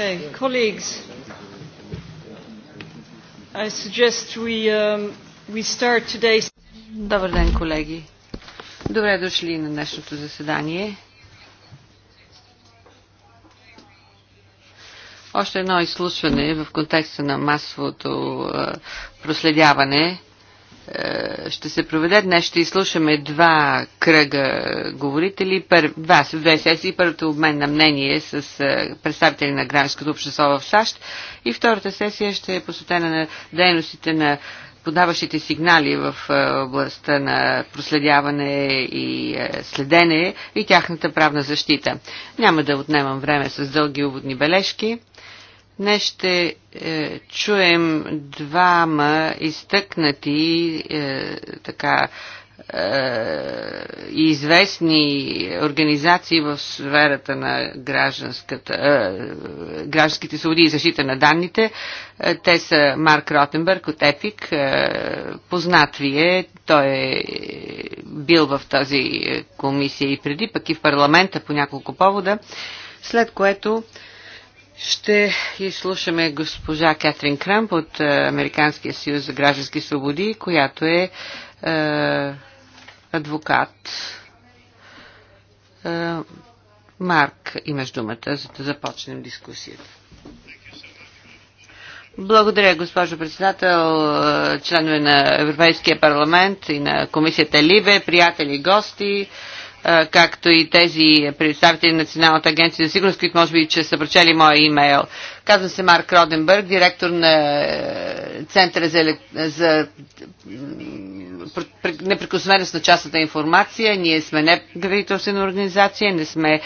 Okay, colleagues, I suggest we, um, we start today. Добър ден, колеги. Добре дошли на днешното заседание. Още едно изслушване в контекста на масовото проследяване е, ще се проведе. Днес ще изслушаме два кръга говорители, пър, два, две сесии. Първото е обмен на мнение с е, представители на гражданското общество в САЩ и втората сесия ще е посветена на дейностите на подаващите сигнали в областта на проследяване и следене и тяхната правна защита. Няма да отнемам време с дълги уводни бележки. Днес ще е, чуем двама изтъкнати е, така е, известни организации в сферата на гражданската, е, гражданските свободи и защита на данните. Е, те са Марк Ротенберг от ЕПИК. Е, познат ви е. Той е бил в тази е, комисия и преди, пък и в парламента по няколко повода. След което е, ще изслушаме госпожа Кетрин Крамп от е, Американския съюз за граждански свободи, която е, е адвокат. Е, Марк, имаш думата, за да започнем дискусията. Благодаря, госпожо председател, е, членове на Европейския парламент и на комисията Либе, приятели, гости както и тези представители на Националната агенция за сигурност, които може би, че са прочели моя имейл. Казвам се Марк Роденбърг, директор на е, Центъра за, елек... за неприкосновеност на частната информация. Ние сме неправителствена организация, не сме е,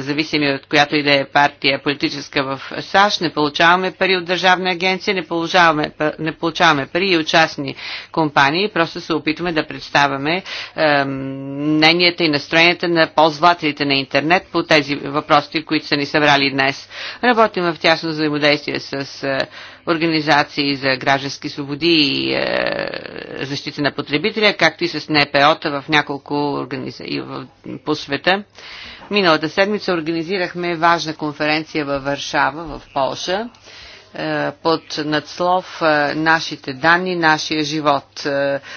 зависими от която и да е партия политическа в САЩ, не получаваме пари от държавна агенция, не получаваме, не получаваме пари и от частни компании, просто се опитваме да представяме е, мненията и настроенията на ползвателите на интернет по тези въпроси, които са ни събрали днес. Работим в тях тясно взаимодействие с е, организации за граждански свободи и е, защита на потребителя, както и с НПО-та в няколко организации по света. Миналата седмица организирахме важна конференция във Варшава, в Полша, е, под надслов Нашите данни, нашия живот,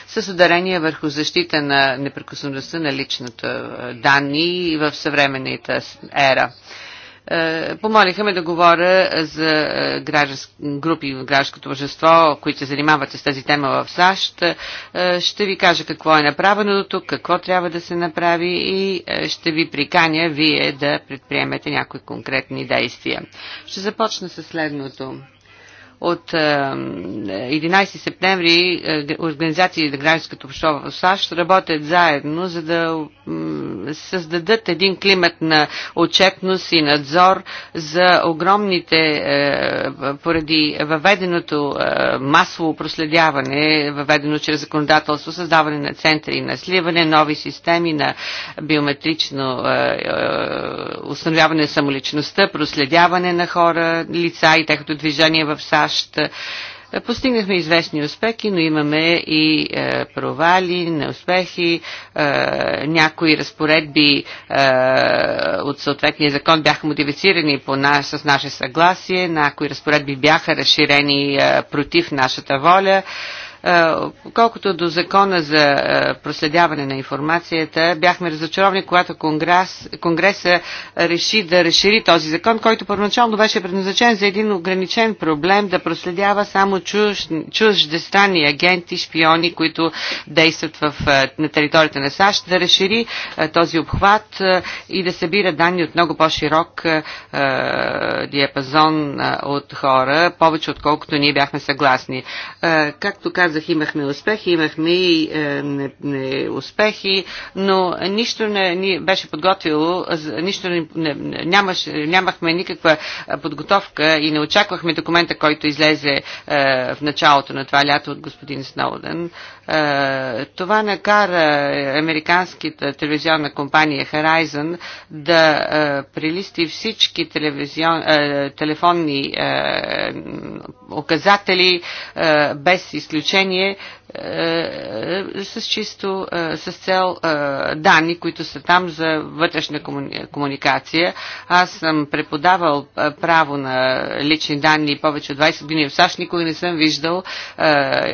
с ударение върху защита на непрекъсността на личната данни в съвременната ера. Е, помолиха ме да говоря за е, групи в гражданското общество, които се занимават с тази тема в САЩ. Е, ще ви кажа какво е направено до тук, какво трябва да се направи и ще ви приканя вие да предприемете някои конкретни действия. Ще започна с следното. От 11 е, септември е, организации на гражданското общество в САЩ работят заедно, за да създадат един климат на отчетност и надзор за огромните, е, поради въведеното масово проследяване, въведено чрез законодателство, създаване на центри на сливане, нови системи на биометрично установяване на самоличността, проследяване на хора, лица и техното движение в САЩ САЩ. Постигнахме известни успехи, но имаме и е, провали, неуспехи. Е, някои разпоредби е, от съответния закон бяха модифицирани по наш, с наше съгласие, някои разпоредби бяха разширени е, против нашата воля. Е, колкото до закона за е, проследяване на информацията, бяхме разочаровани, когато конгрес, Конгреса реши да разшири този закон, който първоначално беше предназначен за един ограничен проблем да проследява само чуж, чуждестранни агенти, шпиони, които действат в, е, на територията на САЩ, да разшири този обхват и да събира данни от много по-широк диапазон от хора, повече отколкото ние бяхме съгласни. Както казах, казах, имахме успехи, имахме и неуспехи, не но нищо не ни беше подготвило, нищо не, не, нямаш, нямахме никаква подготовка и не очаквахме документа, който излезе е, в началото на това лято от господин Сноуден. Е, това накара американската телевизионна компания Horizon да е, прилисти всички е, телефонни указатели без изключение е, е, с чисто, е, с цел данни, които са там за вътрешна комуникация. Аз съм преподавал право на лични данни повече от 20 години в САЩ. Никога не съм виждал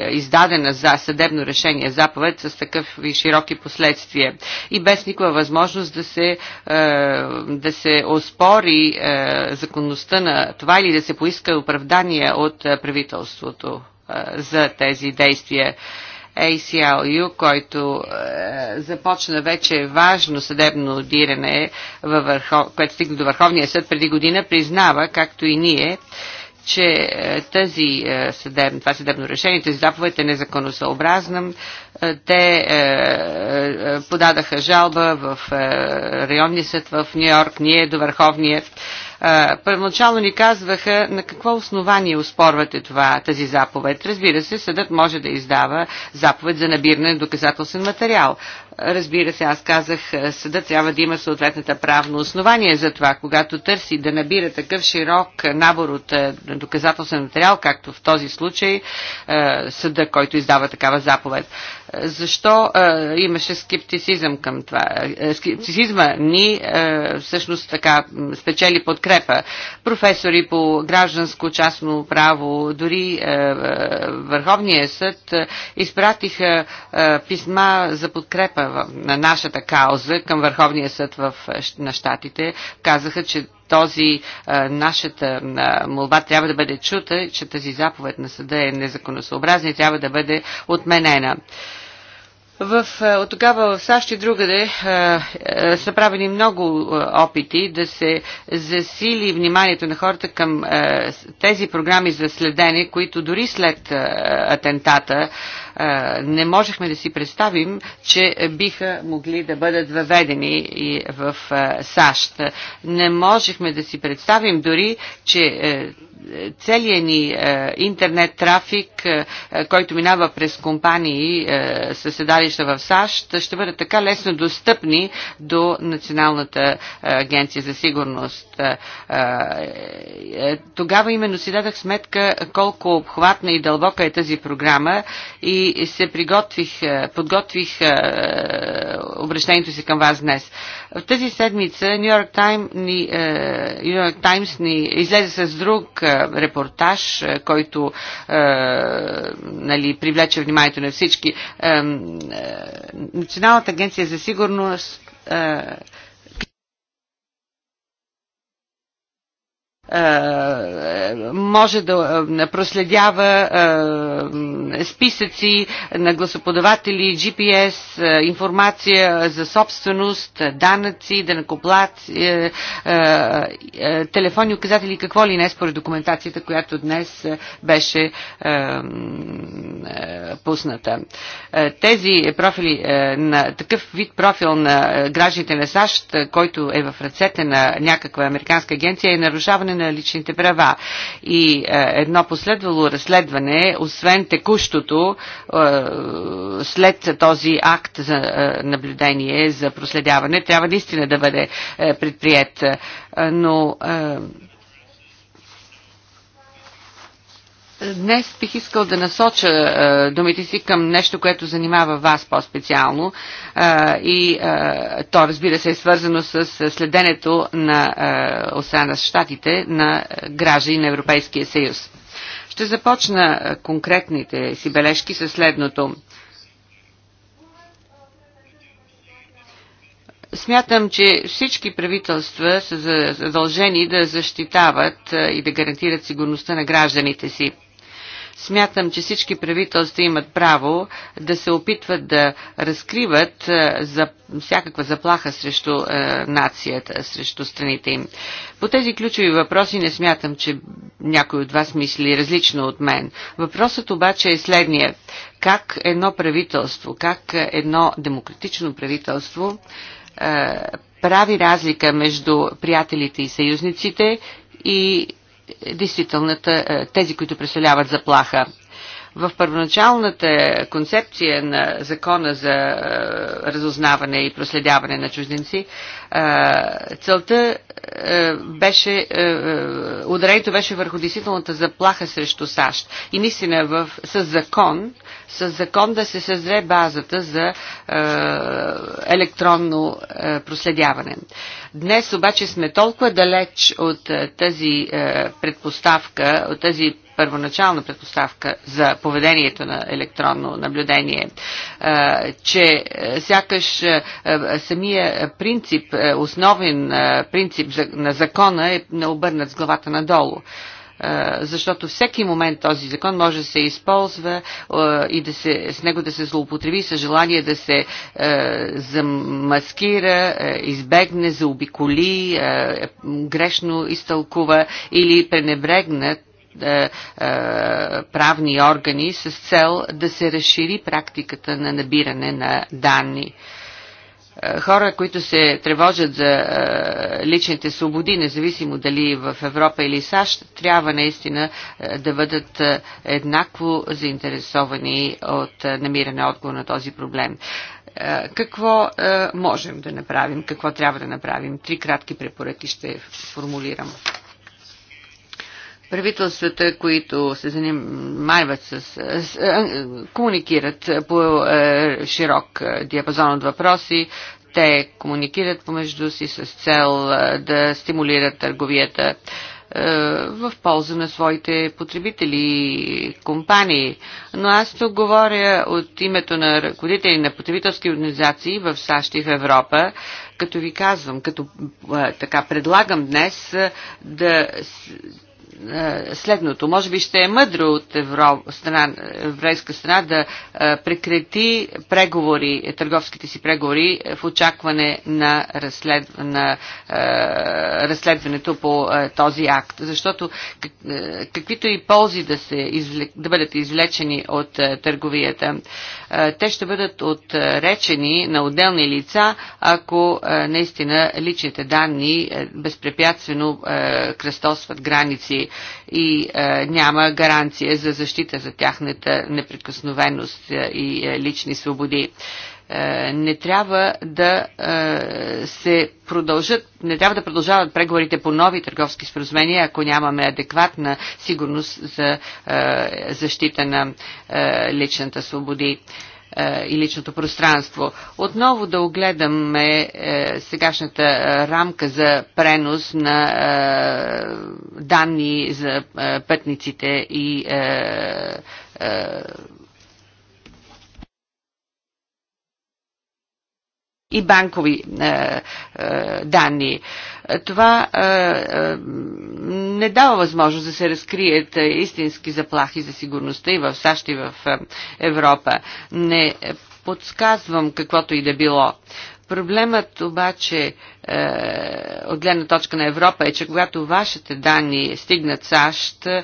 издадена за съдебно решение заповед с такъв и широки последствия. И без никаква възможност да се, да се оспори законността на това или да се поиска оправдание от правителството за тези действия. ACLU, който е, започна вече важно съдебно диране, във върхов... което стигна до Върховния съд преди година, признава, както и ние, че тази съдеб, това съдебно решение, тази заповед е незаконосъобразна. Те е, е, подадаха жалба в е, районния съд в Нью Йорк, ние до Върховния Първоначално ни казваха на какво основание успорвате това, тази заповед. Разбира се, съдът може да издава заповед за набиране на доказателствен материал. Разбира се, аз казах, съда трябва да има съответната правно основание за това, когато търси да набира такъв широк набор от доказателствен материал, както в този случай съда, който издава такава заповед. Защо а, имаше скептицизъм към това? Скептицизма ни а, всъщност така спечели подкрепа. Професори по гражданско частно право, дори а, Върховния съд изпратиха а, писма за подкрепа в, на нашата кауза към Върховния съд в, на щатите. Казаха, че този, а, нашата а, молба трябва да бъде чута, че тази заповед на съда е незаконосъобразна и трябва да бъде отменена. А, в, е, от тогава в САЩ и другаде е, е, са правени много опити да се засили вниманието на хората към тези програми за следене, които дори след атентата не можехме да си представим, че биха могли да бъдат въведени и в САЩ. Не можехме да си представим дори, че целият ни интернет трафик, който минава през компании съседали седалища в САЩ ще бъдат така лесно достъпни до Националната е, агенция за сигурност. Е, е, тогава именно си дадах сметка колко обхватна и дълбока е тази програма и се приготвих, подготвих обращението си към вас днес. В тази седмица Нью Йорк ни, Нью Йорк Таймс ни излезе с друг репортаж, който нали, привлече вниманието на всички. Националната агенция за сигурност е, Е, може да е, проследява е, списъци на гласоподаватели, GPS, информация за собственост, данъци, данъкоплат, телефонни указатели, какво ли не според документацията, която днес беше пусната. Тези профили, на такъв вид профил на гражданите на САЩ, който е в ръцете на някаква американска агенция, е нарушаване нарушаване на личните права. И е, едно последвало разследване, освен текущото, е, след този акт за е, наблюдение, за проследяване, трябва наистина да бъде предприят. Но Днес бих искал да насоча а, е, думите си към нещо, което занимава вас по-специално е, и а, е, то разбира се е свързано с следенето на Осана на щатите на граждани на Европейския съюз. Ще започна конкретните си бележки със следното. Смятам, че всички правителства са задължени да защитават и да гарантират сигурността на гражданите си. Смятам, че всички правителства имат право да се опитват да разкриват е, за всякаква заплаха срещу е, нацията, срещу страните им. По тези ключови въпроси не смятам, че някой от вас мисли различно от мен. Въпросът обаче е следния. Как едно правителство, как едно демократично правителство е, прави разлика между приятелите и съюзниците и действителната, е, тези, които представляват заплаха. В първоначалната концепция на закона за е, разузнаване и проследяване на чужденци, е, целта е, беше, е, е, ударението беше върху действителната заплаха срещу САЩ. И наистина в, с закон, с закон да се създаде базата за електронно проследяване. Днес обаче сме толкова далеч от тази предпоставка, от тази първоначална предпоставка за поведението на електронно наблюдение, че сякаш самия принцип, основен принцип принцип на закона е обърнат с главата надолу е, защото всеки момент този закон може да се използва е, и да се, с него да се злоупотреби с желание да се е, замаскира, избегне, заобиколи, грешно изтълкува или пренебрегнат правни органи с цел да се разшири практиката на набиране на данни. Е, хора, които се тревожат за е, личните свободи, независимо дали в Европа или САЩ, трябва наистина е, да бъдат еднакво заинтересовани от намиране отговор на този проблем. Какво можем да направим? Какво трябва да направим? Три кратки препоръки ще формулирам правителствата, които се занимават с, с комуникират по широк диапазон от въпроси, те комуникират помежду си с цел да стимулират търговията в полза на своите потребители и компании. Но аз тук говоря от името на ръководители на потребителски организации в САЩ и в Европа, като ви казвам, като така предлагам днес да е, следното. Може би ще е мъдро от евро, страна, еврейска страна да е, прекрати преговори, търговските си преговори е, в очакване на, разслед, на е, разследването по е, този акт. Защото как, е, каквито и ползи да, се извлек, да бъдат извлечени от търговията, те ще бъдат отречени на отделни лица, ако наистина личните данни безпрепятствено кръстосват граници и а, е, няма гаранция за защита за тяхната неприкосновеност е, и е, лични свободи. не трябва да се продължат, не трябва да продължават преговорите по нови търговски споразумения, ако нямаме адекватна сигурност за защита на личната свободи. Е, и личното пространство. Отново да огледаме е, сегашната е, рамка за пренос на данни за пътниците и и банкови е, е, данни. Това е, е, не дава възможност да се разкрият истински заплахи за сигурността и в САЩ и в е, Европа. Не подсказвам каквото и да било. Проблемът обаче е, от гледна точка на Европа е, че когато вашите данни стигнат САЩ, е,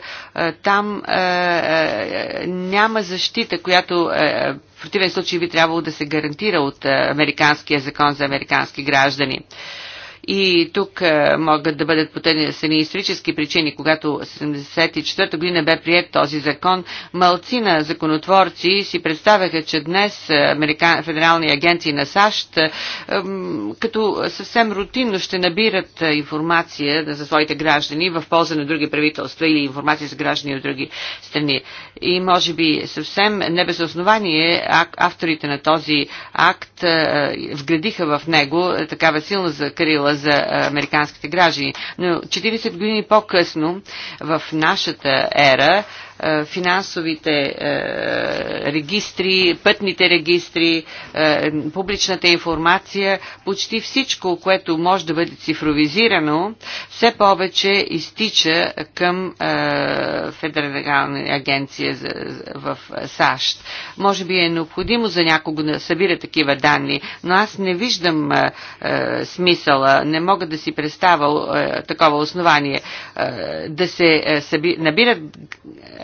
там е, е, няма защита, която е, в противен случай би трябвало да се гарантира от е, Американския закон за американски граждани. Е, и тук е, могат да бъдат потенесени исторически причини. Когато 1974 година бе прият този закон, малцина законотворци си представяха, че днес Американ... федерални агенции на САЩ е, като съвсем рутинно ще набират информация за своите граждани в полза на други правителства или информация за граждани от други страни. И може би съвсем не без основание авторите на този акт е, вградиха в него такава силна закрила символа за американските граждани. Но 40 години по-късно в нашата ера е, финансовите е, регистри, пътните регистри, е, публичната информация, почти всичко, което може да бъде цифровизирано, все повече изтича към Федерална агенция в САЩ. Може би е необходимо за някого да събира такива данни, но аз не виждам смисъла, не мога да си представя такова основание да се набират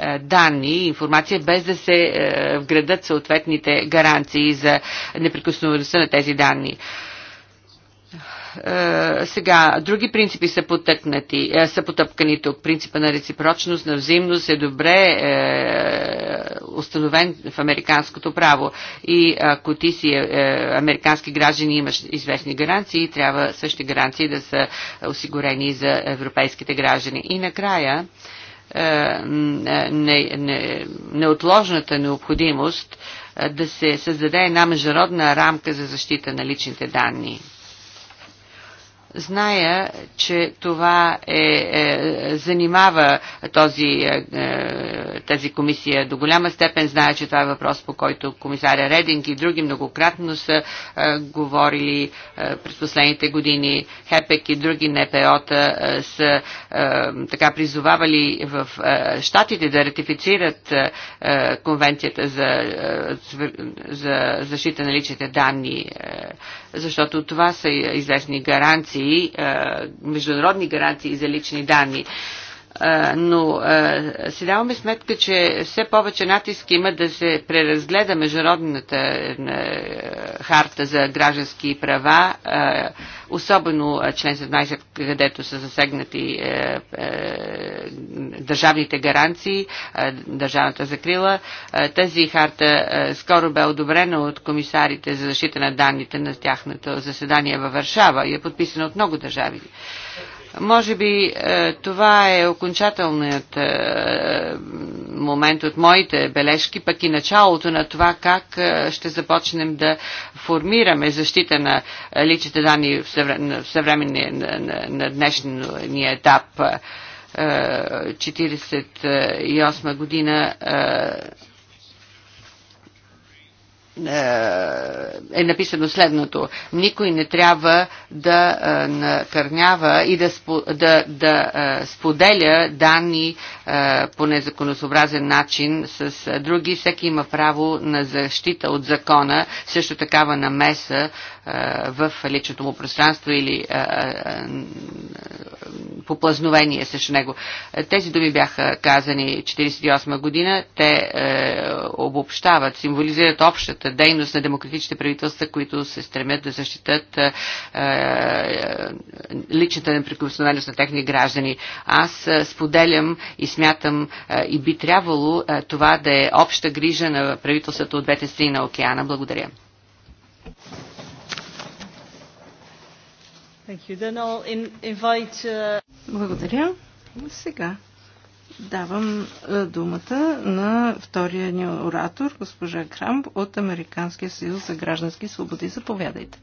е, данни и информация, без да се е, вградат съответните гаранции за неприкосновеността на тези данни е, сега, други принципи са потъкнати, са потъпкани тук. Принципа на реципрочност, на взаимност е добре е, установен в американското право. И ако ти си е, американски граждани имаш известни гаранции, трябва същите гаранции да са осигурени за европейските граждани. И накрая, е, е, е, е, неотложната необходимост да се създаде една международна рамка за защита на личните данни. Зная, че това е, е, занимава този, е, е тази комисия до голяма степен. Зная, че това е въпрос, по който комисаря Рединг и други многократно са е, говорили е, през последните години. ХЕПЕК и други НПО-та е, са е, така призовавали в е, щатите да ратифицират е, е, конвенцията за, е, за защита на личните данни. Е, защото това са известни гаранции, е, международни гаранции за лични данни но си даваме сметка, че все повече натиск има да се преразгледа международната харта за граждански права, особено член 17, където са засегнати държавните гаранции, държавната закрила. Тази харта скоро бе одобрена от комисарите за защита на данните на тяхното заседание във Варшава и е подписана от много държави. Може би е, това е окончателният е, момент от моите бележки, пък и началото на това как е, ще започнем да формираме защита на личните данни в съвременния на днешния етап. 48 година е, е написано следното. Никой не трябва да е, накърнява и да, да, да е, споделя данни по незаконосообразен начин с други. Всеки има право на защита от закона, също такава намеса в личното му пространство или поплазновение срещу него. Тези думи бяха казани 1948 година. Те е, обобщават, символизират общата дейност на демократичните правителства, които се стремят да защитат е, е, личната неприкосновеност на техни граждани. Аз споделям и смятам и би трябвало това да е обща грижа на правителството от двете страни на океана. Благодаря. Invite... Uh, благодаря. Сега давам е, думата на втория ни оратор, госпожа Крамп от Американския съюз за граждански свободи. Заповядайте.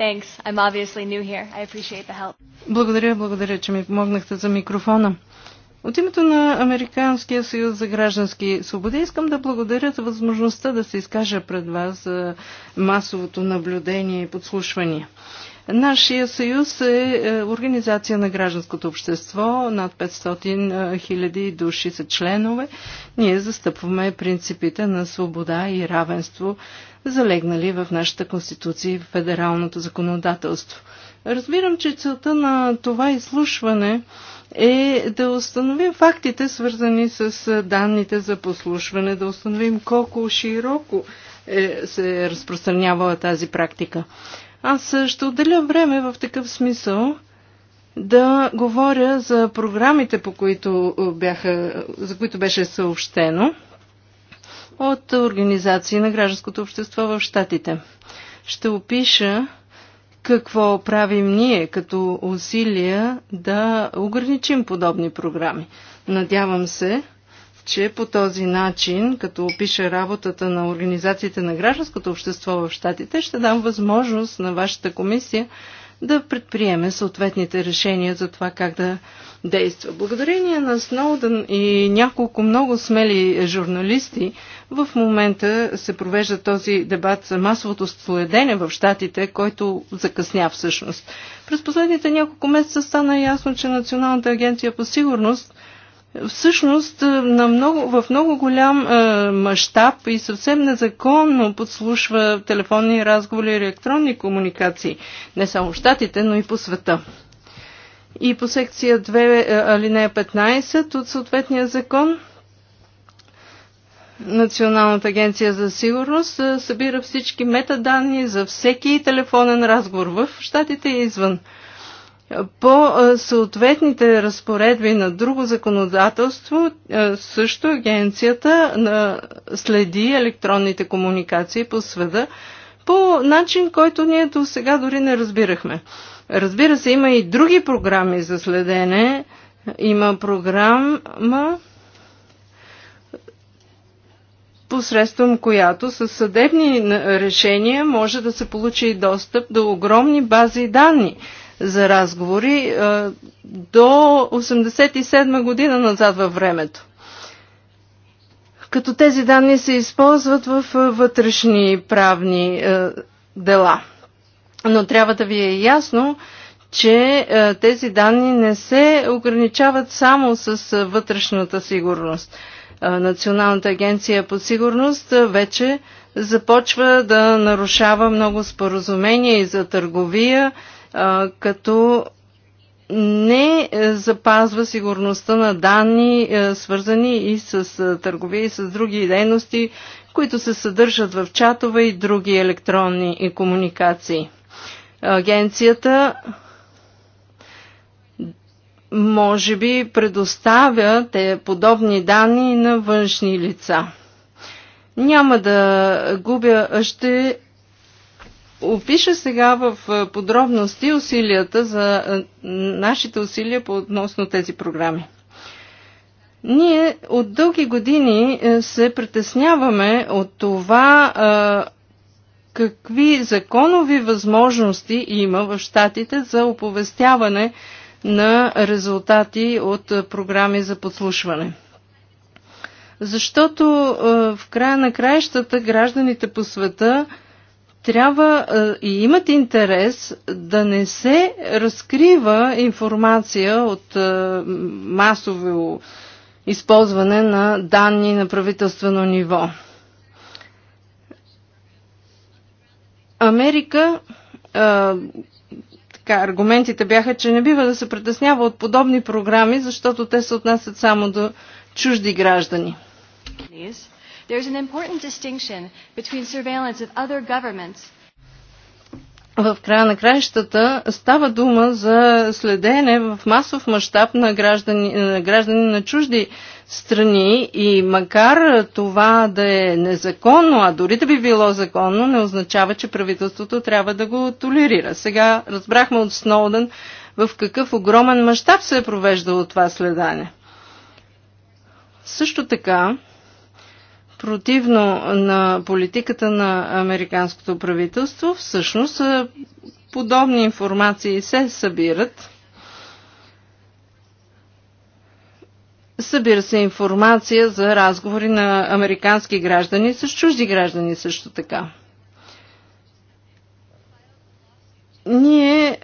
Thanks. I'm obviously new here. I appreciate the help. Благодаря, благодаря, че ми помогнахте за микрофона. От името на Американския съюз за граждански свободи искам да благодаря за възможността да се изкажа пред вас за масовото наблюдение и подслушвания. Нашия съюз е, е организация на гражданското общество. Над 500 000 е, души са членове. Ние застъпваме принципите на свобода и равенство, залегнали в нашата конституция и в федералното законодателство. Разбирам, че целта на това изслушване е да установим фактите, свързани с данните за послушване, да установим колко широко е, се е разпространявала тази практика. Аз ще отделя време в такъв смисъл да говоря за програмите, по които бяха, за които беше съобщено от организации на гражданското общество в Штатите. Ще опиша какво правим ние като усилия да ограничим подобни програми. Надявам се, че по този начин, като опиша работата на организациите на гражданското общество в Штатите, ще дам възможност на вашата комисия да предприеме съответните решения за това как да действа. Благодарение на Сноудън и няколко много смели журналисти, в момента се провежда този дебат за масовото следене в Штатите, който закъсня всъщност. През последните няколко месеца стана ясно, че Националната агенция по сигурност всъщност е, на много, в много голям е, мащаб и съвсем незаконно подслушва телефонни разговори и електронни комуникации, не само в Штатите, но и по света. И по секция 2, е, алинея 15 от съответния закон, Националната агенция за сигурност е, събира всички метаданни за всеки телефонен разговор в Штатите и извън по съответните разпоредби на друго законодателство, е, също агенцията е, следи електронните комуникации по света по начин, който ние до сега дори не разбирахме. Разбира се, има и други програми за следене. Има програма, посредством която със съдебни решения може да се получи достъп до огромни бази данни за разговори е, до 87 година назад във времето. Като тези данни се използват в е, вътрешни правни е, дела. Но трябва да ви е ясно, че тези данни не се ограничават само с вътрешната сигурност. Националната агенция по сигурност вече започва да нарушава много споразумения и за търговия като не запазва сигурността на данни, свързани и с търговия и с други дейности, които се съдържат в чатове и други електронни комуникации. Агенцията може би предоставя те подобни данни на външни лица. Няма да губя, ще опиша сега в подробности усилията за нашите усилия по относно тези програми. Ние от дълги години се притесняваме от това какви законови възможности има в щатите за оповестяване на резултати от програми за подслушване. Защото в края на краищата гражданите по света трябва е, и имат интерес да не се разкрива информация от е, масово използване на данни на правителствено ниво. Америка е, така, аргументите бяха, че не бива да се притеснява от подобни програми, защото те се отнасят само до чужди граждани. Yes is an important distinction between surveillance of other governments в края на краищата става дума за следене в масов мащаб на граждани, на граждани на чужди страни и макар това да е незаконно, а дори да би било законно, не означава, че правителството трябва да го толерира. Сега разбрахме от Сноуден в какъв огромен мащаб се е провеждало това следане. Също така, противно на политиката на американското правителство, всъщност е, подобни информации се събират. Събира се информация за разговори на американски граждани с чужди граждани също така. Ние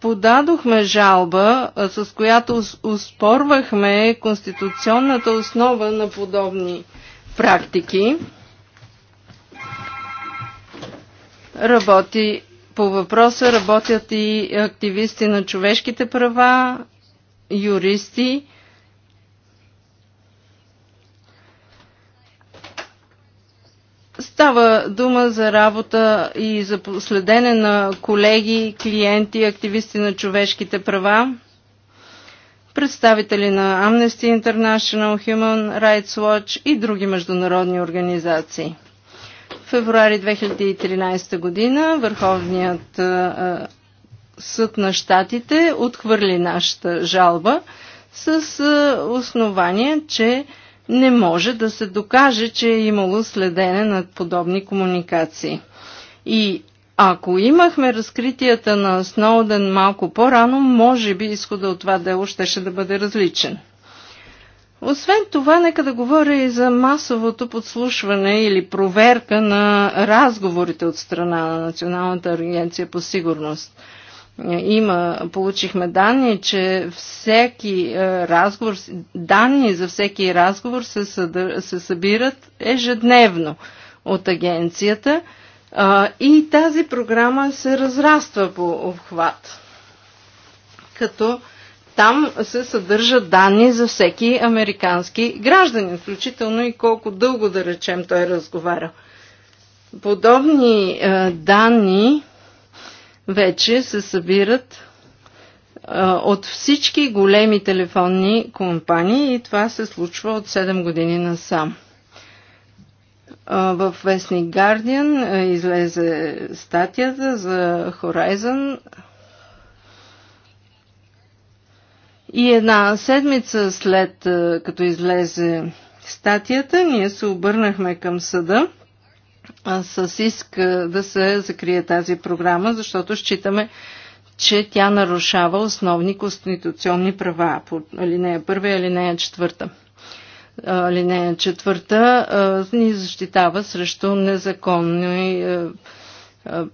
подадохме жалба, с която успорвахме конституционната основа на подобни практики. Работи по въпроса работят и активисти на човешките права, юристи. Става дума за работа и за последене на колеги, клиенти, активисти на човешките права представители на Amnesty International, Human Rights Watch и други международни организации. В февруари 2013 година Върховният съд на щатите отхвърли нашата жалба с основание, че не може да се докаже, че е имало следене над подобни комуникации. И ако имахме разкритията на Сноуден малко по-рано, може би изхода от това дело ще да бъде различен. Освен това, нека да говоря и за масовото подслушване или проверка на разговорите от страна на Националната агенция по сигурност. Има, получихме данни, че всеки е, разговор, данни за всеки разговор се, съдър, се събират ежедневно от агенцията – и тази програма се разраства по обхват. Като там се съдържат данни за всеки американски гражданин, включително и колко дълго, да речем, той е разговаря. Подобни а, данни вече се събират а, от всички големи телефонни компании и това се случва от 7 години насам. В вестник Guardian излезе статията за Horizon и една седмица след като излезе статията, ние се обърнахме към съда с иск да се закрие тази програма, защото считаме, че тя нарушава основни конституционни права по алинея 1 и алинея 4 алинея четвърта ни защитава срещу незаконни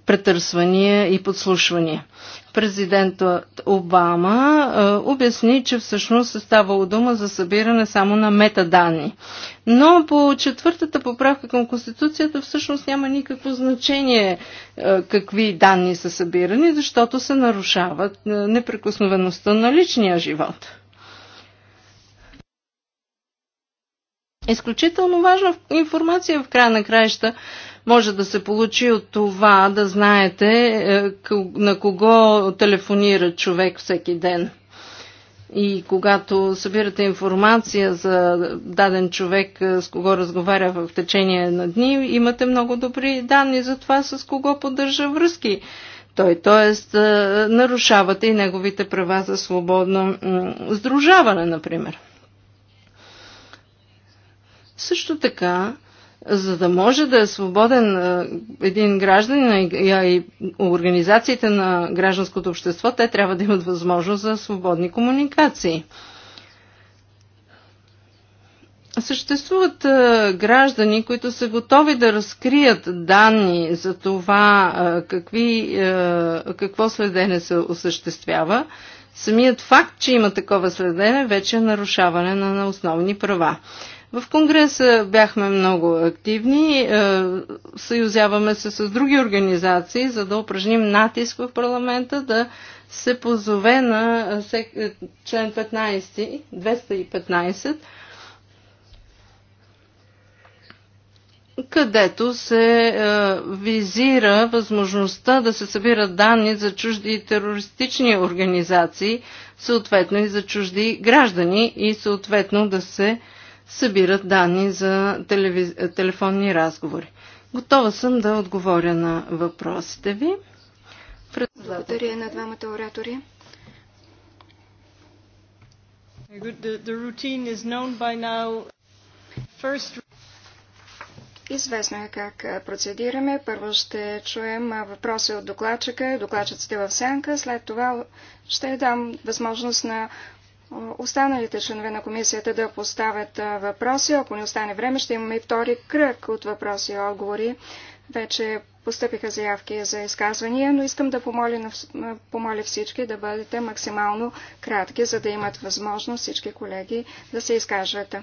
претърсвания и подслушвания. Президентът Обама обясни, че всъщност е ставало дума за събиране само на метаданни. Но по четвъртата поправка към Конституцията всъщност няма никакво значение какви данни са събирани, защото се нарушават неприкосновеността на личния живот. Изключително важна информация в края на краища може да се получи от това да знаете е, на кого телефонира човек всеки ден. И когато събирате информация за даден човек, е, с кого разговаря в течение на дни, имате много добри данни за това с кого поддържа връзки. Той, т.е. нарушавате и неговите права за свободно сдружаване, например. Също така, за да може да е свободен един гражданин и организациите на гражданското общество, те трябва да имат възможност за свободни комуникации. Съществуват граждани, които са готови да разкрият данни за това какви, какво следене се осъществява. Самият факт, че има такова следене, вече е нарушаване на основни права. В Конгреса бяхме много активни, е, съюзяваме се с други организации, за да упражним натиск в парламента да се позове на е, е, член 15, 215, където се визира възможността да се събират данни за чужди терористични организации, съответно и за чужди граждани и съответно да се събират данни за телевиз... телефонни разговори. Готова съм да отговоря на въпросите ви. Пред... Благодаря на двамата оратори. Известно е как процедираме. Първо ще чуем въпроси от докладчика, докладчиците в сянка. След това ще дам възможност на останалите членове на комисията да поставят въпроси. Ако не остане време, ще имаме и втори кръг от въпроси и отговори. Вече постъпиха заявки за изказвания, но искам да помоля, помоля всички да бъдете максимално кратки, за да имат възможност всички колеги да се изкажат.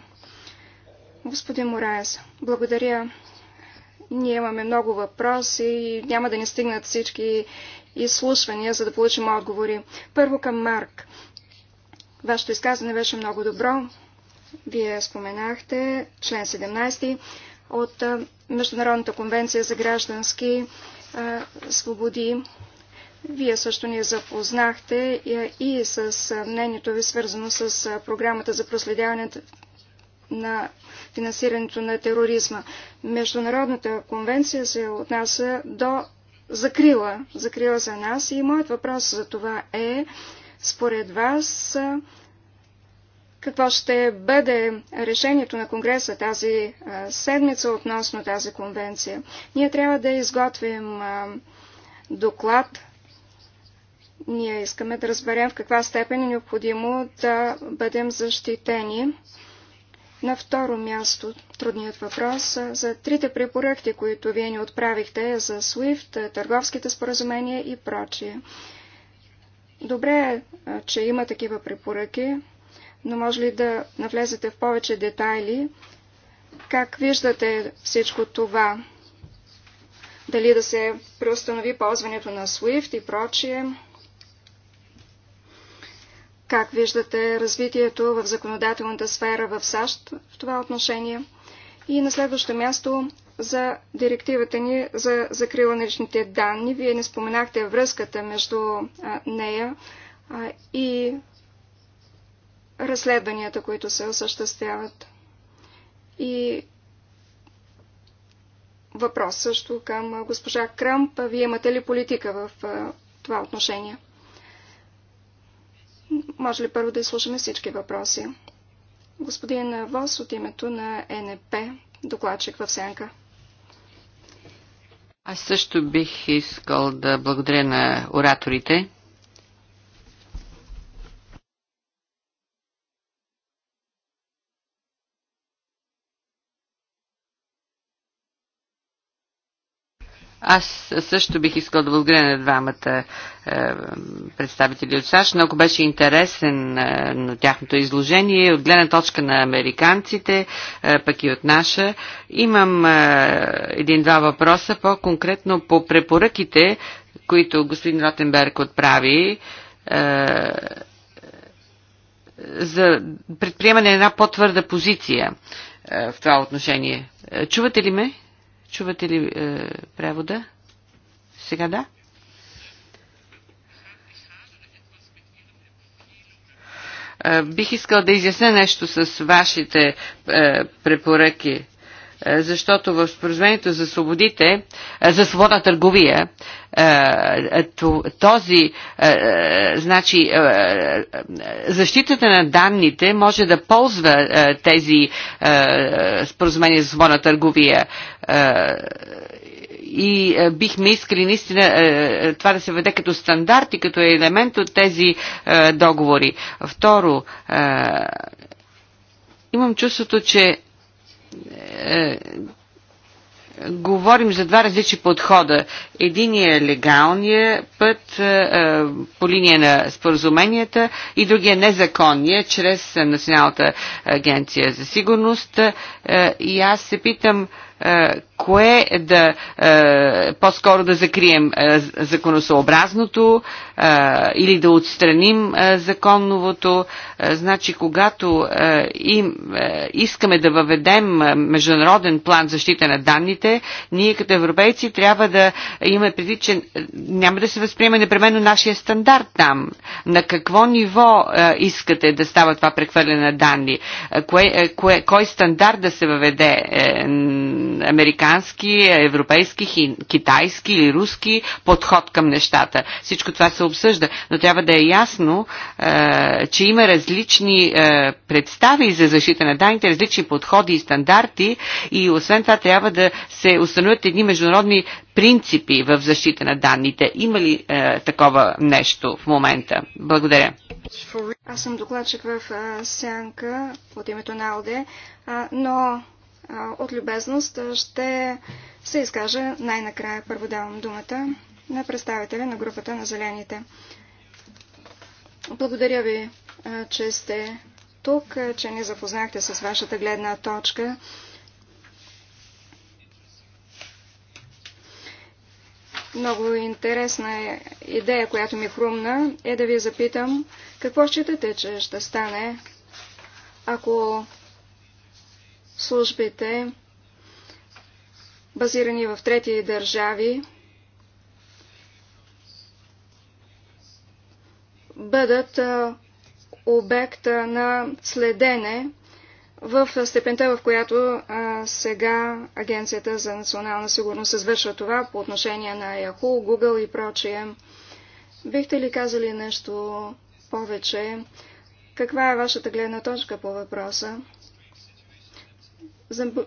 Господин Мораес, благодаря. Ние имаме много въпроси и няма да ни стигнат всички изслушвания, за да получим отговори. Първо към Марк. Вашето изказване беше много добро. Вие споменахте член 17 от Международната конвенция за граждански свободи. Вие също ни запознахте и, и с мнението ви свързано с програмата за проследяване на финансирането на тероризма. Международната конвенция се отнася до закрила. Закрила за нас и моят въпрос за това е според вас, какво ще бъде решението на Конгреса тази седмица относно тази конвенция? Ние трябва да изготвим доклад. Ние искаме да разберем в каква степен е необходимо да бъдем защитени. На второ място, трудният въпрос за трите препоръки, които вие ни отправихте за SWIFT, търговските споразумения и прочие. Добре е, че има такива препоръки, но може ли да навлезете в повече детайли? Как виждате всичко това? Дали да се преустанови ползването на SWIFT и прочие? Как виждате развитието в законодателната сфера в САЩ в това отношение? И на следващо място за директивата ни за закрила на личните данни. Вие не споменахте връзката между а, нея а, и разследванията, които се осъществяват. И въпрос също към госпожа Крамп. Вие имате ли политика в а, това отношение? Може ли първо да изслушаме всички въпроси? Господин Вос от името на НП, докладчик в Сенка. Аз също бих искал да благодаря на ораторите. Аз също бих искал да благодаря на двамата е, представители от САЩ, но ако беше интересен е, на тяхното изложение, от гледна точка на американците, е, пък и от наша, имам един-два въпроса по-конкретно по препоръките, които господин Ротенберг отправи за предприемане на една по-твърда позиция в това отношение. Чувате ли ме? Чувате ли е, превода? Сега да? Е, бих искал да изясня нещо с вашите е, препоръки. Е, защото в споразумението за свободите, е, за свободна търговия, е, този, значи, защитата на данните може да ползва тези споразумения за свободна търговия и бихме искали наистина това да се веде като стандарт и като елемент от тези договори. Второ, имам чувството, че е, говорим за два различни подхода. Единият е легалния път е, е, по линия на споразуменията и другия незаконния, чрез Националната агенция за сигурност. и аз се питам, е, кое да е, по-скоро да закрием е, законосъобразното или да отстраним законовото. Значи, когато им, искаме да въведем международен план защита на данните, ние като европейци трябва да имаме предвид, че няма да се възприема непременно нашия стандарт там. На какво ниво искате да става това прехвърляне на данни? Кое, кое, кой стандарт да се въведе американски, европейски, китайски или руски подход към нещата. Всичко това се обсъжда, но трябва да е ясно, е, че има различни е, представи за защита на данните, различни подходи и стандарти и освен това трябва да се установят едни международни принципи в защита на данните. Има ли е, такова нещо в момента? Благодаря. Аз съм докладчик в е, Сянка от името на Алде, но от любезност ще се изкажа най-накрая. Първо давам думата на представителя на групата на зелените. Благодаря ви, че сте тук, че ни запознахте с вашата гледна точка. Много интересна е идея, която ми хрумна, е да ви запитам какво считате, че ще стане, ако службите, базирани в трети държави, бъдат обект на следене в степента, в която а, сега Агенцията за национална сигурност извършва това по отношение на Yahoo, Google и прочие. Бихте ли казали нещо повече? Каква е вашата гледна точка по въпроса?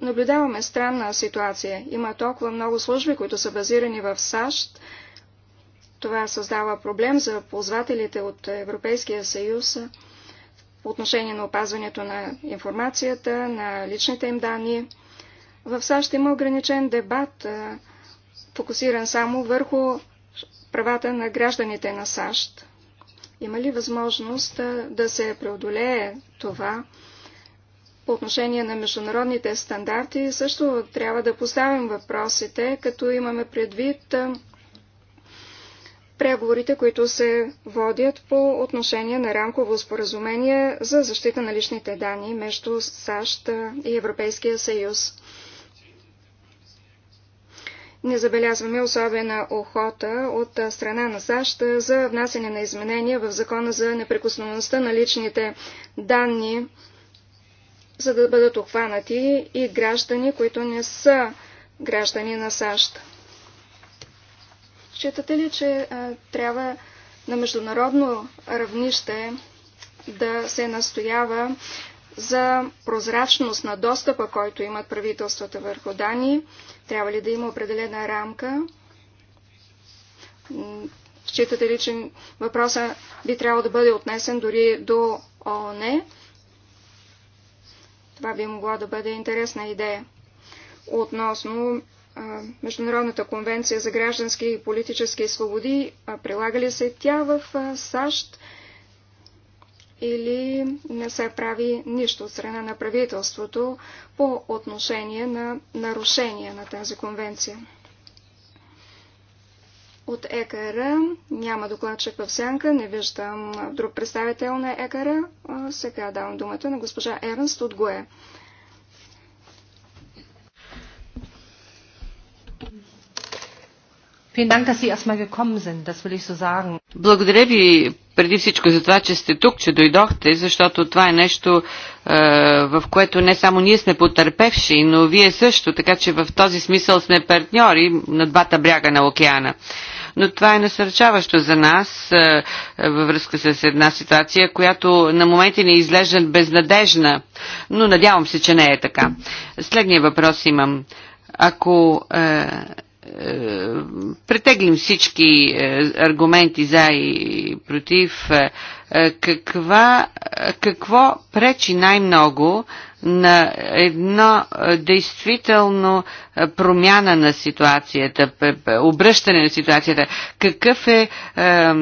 наблюдаваме странна ситуация. Има толкова много служби, които са базирани в САЩ. Това създава проблем за ползвателите от Европейския съюз по отношение на опазването на информацията, на личните им данни. В САЩ има ограничен дебат, фокусиран само върху правата на гражданите на САЩ. Има ли възможност да се преодолее това? По отношение на международните стандарти също трябва да поставим въпросите, като имаме предвид преговорите, които се водят по отношение на рамково споразумение за защита на личните данни между САЩ и Европейския съюз. Не забелязваме особена охота от страна на САЩ за внасене на изменения в закона за неприкосновеността на личните данни за да бъдат обхванати и граждани, които не са граждани на САЩ. Считате ли, че а, трябва на международно равнище да се настоява за прозрачност на достъпа, който имат правителствата върху данни? Трябва ли да има определена рамка? Считате ли, че въпросът би трябвало да бъде отнесен дори до ООН? Това би могла да бъде интересна идея. Относно а, Международната конвенция за граждански и политически свободи, а, прилага ли се тя в а, САЩ или не се прави нищо от страна на правителството по отношение на нарушения на тази конвенция? От ЕКР няма докладчик в сянка, не виждам друг представител на ЕКР. Сега давам думата на госпожа Ернст от ГОЕ. Благодаря ви преди всичко за това, че сте тук, че дойдохте, защото това е нещо, е, в което не само ние сме потърпевши, но вие също, така че в този смисъл сме партньори на двата бряга на океана но това е насърчаващо за нас е, е, във връзка с една ситуация, която на моменти не изглежда безнадежна, но надявам се, че не е така. Следния въпрос имам. Ако е, претеглим всички аргументи за и против, каква, какво пречи най-много на едно действително промяна на ситуацията, обръщане на ситуацията. Какъв е, е,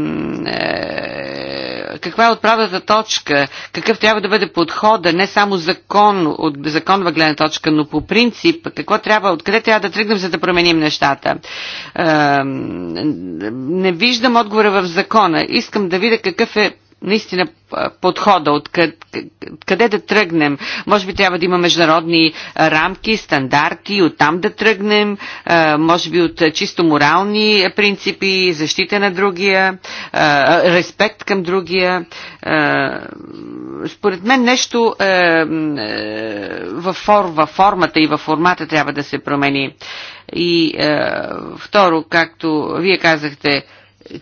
каква е отправната точка, какъв трябва да бъде подхода, не само закон, от законова гледна точка, но по принцип, какво трябва, откъде трябва да тръгнем, за да променим нещата. Не виждам отговора в закона. Искам да видя какъв е наистина подхода, от къде, къде да тръгнем. Може би трябва да има международни рамки, стандарти, оттам да тръгнем, може би от чисто морални принципи, защита на другия, респект към другия. Според мен нещо във формата и във формата трябва да се промени. И второ, както вие казахте,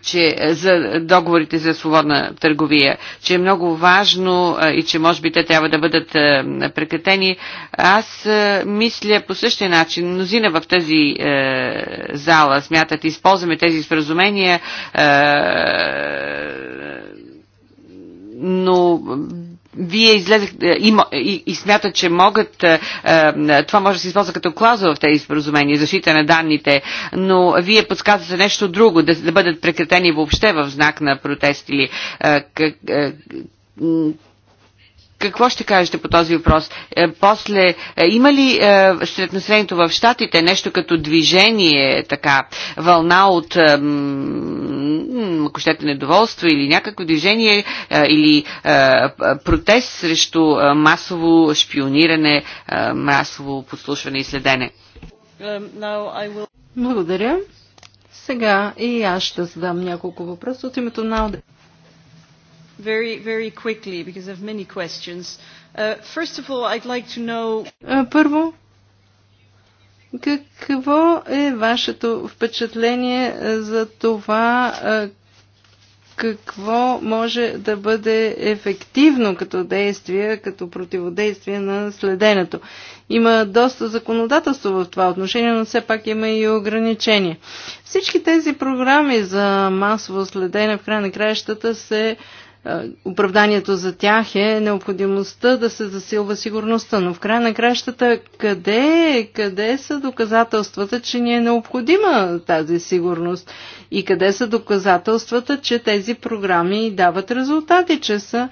че е, за договорите за свободна търговия, че е много важно е, и че може би те трябва да бъдат е, прекратени. Аз мисля по същия начин. Мнозина в тази е, зала смятат, използваме тези споразумения, е, но вие излезахте и, и, и смятат, че могат, е, е, това може да се използва като клауза в тези споразумения, защита на данните, но вие подсказвате нещо друго, да, да бъдат прекратени въобще в знак на протест или е, как, е, какво ще кажете по този въпрос? Е, после, е, има ли е, сред населението в Штатите нещо като движение, така, вълна от, ако щете, недоволство или някакво движение или протест срещу масово шпиониране, масово подслушване и следене? Um, Благодаря. Сега и аз ще задам няколко въпроса от името на Ауде. Първо, какво е вашето впечатление за това какво може да бъде ефективно като действие, като противодействие на следенето? Има доста законодателство в това отношение, но все пак има и ограничения. Всички тези програми за масово следене в край на краищата се а, е, оправданието за тях е необходимостта да се засилва сигурността. Но в края на кращата, къде, къде са доказателствата, че ни е необходима тази сигурност? И къде са доказателствата, че тези програми дават резултати, че са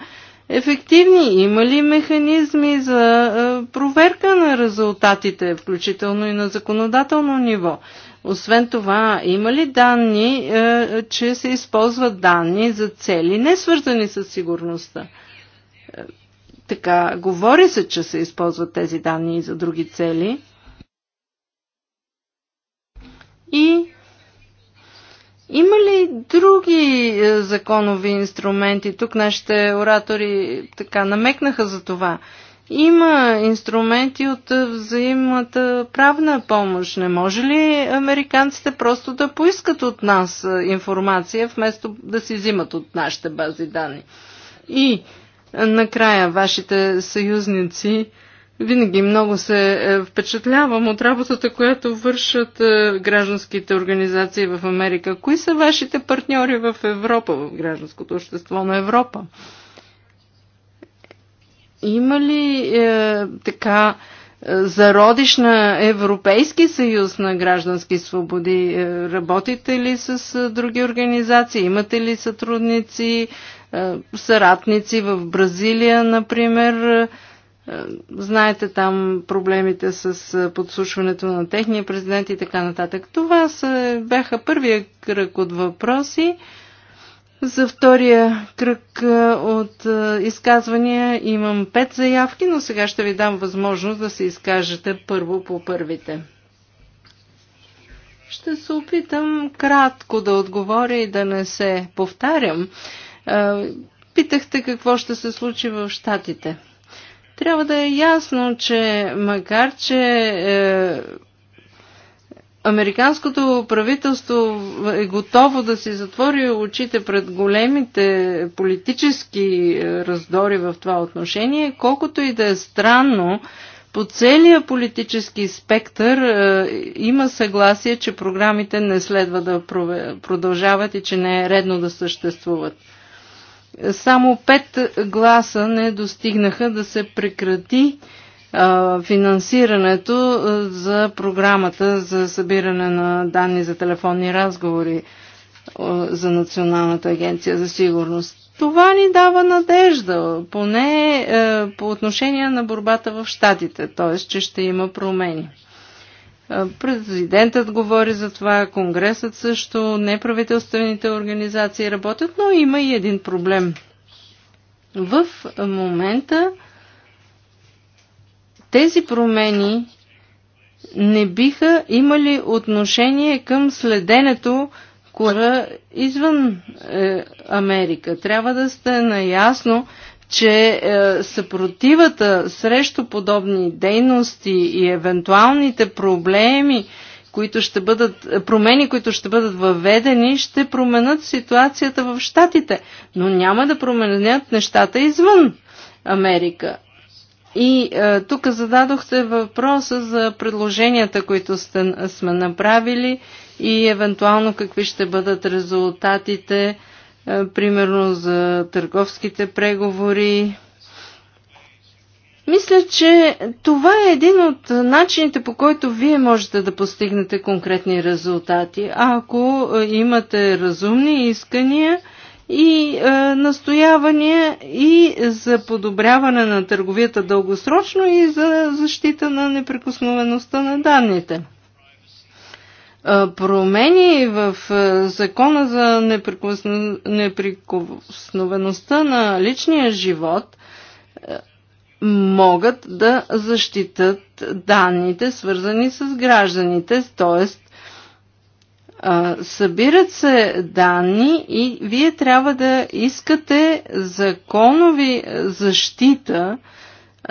ефективни? Има ли механизми за е, проверка на резултатите, включително и на законодателно ниво? Освен това, има ли данни, е, че се използват данни за цели, не свързани с сигурността? Е, така, говори се, че се използват тези данни и за други цели. И има ли други е, законови инструменти? Тук нашите оратори така намекнаха за това. Има инструменти от взаимната правна помощ. Не може ли американците просто да поискат от нас информация, вместо да си взимат от нашите бази данни? И накрая вашите съюзници винаги много се е, впечатлявам от работата, която вършат е, гражданските организации в Америка. Кои са вашите партньори в Европа, в гражданското общество на Европа? Има ли е, така е, зародиш на Европейски съюз на граждански свободи? Е, работите ли с е, други организации? Имате ли сътрудници, съратници в Бразилия, например? Знаете там проблемите с подслушването на техния президент и така нататък. Това са, бяха първия кръг от въпроси. За втория кръг от изказвания имам пет заявки, но сега ще ви дам възможност да се изкажете първо по първите. Ще се опитам кратко да отговоря и да не се повтарям. Питахте какво ще се случи в Штатите. Трябва да е ясно, че макар, че е, Американското правителство е готово да си затвори очите пред големите политически е, раздори в това отношение, колкото и да е странно, по целия политически спектър е, има съгласие, че програмите не следва да продължават и че не е редно да съществуват. Само пет гласа не достигнаха да се прекрати финансирането за програмата за събиране на данни за телефонни разговори за Националната агенция за сигурност. Това ни дава надежда, поне по отношение на борбата в щатите, т.е. че ще има промени. Президентът говори за това, Конгресът също, неправителствените организации работят, но има и един проблем. В момента тези промени не биха имали отношение към следенето кора извън е, Америка. Трябва да сте наясно, че е, съпротивата срещу подобни дейности и евентуалните проблеми, които ще бъдат, промени, които ще бъдат въведени, ще променят ситуацията в Штатите, но няма да променят нещата извън Америка. И е, тук зададохте въпроса за предложенията, които сте, сме направили и евентуално какви ще бъдат резултатите, е, примерно за търговските преговори. Мисля, че това е един от начините, по който вие можете да постигнете конкретни резултати. А ако е, имате разумни искания, и е, настоявания и за подобряване на търговията дългосрочно и за защита на неприкосновеността на данните е, промени в е, закона за неприкосновеността на личния живот е, могат да защитат данните, свързани с гражданите, т.е. Събират се данни и вие трябва да искате законови защита,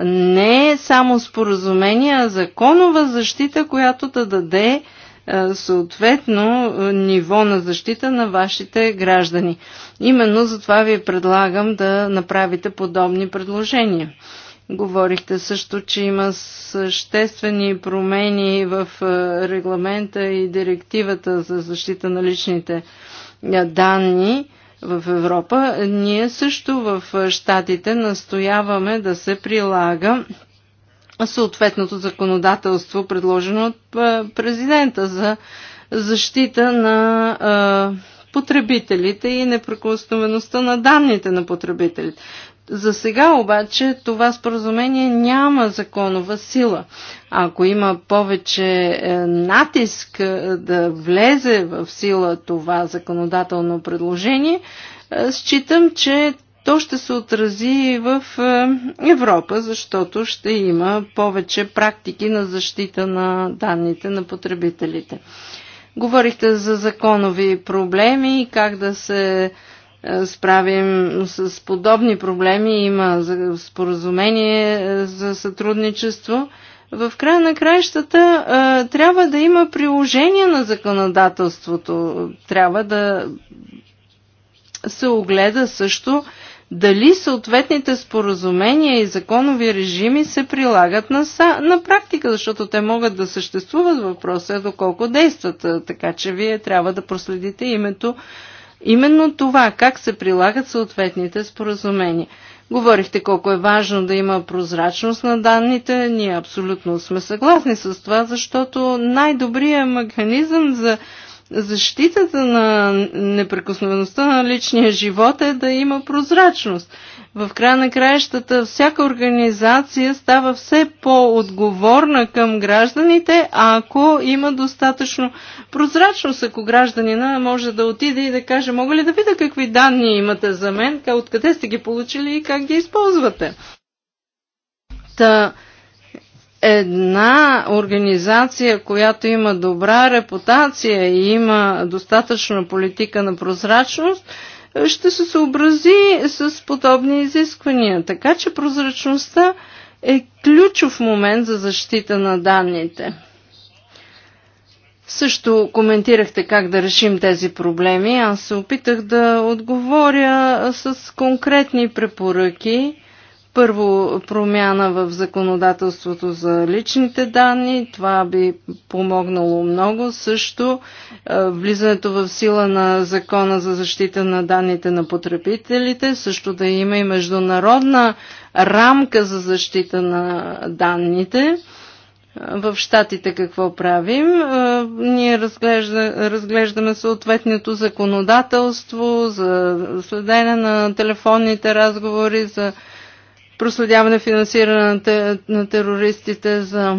не само споразумение, а законова защита, която да даде съответно ниво на защита на вашите граждани. Именно за това ви предлагам да направите подобни предложения. Говорихте също, че има съществени промени в е, регламента и директивата за защита на личните е, данни в Европа. Ние също в е, Штатите настояваме да се прилага съответното законодателство, предложено от президента за защита на потребителите и непрекосновеността на данните на потребителите. За сега обаче това споразумение няма законова сила. Ако има повече е, натиск е, да влезе в сила това законодателно предложение, е, считам, че то ще се отрази в Европа, защото ще има повече практики на защита на данните на потребителите. Говорихте за законови проблеми и как да се е, справим с подобни проблеми. Има споразумение е, за сътрудничество. В края на краищата е, трябва да има приложение на законодателството. Трябва да се огледа също дали съответните споразумения и законови режими се прилагат на, са, на практика, защото те могат да съществуват. Въпросът е доколко действат. Така че вие трябва да проследите името именно това, как се прилагат съответните споразумения. Говорихте колко е важно да има прозрачност на данните. Ние абсолютно сме съгласни с това, защото най-добрият механизъм за защитата на неприкосновеността на личния живот е да има прозрачност. В края на краищата всяка организация става все по-отговорна към гражданите, ако има достатъчно прозрачност, ако гражданина може да отиде и да каже, мога ли да видя какви данни имате за мен, откъде сте ги получили и как ги използвате. Та, една организация, която има добра репутация и има достатъчна политика на прозрачност, ще се съобрази с подобни изисквания. Така че прозрачността е ключов момент за защита на данните. Също коментирахте как да решим тези проблеми. Аз се опитах да отговоря с конкретни препоръки първо, промяна в законодателството за личните данни. Това би помогнало много. Също е, влизането в сила на закона за защита на данните на потребителите. Също да има и международна рамка за защита на данните. Е, в щатите, какво правим? Е, ние разглежда, разглеждаме съответното законодателство за следене на телефонните разговори, за проследяване финансиране на, те, на терористите, за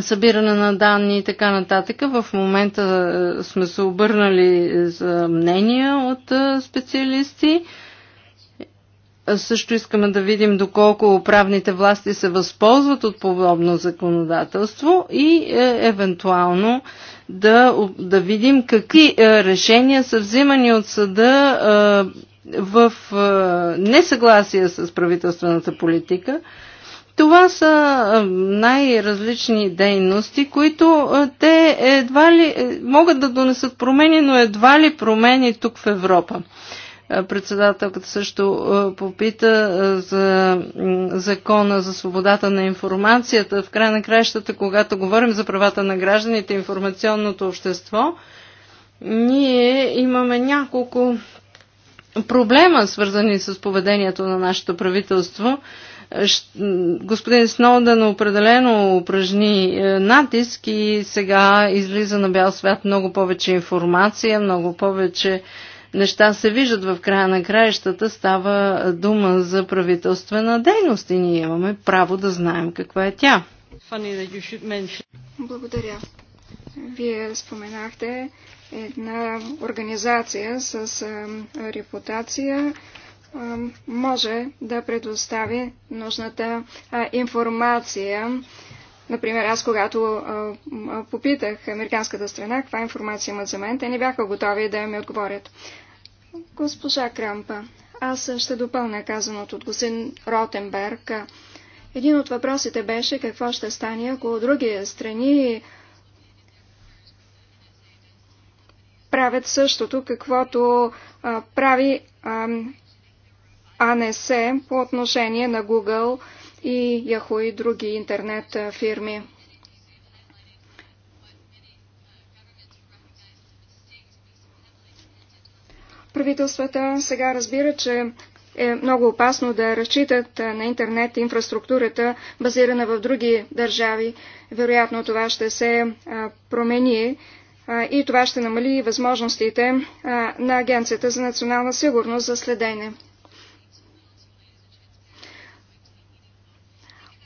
събиране на данни и така нататък. В момента е, сме се обърнали за мнения от е, специалисти. Също искаме да видим доколко правните власти се възползват от подобно законодателство и е, евентуално да, да видим какви е, решения са взимани от съда е, в несъгласие с правителствената политика. Това са най-различни дейности, които те едва ли е, могат да донесат промени, но едва ли промени тук в Европа. Председателката също попита за закона за свободата на информацията. В край на краищата, когато говорим за правата на гражданите, информационното общество, ние имаме няколко проблема, свързани с поведението на нашето правителство. Е, господин Сноуден определено упражни е, натиск и сега излиза на бял свят много повече информация, много повече неща се виждат в края на краищата. Става е, дума за правителствена дейност и ние имаме право да знаем каква е тя. Благодаря. Вие споменахте една организация с репутация може да предостави нужната информация. Например, аз когато попитах американската страна каква информация имат за мен, те не бяха готови да ми отговорят. Госпожа Крампа, аз ще допълня казаното от господин Ротенберг. Един от въпросите беше какво ще стане, ако други страни правят същото, каквото а, прави а, АНС по отношение на Google и Yahoo и други интернет фирми. Правителствата сега разбира, че е много опасно да разчитат на интернет инфраструктурата, базирана в други държави. Вероятно това ще се промени и това ще намали възможностите на Агенцията за национална сигурност за следене.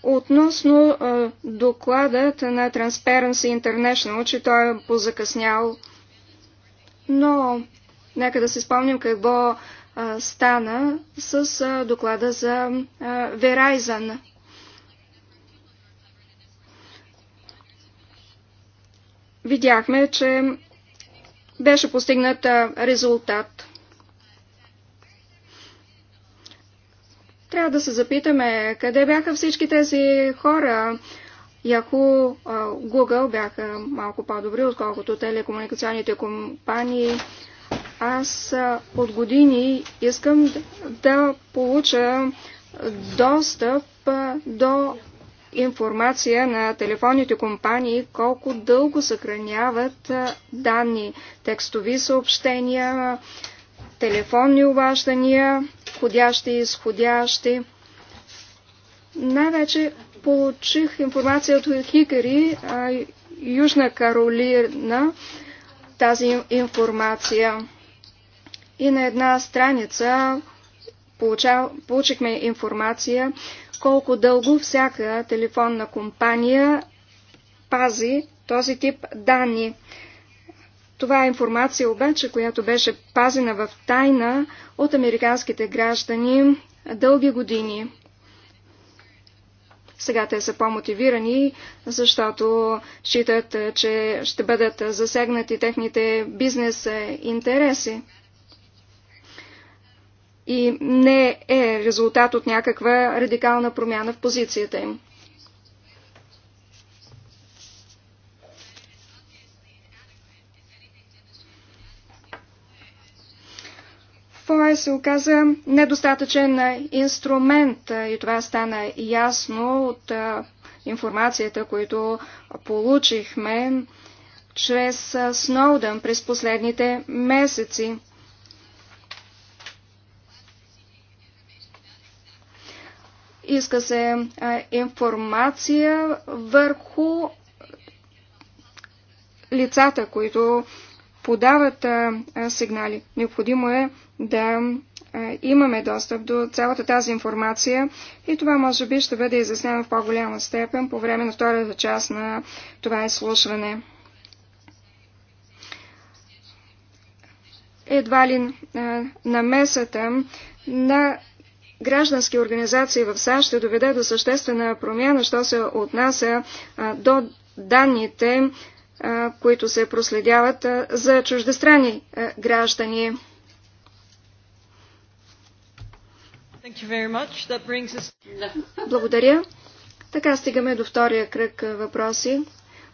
Относно докладът на Transparency International, че той е позакъснял, но нека да си спомним какво стана с доклада за Verizon. видяхме, че беше постигнат резултат. Трябва да се запитаме, къде бяха всички тези хора? Яху, Google бяха малко по-добри, отколкото телекомуникационните компании. Аз от години искам да получа достъп до информация на телефонните компании колко дълго съхраняват данни, текстови съобщения, телефонни обаждания, ходящи и изходящи. Най-вече получих информация от Хикари, Южна Каролина, тази информация. И на една страница получихме информация колко дълго всяка телефонна компания пази този тип данни. Това е информация обаче, която беше пазена в тайна от американските граждани дълги години. Сега те са по-мотивирани, защото считат, че ще бъдат засегнати техните бизнес интереси и не е резултат от някаква радикална промяна в позицията им. ФОЕ се оказа недостатъчен инструмент и това стана ясно от информацията, която получихме чрез Сноудън през последните месеци. Иска се информация върху лицата, които подават сигнали. Необходимо е да имаме достъп до цялата тази информация и това може би ще бъде изяснено в по-голяма степен по време на втората част на това изслушване. Едва ли намесата на граждански организации в САЩ ще доведе до съществена промяна, що се отнася до данните, които се проследяват за чуждестранни граждани. Благодаря. Така стигаме до втория кръг въпроси.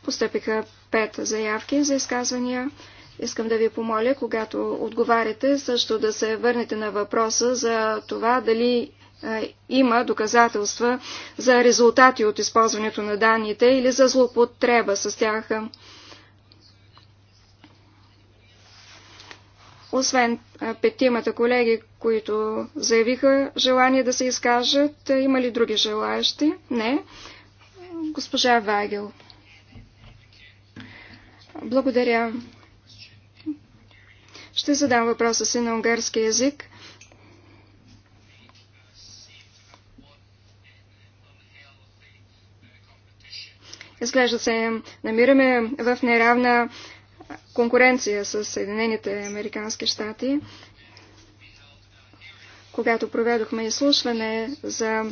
Постъпиха пет заявки за изказвания. Искам да ви помоля, когато отговаряте, също да се върнете на въпроса за това дали е, има доказателства за резултати от използването на данните или за злоупотреба с тях. Освен е, петимата колеги, които заявиха желание да се изкажат, е, има ли други желаящи? Не. Госпожа Вагел. Благодаря. Ще задам въпроса си на унгарски язик. Изглежда се намираме в неравна конкуренция с Съединените Американски щати когато проведохме изслушване за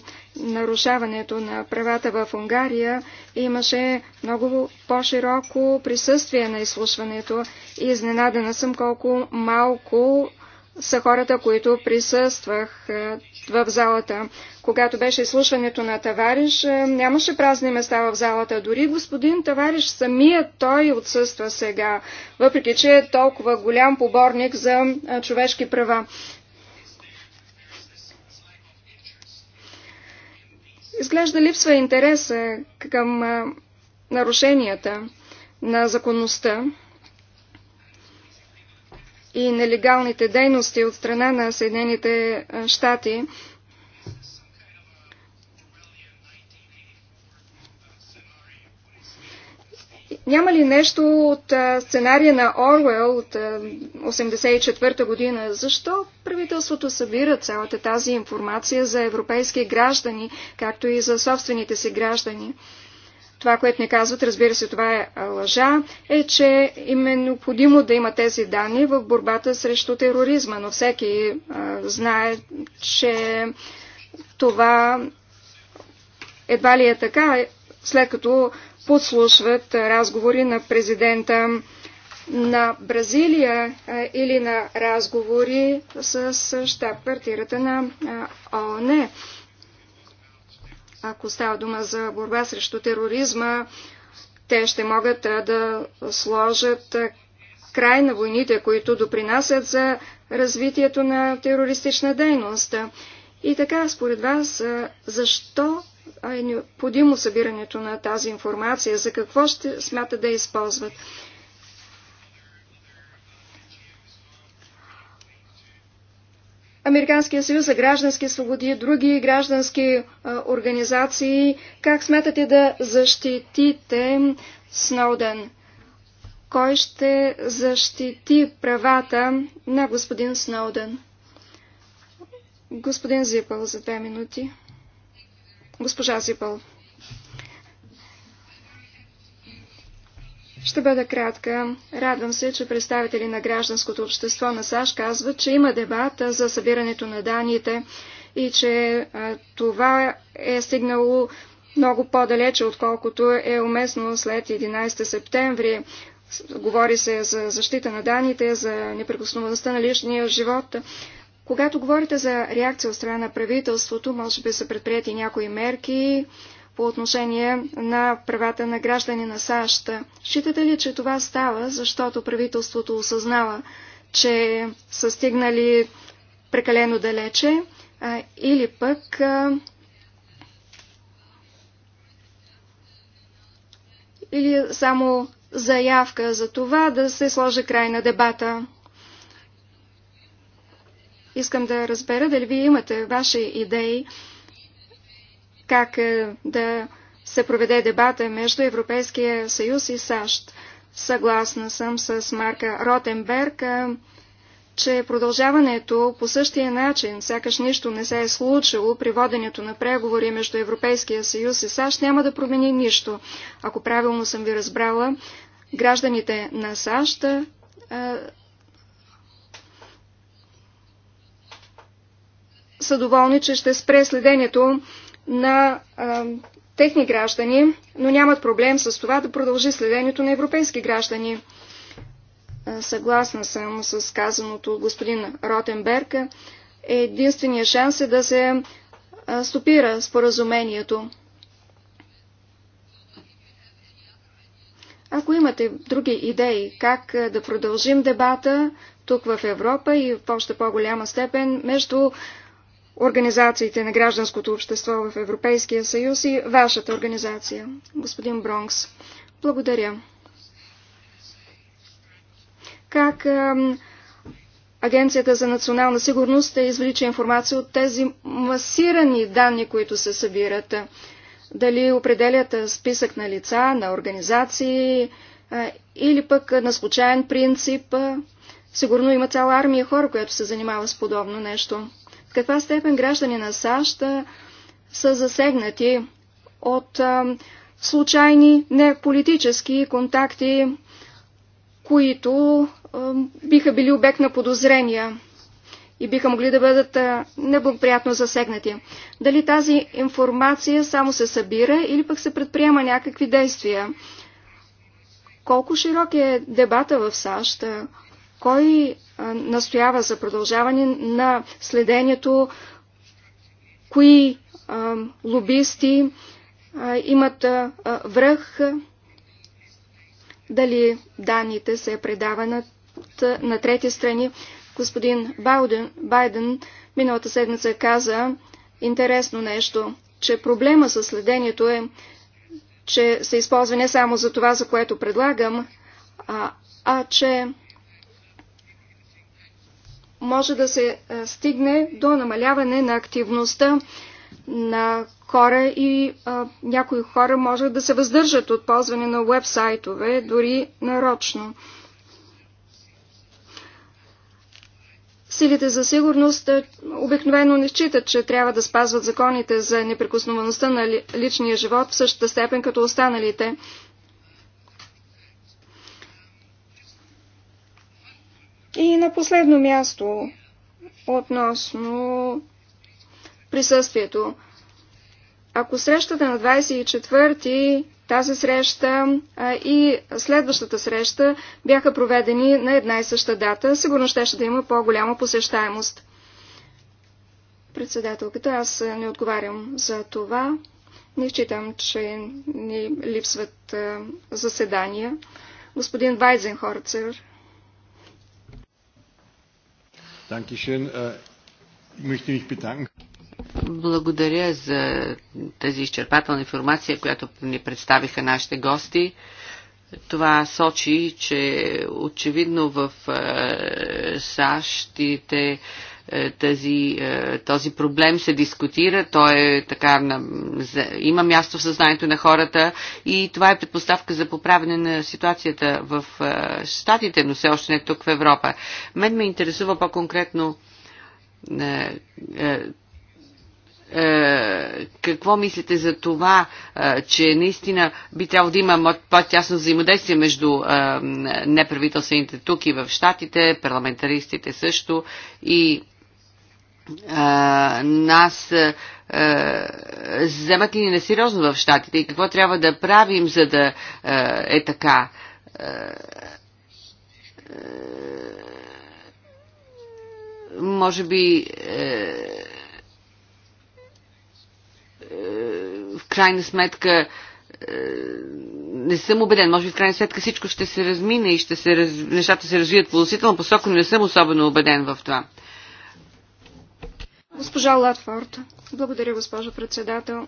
нарушаването на правата в Унгария, имаше много по-широко присъствие на изслушването и изненадана съм колко малко са хората, които присъствах е, в залата. Когато беше изслушването на товариш, е, нямаше празни места в залата. Дори господин Тавариш самият той отсъства сега, въпреки че е толкова голям поборник за е, човешки права. Изглежда липсва интерес към нарушенията на законността и нелегалните дейности от страна на Съединените щати Няма ли нещо от сценария на Орвел от 1984 година? Защо правителството събира цялата тази информация за европейски граждани, както и за собствените си граждани? Това, което ни казват, разбира се, това е лъжа, е, че им е необходимо да има тези данни в борбата срещу тероризма, но всеки а, знае, че това едва ли е така, след като подслушват разговори на президента на Бразилия или на разговори с щаб-квартирата на ООН. Ако става дума за борба срещу тероризма, те ще могат да сложат край на войните, които допринасят за развитието на терористична дейност. И така, според вас, защо е необходимо събирането на тази информация, за какво ще смята да използват. Американския съюз за граждански свободи, други граждански а, организации. Как смятате да защитите Сноуден? Кой ще защити правата на господин Сноуден? Господин Зипъл за две минути. Госпожа Зипъл. Ще бъда кратка. Радвам се, че представители на гражданското общество на САЩ казват, че има дебат за събирането на данните и че а, това е стигнало много по-далече, отколкото е уместно след 11 септември. Говори се за защита на данните, за неприкосновеността на личния живот. Когато говорите за реакция от страна на правителството, може би са предприяти някои мерки по отношение на правата на граждани на САЩ. Считате ли, че това става, защото правителството осъзнава, че са стигнали прекалено далече а, или пък а, или само заявка за това да се сложи край на дебата? Искам да разбера дали вие имате ваши идеи как е, да се проведе дебата между Европейския съюз и САЩ. Съгласна съм с Марка Ротенберг, е, че продължаването по същия начин, сякаш нищо не се е случило при воденето на преговори между Европейския съюз и САЩ, няма да промени нищо. Ако правилно съм ви разбрала, гражданите на САЩ е, са доволни, че ще спре следението на а, техни граждани, но нямат проблем с това да продължи следението на европейски граждани. А, съгласна съм с казаното от господин Ротенберг. единствения шанс е да се а, стопира споразумението. Ако имате други идеи как да продължим дебата тук в Европа и в още по-голяма степен между организациите на гражданското общество в Европейския съюз и вашата организация, господин Бронкс. Благодаря. Как Агенцията за национална сигурност извлича информация от тези масирани данни, които се събират? Дали определят списък на лица, на организации или пък на случайен принцип? Сигурно има цяла армия хора, която се занимава с подобно нещо каква степен граждани на САЩ са засегнати от а, случайни неполитически контакти, които а, биха били обект на подозрения и биха могли да бъдат а, неблагоприятно засегнати. Дали тази информация само се събира или пък се предприема някакви действия? Колко широк е дебата в САЩ? Кой настоява за продължаване на следението? Кои лобисти имат връх? Дали данните се предават на трети страни? Господин Байден, Байден миналата седмица каза интересно нещо, че проблема с следението е, че се използва не само за това, за което предлагам, а, а че може да се е, стигне до намаляване на активността на хора и а, е, някои хора може да се въздържат от ползване на уебсайтове дори нарочно. Силите за сигурност е, обикновено не считат, че трябва да спазват законите за неприкосновеността на личния живот в същата степен като останалите. И на последно място, относно присъствието. Ако срещата на 24-ти, тази среща а, и следващата среща бяха проведени на една и съща дата, сигурно ще, ще да има по-голяма посещаемост. Председателката, аз не отговарям за това. Не считам, че ни липсват а, заседания. Господин Вайзенхорцер Äh, Благодаря за тази изчерпателна информация, която ни представиха нашите гости. Това сочи, че очевидно в е, САЩ те е, тази, е, този проблем се дискутира, той е така, има място в съзнанието на хората и това е предпоставка за поправене на ситуацията в е, Штатите, но все още не тук в Европа. Мен ме интересува по-конкретно какво мислите за това, че наистина би трябвало да има по-тясно взаимодействие между неправителствените тук и в Штатите, парламентаристите също и а, нас а, вземат ли ни несериозно в щатите и какво трябва да правим, за да а, е така. А, а, може би а, в крайна сметка не съм убеден. Може би в крайна сметка всичко ще се размине и ще се раз... нещата се развият положително посока, но не съм особено убеден в това. Госпожа Латфорд. Благодаря, госпожо председател.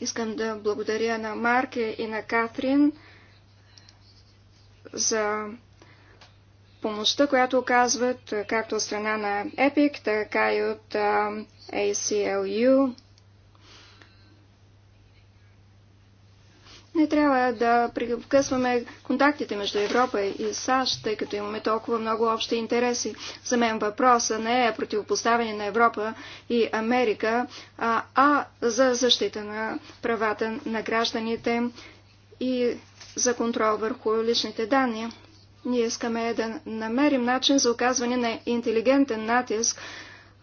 Искам да благодаря на Марке и на Катрин за помощта, която оказват както от страна на EPIC, така и от ACLU. Не трябва да прекъсваме контактите между Европа и САЩ, тъй като имаме толкова много общи интереси. За мен въпроса не е противопоставяне на Европа и Америка, а, а за защита на правата на гражданите и за контрол върху личните данни. Ние искаме да намерим начин за оказване на интелигентен натиск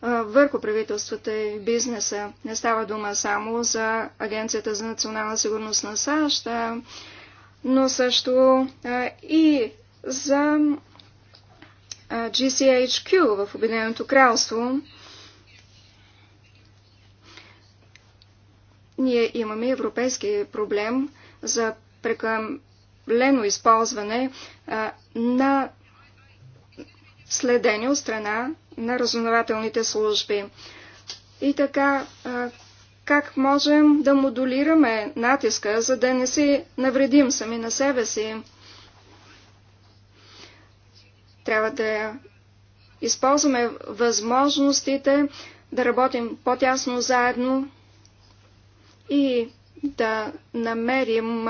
върху правителствата и бизнеса. Не става дума само за Агенцията за национална сигурност на САЩ, но също и за GCHQ в Обединеното кралство. Ние имаме европейски проблем за прекалено използване на следени от страна на разузнавателните служби. И така, как можем да модулираме натиска, за да не си навредим сами на себе си? Трябва да използваме възможностите да работим по-тясно заедно и да намерим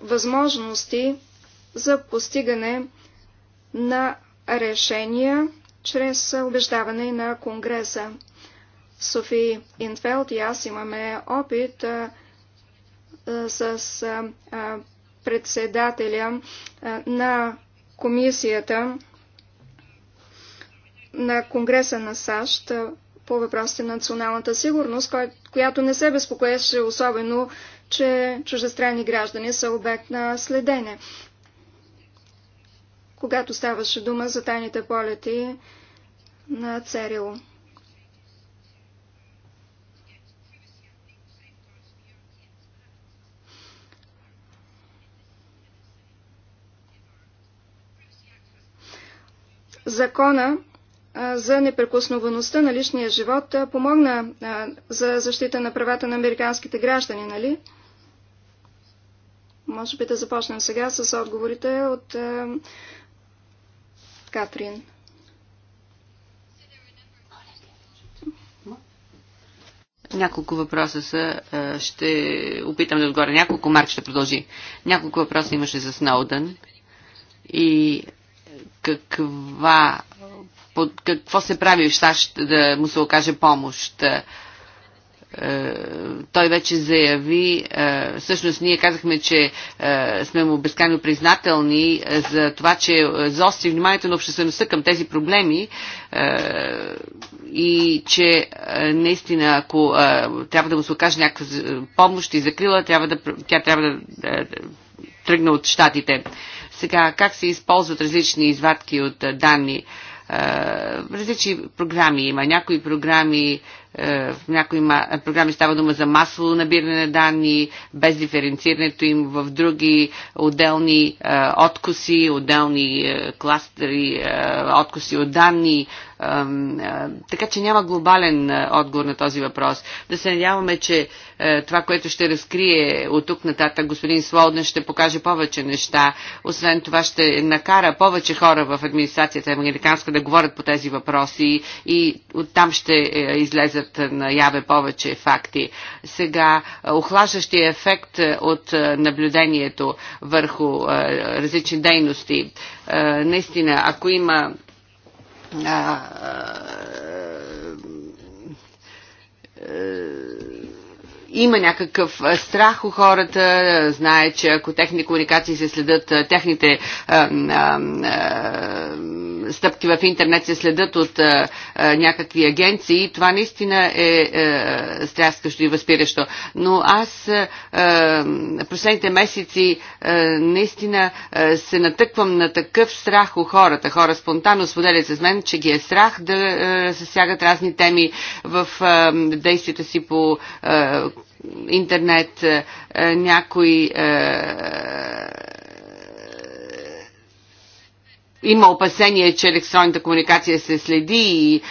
възможности за постигане на решения чрез убеждаване на Конгреса. Софи Инфелд и аз имаме опит а, с а, председателя а, на комисията на Конгреса на САЩ по въпросите на националната сигурност, която не се безпокоеше особено, че чуждестранни граждани са обект на следене когато ставаше дума за тайните полети на Церил. Закона за непрекосновеността на личния живот помогна за защита на правата на американските граждани, нали? Може би да започнем сега с отговорите от Катрин. Няколко въпроса са. Е, ще опитам да отговоря. Няколко, Марк ще продължи. Няколко въпроса имаше за Сноудън и каква, под, какво се прави в САЩ да му се окаже помощ е, той вече заяви, е, всъщност ние казахме, че е, сме му безкрайно признателни за това, че заостри вниманието на обществеността към тези проблеми и че наистина, ако трябва да му се окаже някаква помощ и закрила, трябва да, тя трябва да тръгне от щатите. Сега, как се използват различни извадки от данни? Различни програми има. Някои програми е, в някои програми става дума за масово набиране на данни, без диференцирането им в други отделни е, откуси, отделни е, кластери, откуси от данни, така че няма глобален отговор на този въпрос. Да се надяваме, че това, което ще разкрие от тук нататък господин Слоуден, ще покаже повече неща. Освен това ще накара повече хора в администрацията американска да говорят по тези въпроси и оттам ще е, излезат наяве повече факти. Сега, охлаждащия ефект е, от е, наблюдението върху различни дейности. Наистина, ако има а, а, а, има някакъв страх у хората, знае, че ако техни комуникации се следят, техните а, а, а, стъпки в интернет се следят от а, а, някакви агенции, това наистина е а, е, стряскащо и възпиращо. Но аз а, последните месеци а, наистина а, се натъквам на такъв страх у хората. Хора спонтанно споделят с мен, че ги е страх да а, засягат разни теми в а, действията си по а, интернет, е, е, някои е, има опасение, че електронната комуникация се следи и е,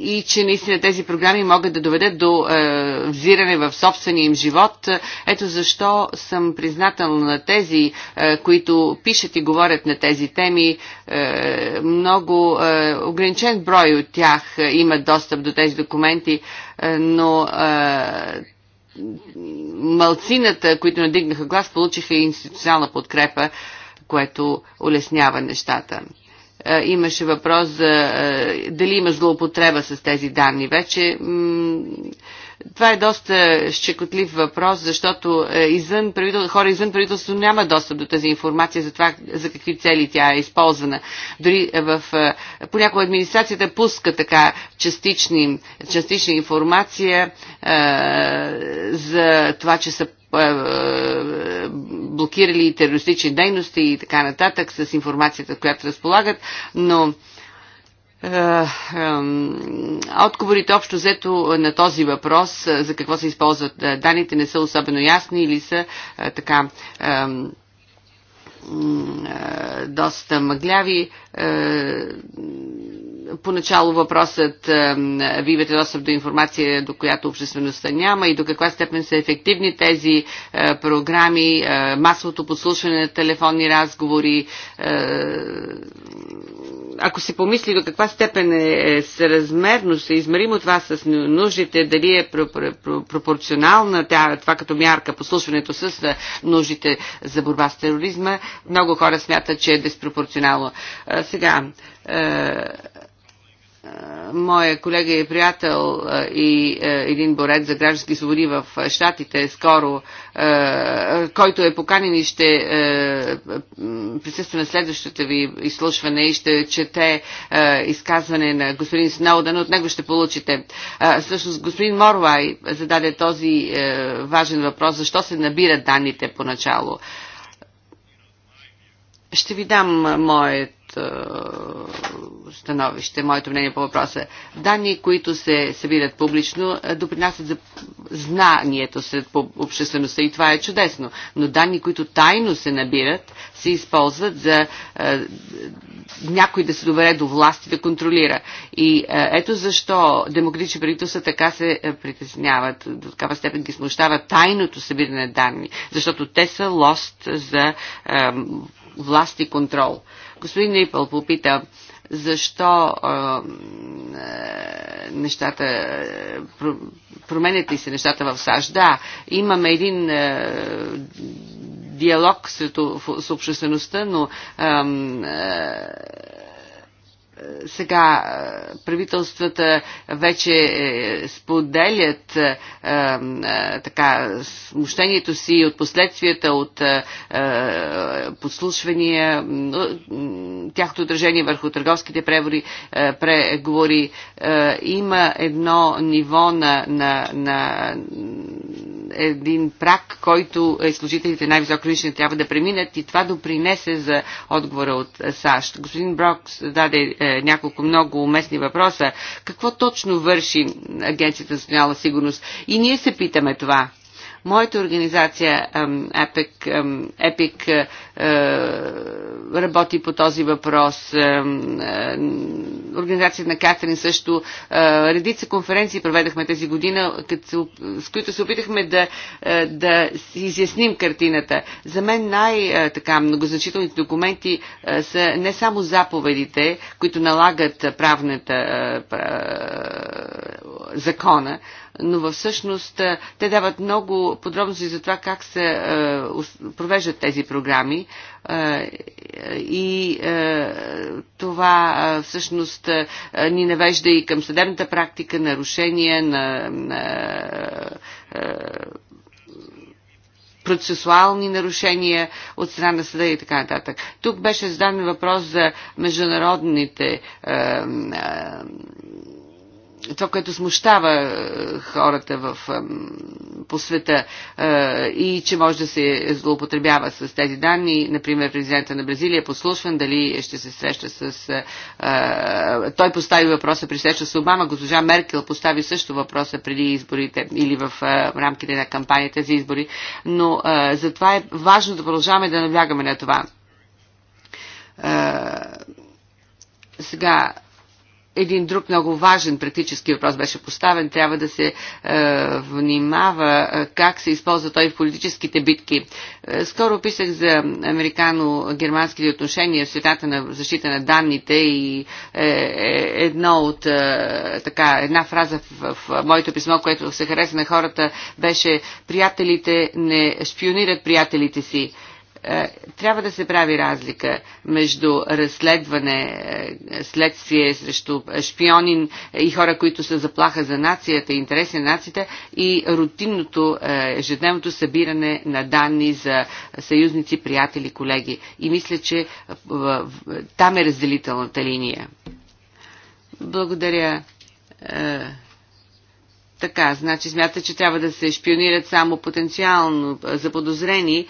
и че наистина тези програми могат да доведат до е, взиране в собствения им живот. Ето защо съм признателна на тези, е, които пишат и говорят на тези теми. Е, много е, ограничен брой от тях е, имат достъп до тези документи, е, но е, малцината, които надигнаха глас, получиха институционална подкрепа, което улеснява нещата. Е, имаше въпрос за е, дали има злоупотреба с тези данни. Вече това е доста щекотлив въпрос, защото е, извън правител... хора извън правителството няма достъп до тази информация за това за какви цели тя е използвана. Дори в понякога администрацията пуска така частични, частична информация за това, че са е, е, блокирали терористични дейности и така нататък с информацията, която разполагат, но е, Отговорите общо взето на този въпрос, за какво се използват данните, не са особено ясни или са така е, доста мъгляви. Е, поначало въпросът е, ви имате достъп до информация, до която обществеността няма и до каква степен са ефективни тези програми, масовото подслушване на телефонни разговори, ако се помисли до каква степен е, е съразмерно, се измеримо това с нуждите, дали е пропорционална това като мярка, послушването с е, нуждите за борба с тероризма, много хора смятат, че е безпропорционално. Сега, е, моя колега и приятел и един борец за граждански свободи в Штатите скоро, който е поканен и ще присъства на следващото ви изслушване и ще чете изказване на господин но От него ще получите. Всъщност господин Морвай зададе този важен въпрос. Защо се набират данните поначало? Ще ви дам моят становище, моето мнение по въпроса. Е, данни, които се събират публично, допринасят за знанието сред обществеността и това е чудесно. Но данни, които тайно се набират, се използват за е, някой да се добере до власт и да контролира. И е, ето защо демократични правителства така се притесняват, до такава степен ги смущава тайното събиране на данни, защото те са лост за е, власт и контрол. Господин Нейпъл попита защо е, нещата, е, променят ли се нещата в САЩ. Да, имаме един е, диалог с, с обществеността, но е, сега е, правителствата вече е, споделят е, така смущението си от последствията от подслушвания, тяхното отражение върху търговските превори, преговори. Има едно ниво на, на, на един прак, който служителите най-високо лично трябва да преминат и това допринесе за отговора от САЩ. Господин Брокс даде няколко много уместни въпроса. Какво точно върши Агенцията за национална сигурност? И ние се питаме това. Моята организация Epic, Epic работи по този въпрос. Организацията на Катерин също. Редица конференции проведахме тази година, с които се опитахме да, да изясним картината. За мен най-така многозначителните документи са не само заповедите, които налагат правната закона, но всъщност те дават много подробности за това как се провеждат тези програми и това всъщност ни навежда и към съдебната практика, нарушения на, на процесуални нарушения от страна на съда и така нататък. Тук беше зададен въпрос за международните това, което смущава е, хората в, е, по света е, и че може да се злоупотребява с тези данни. Например, президента на Бразилия послушван дали ще се среща с... Той постави въпроса при среща с Обама. Госпожа Меркел постави също въпроса преди изборите или в рамките на кампанията за избори. Но затова е важно да продължаваме да наблягаме на това. Сега, един друг много важен практически въпрос беше поставен. Трябва да се е, внимава е, как се използва той в политическите битки. Е, скоро писах за американо-германските отношения в светата на защита на данните и е, е, едно от, е, така, една фраза в, в моето писмо, което се хареса на хората, беше приятелите не шпионират приятелите си. Е, е, трябва да се прави разлика между разследване, е, следствие срещу шпионин и хора, които са заплаха за нацията интереси на нацията и рутинното е, ежедневното събиране на данни за съюзници, приятели, колеги. И мисля, че там е разделителната линия. Благодаря така, значи смята, че трябва да се шпионират само потенциално заподозрени,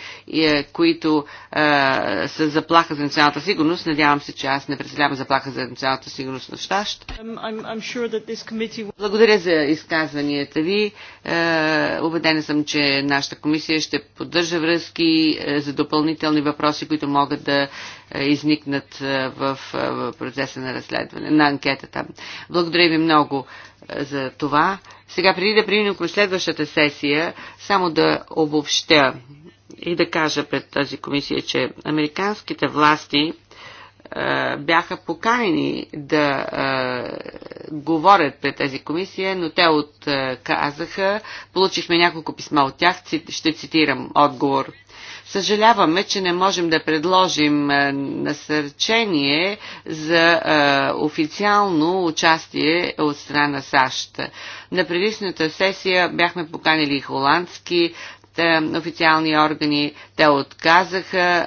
които е, са заплаха за националната сигурност. Надявам се, че аз не представлявам заплаха за националната сигурност на САЩ. Um, Благодаря за изказванията ви. Е, убедена съм, че нашата комисия ще поддържа връзки за допълнителни въпроси, които могат да изникнат в процеса на разследване, на анкетата. Благодаря ви много за това. Сега, преди да преминем към следващата сесия, само да обобщя и да кажа пред тази комисия, че американските власти е, бяха поканени да е, говорят пред тази комисия, но те отказаха. Е, Получихме няколко писма от тях, ще цитирам отговор Съжаляваме, че не можем да предложим е, насърчение за е, официално участие от страна САЩ. На предишната сесия бяхме поканили и холандски е, официални органи, те отказаха,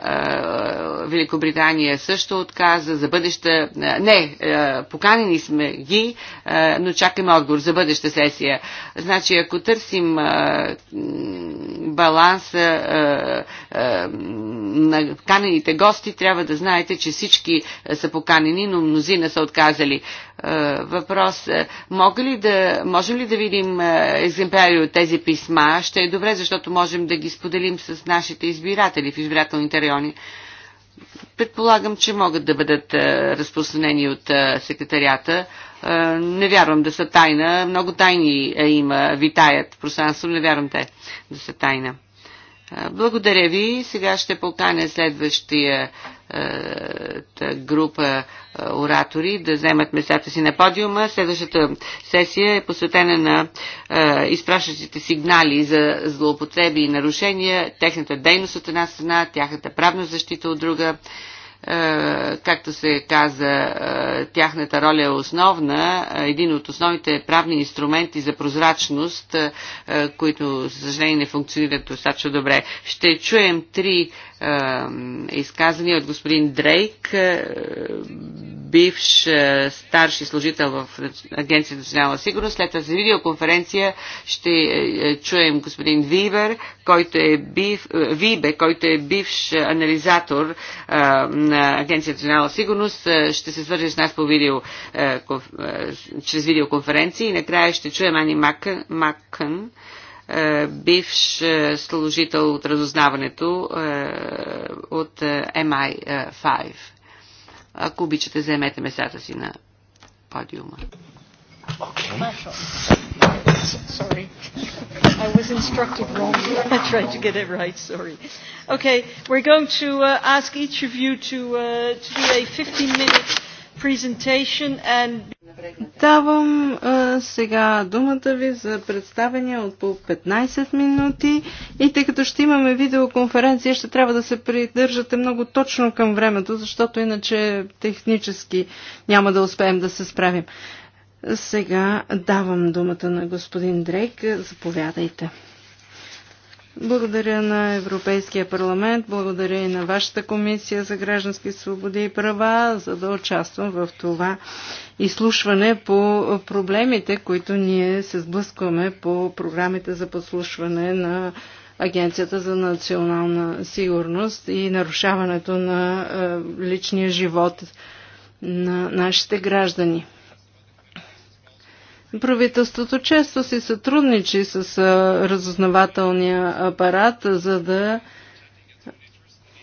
Великобритания също отказа за бъдеща... Не, поканени сме ги, но чакаме отговор за бъдеща сесия. Значи, ако търсим баланса на канените гости, трябва да знаете, че всички са поканени, но мнозина са отказали въпрос. Мога ли да, можем ли да видим екземпляри от тези писма? Ще е добре, защото можем да ги споделим с нашите избиратели избиратели в избирателните райони. Предполагам, че могат да бъдат е, разпространени от е, секретарията. Е, не вярвам да са тайна. Много тайни има, витаят пространство. не вярвам те да са тайна. Благодаря ви. Сега ще поканя следващия е, група е, оратори да вземат местата си на подиума. Следващата сесия е посветена на е, изпращащите сигнали за злоупотреби и нарушения, техната дейност от една страна, тяхната правна защита от друга както се каза, тяхната роля е основна. Един от основните правни инструменти за прозрачност, които, за съжаление, не функционират достатъчно добре. Ще чуем три изказания от господин Дрейк, е, бивш е, старши служител в Агенция за национална сигурност. След тази видеоконференция ще е, чуем господин Вибер, който е бив, Вибе, който е бивш анализатор на Агенция за национална сигурност. Ще се свърже с нас по видео, чрез видеоконференции и накрая ще чуем Ани Макън, Макън бивш служител от разузнаването от MI5. Ако обичате, заемете местата си на подиума. Okay. Sorry. I was instructed wrong. I tried to get it right. Sorry. Okay, we're going to uh, ask each of you to, uh, to do a 15-minute presentation and Давам а, сега думата ви за представяне от по 15 минути и тъй като ще имаме видеоконференция, ще трябва да се придържате много точно към времето, защото иначе технически няма да успеем да се справим. Сега давам думата на господин Дрейк. Заповядайте. Благодаря на Европейския парламент, благодаря и на вашата комисия за граждански свободи и права, за да участвам в това изслушване по проблемите, които ние се сблъскваме по програмите за подслушване на Агенцията за национална сигурност и нарушаването на е, личния живот на нашите граждани. Правителството често си сътрудничи с разузнавателния апарат, за да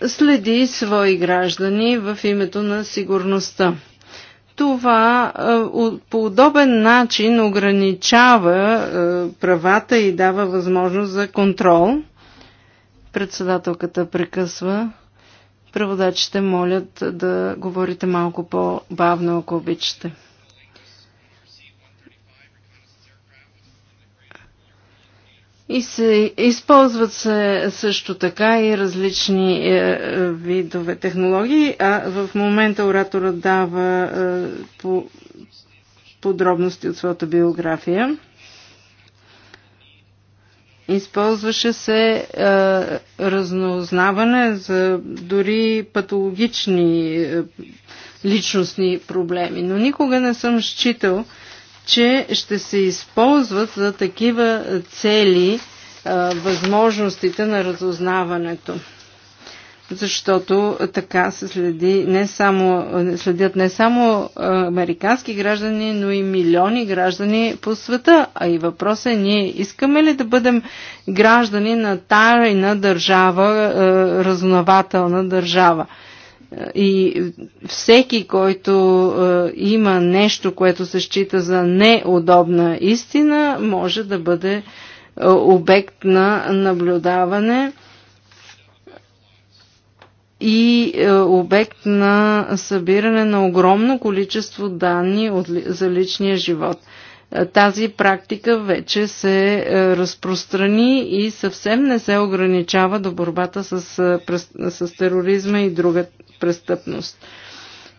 следи свои граждани в името на сигурността. Това по удобен начин ограничава правата и дава възможност за контрол. Председателката прекъсва. Преводачите молят да говорите малко по-бавно, ако обичате. И се, използват се също така и различни е, е видове технологии, а в момента оратора дава е, по, подробности от своята биография. Използваше се е, разнознаване за дори патологични е, личностни проблеми, но никога не съм считал, че ще се използват за такива цели възможностите на разузнаването. Защото така се следи не само, следят не само американски граждани, но и милиони граждани по света. А и въпросът е ние искаме ли да бъдем граждани на тайна държава, разузнавателна държава. И всеки, който е, има нещо, което се счита за неудобна истина, може да бъде е, обект на наблюдаване и е, обект на събиране на огромно количество данни за личния живот. Тази практика вече се разпространи и съвсем не се ограничава до борбата с, с тероризма и друга, престъпност.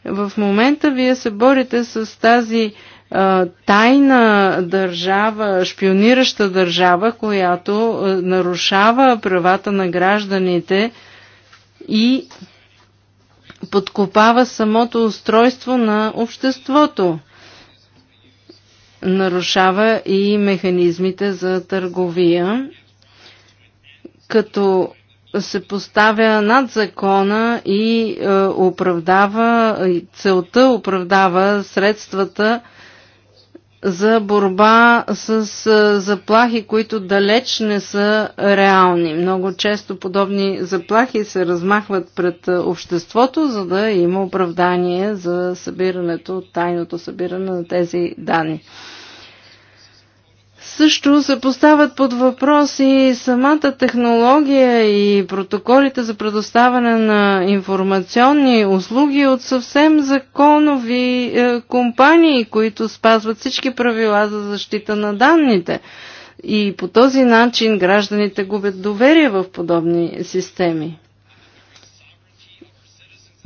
В момента вие се борите с тази а, тайна държава, шпионираща държава, която а, нарушава правата на гражданите и подкопава самото устройство на обществото. Нарушава и механизмите за търговия, като се поставя над закона и е, оправдава, целта оправдава средствата за борба с е, заплахи, които далеч не са реални. Много често подобни заплахи се размахват пред е, обществото, за да има оправдание за събирането, тайното събиране на тези данни също се поставят под въпрос и самата технология и протоколите за предоставяне на информационни услуги от съвсем законови е, компании, които спазват всички правила за защита на данните. И по този начин гражданите губят доверие в подобни системи.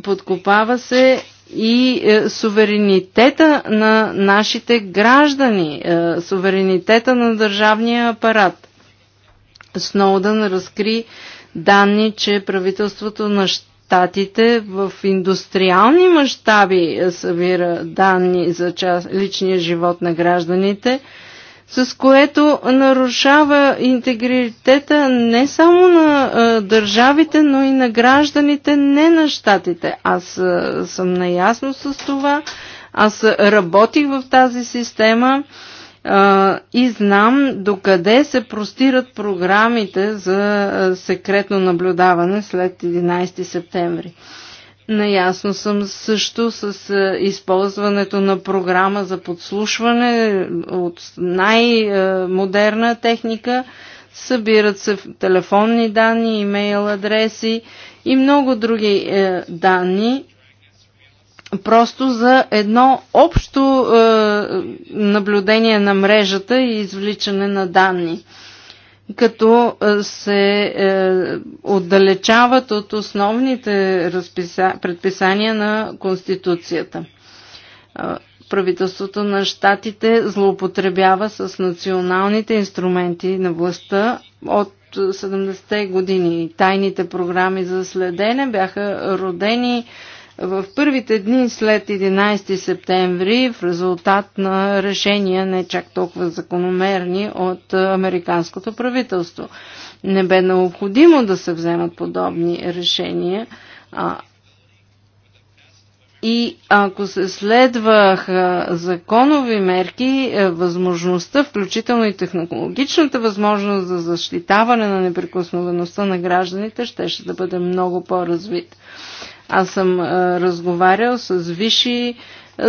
Подкопава се и е, суверенитета на нашите граждани, е, суверенитета на държавния апарат. Сноудън разкри данни, че правителството на щатите в индустриални мащаби е, събира данни за личния живот на гражданите – с което нарушава интегритета не само на а, държавите, но и на гражданите, не на щатите. Аз а, съм наясно с това. Аз работих в тази система а, и знам докъде се простират програмите за а, секретно наблюдаване след 11 септември. А, Наясно съм също с е, използването на програма за подслушване от най-модерна техника. Събират се телефонни данни, имейл адреси и много други е, данни, просто за едно общо е, наблюдение на мрежата и извличане на данни като се е, отдалечават от основните разписа... предписания на Конституцията. Правителството на щатите злоупотребява с националните инструменти на властта от 70-те години. Тайните програми за следене бяха родени в първите дни след 11 септември, в резултат на решения не чак толкова закономерни от американското правителство, не бе необходимо да се вземат подобни решения. и ако се следваха законови мерки, е, възможността, включително и технологичната възможност за защитаване на неприкосновеността на гражданите, ще, ще да бъде много по-развита. Аз съм разговарял с висши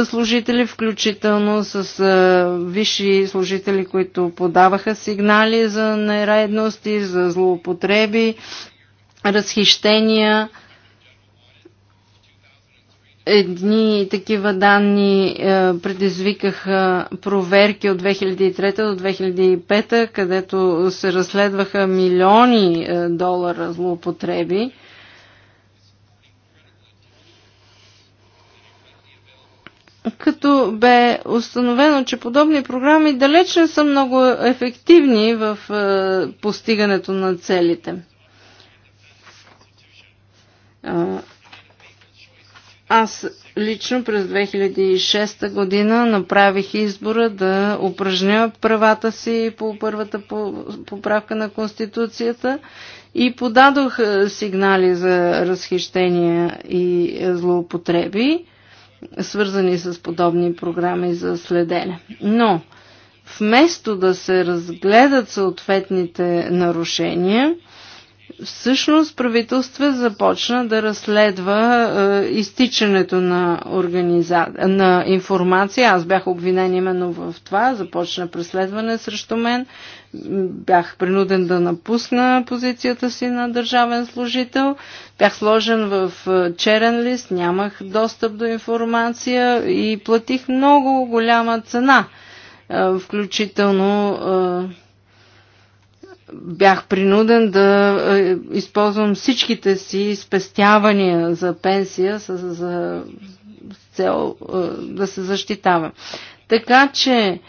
служители, включително с а, висши служители, които подаваха сигнали за нередности, за злоупотреби, разхищения. Едни такива данни е, предизвикаха проверки от 2003 до 2005, където се разследваха милиони е, долара злоупотреби. като бе установено, че подобни програми далеч не са много ефективни в е, постигането на целите. Аз лично през 2006 година направих избора да упражня правата си по първата поправка на Конституцията и подадох е, сигнали за разхищения и злоупотреби свързани с подобни програми за следене. Но, вместо да се разгледат съответните нарушения, Всъщност правителство започна да разследва е, изтичането на, организа... на информация. Аз бях обвинен именно в това. Започна преследване срещу мен. Бях принуден да напусна позицията си на държавен служител. Бях сложен в е, черен лист, нямах достъп до информация и платих много голяма цена, е, включително. Е, бях принуден да е, използвам всичките си спестявания за пенсия с, за цел е, да се защитавам. Така че е,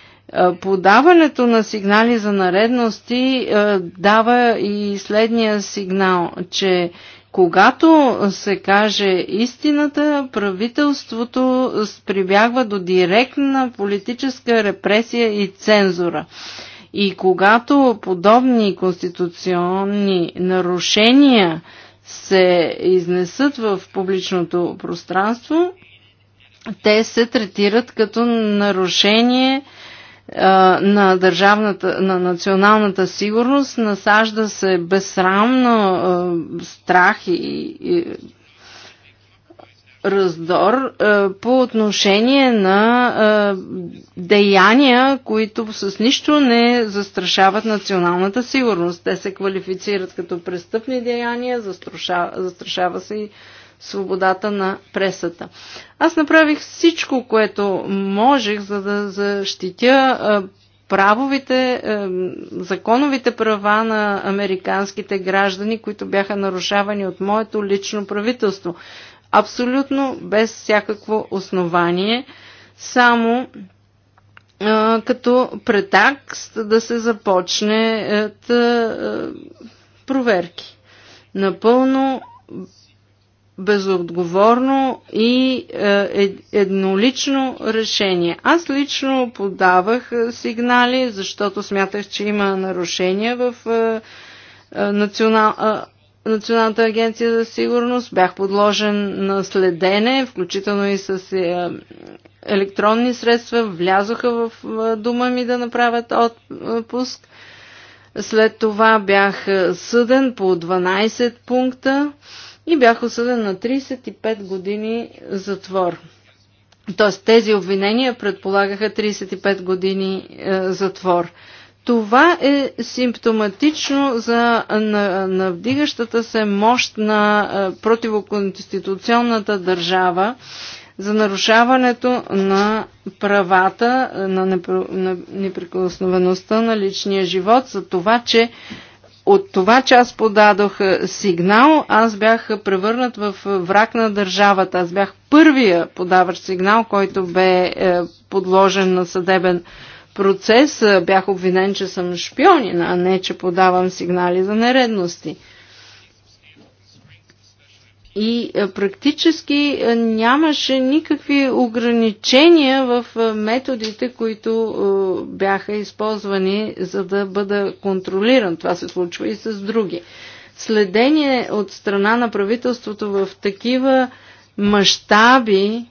подаването на сигнали за наредности дава и следния сигнал, че когато се каже истината, правителството прибягва до директна политическа репресия и цензура. И когато подобни конституционни нарушения се изнесат в публичното пространство, те се третират като нарушение а, на, държавната, на националната сигурност, насажда се безсрамно а, страх и, и раздор е, по отношение на е, деяния, които с нищо не застрашават националната сигурност. Те се квалифицират като престъпни деяния, застрашава, застрашава се и свободата на пресата. Аз направих всичко, което можех, за да защитя е, правовите, законовите права на американските граждани, които бяха нарушавани от моето лично правителство абсолютно без всякакво основание, само а, като претакст да се започне а, проверки. Напълно безотговорно и е, еднолично решение. Аз лично подавах сигнали, защото смятах, че има нарушения в е, национал, Националната агенция за сигурност, бях подложен на следене, включително и с е, електронни средства, влязоха в е, дума ми да направят отпуск. След това бях е, съден по 12 пункта и бях осъден на 35 години затвор. Тоест тези обвинения предполагаха 35 години затвор. Това е симптоматично за навдигащата се мощ на е, противоконституционната държава, за нарушаването на правата, на неприкосновеността на личния живот, за това, че от това, че аз подадох е, сигнал, аз бях превърнат в враг на държавата. Аз бях първия подаващ сигнал, който бе е, подложен на съдебен процес бях обвинен, че съм шпионин, а не, че подавам сигнали за нередности. И практически нямаше никакви ограничения в методите, които бяха използвани, за да бъда контролиран. Това се случва и с други. Следение от страна на правителството в такива мащаби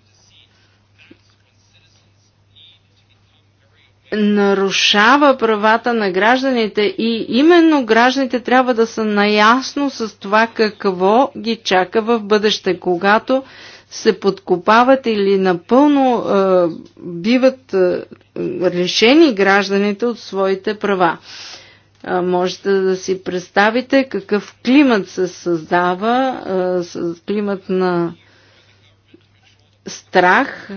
нарушава правата на гражданите и именно гражданите трябва да са наясно с това какво ги чака в бъдеще, когато се подкопават или напълно е, биват е, решени гражданите от своите права. Е, можете да си представите какъв климат се създава, е, с климат на страх,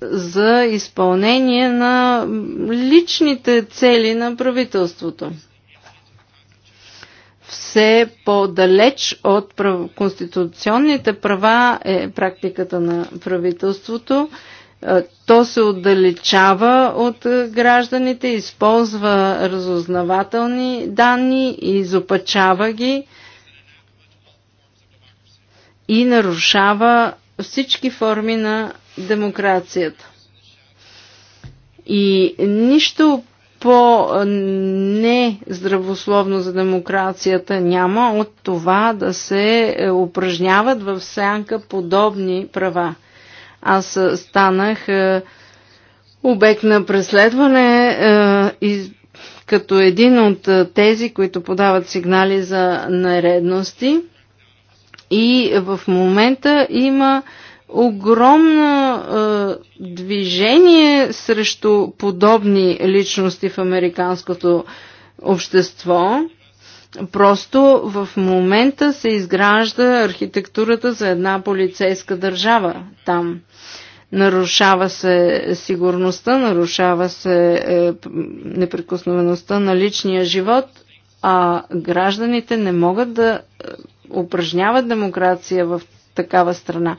за изпълнение на личните цели на правителството. Все по-далеч от конституционните права е практиката на правителството. Е, то се отдалечава от гражданите, използва разузнавателни данни и изопачава ги и нарушава всички форми на демокрацията. И нищо по-нездравословно за демокрацията няма от това да се упражняват в сянка подобни права. Аз станах е, обект на преследване е, и като един от тези, които подават сигнали за нередности – и в момента има огромно е, движение срещу подобни личности в американското общество. Просто в момента се изгражда архитектурата за една полицейска държава там. Нарушава се сигурността, нарушава се е, неприкосновеността на личния живот, а гражданите не могат да е, упражняват демокрация в такава страна.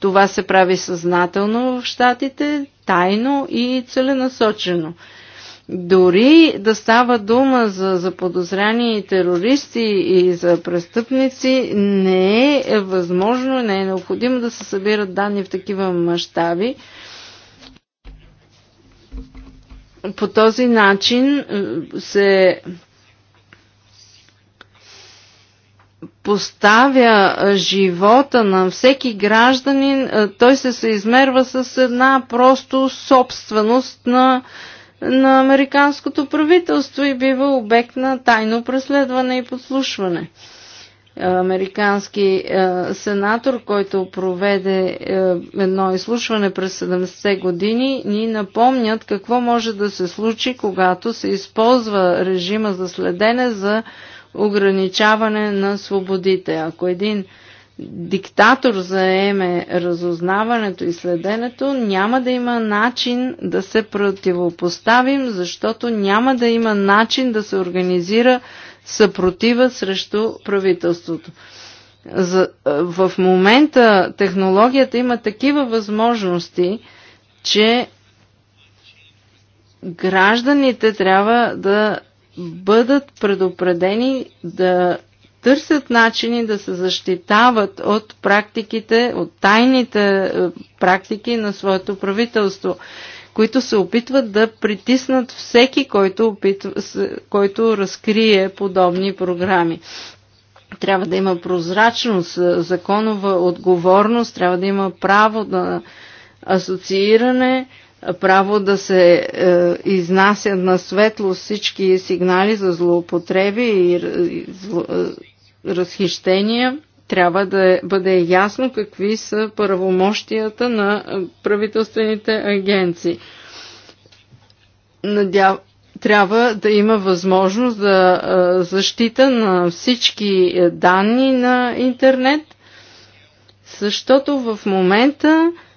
Това се прави съзнателно в щатите, тайно и целенасочено. Дори да става дума за заподозрени терористи и за престъпници, не е възможно, не е необходимо да се събират данни в такива мащаби. По този начин е, се поставя живота на всеки гражданин, той се съизмерва с една просто собственост на, на американското правителство и бива обект на тайно преследване и подслушване. Американски сенатор, който проведе едно изслушване през 70-те години, ни напомнят какво може да се случи, когато се използва режима за следене за ограничаване на свободите. Ако един диктатор заеме разузнаването и следенето, няма да има начин да се противопоставим, защото няма да има начин да се организира съпротива срещу правителството. За, в момента технологията има такива възможности, че гражданите трябва да бъдат предупредени да търсят начини да се защитават от практиките, от тайните е, практики на своето правителство, които се опитват да притиснат всеки, който, опитва, който разкрие подобни програми. Трябва да има прозрачност, е, законова отговорност, трябва да има право на асоцииране, право да се е, изнасят на светло всички сигнали за злоупотреби и, и зло, е, разхищения, трябва да е, бъде ясно какви са правомощията на правителствените агенции. Надяв... Трябва да има възможност за е, защита на всички е, данни на интернет, защото в момента е,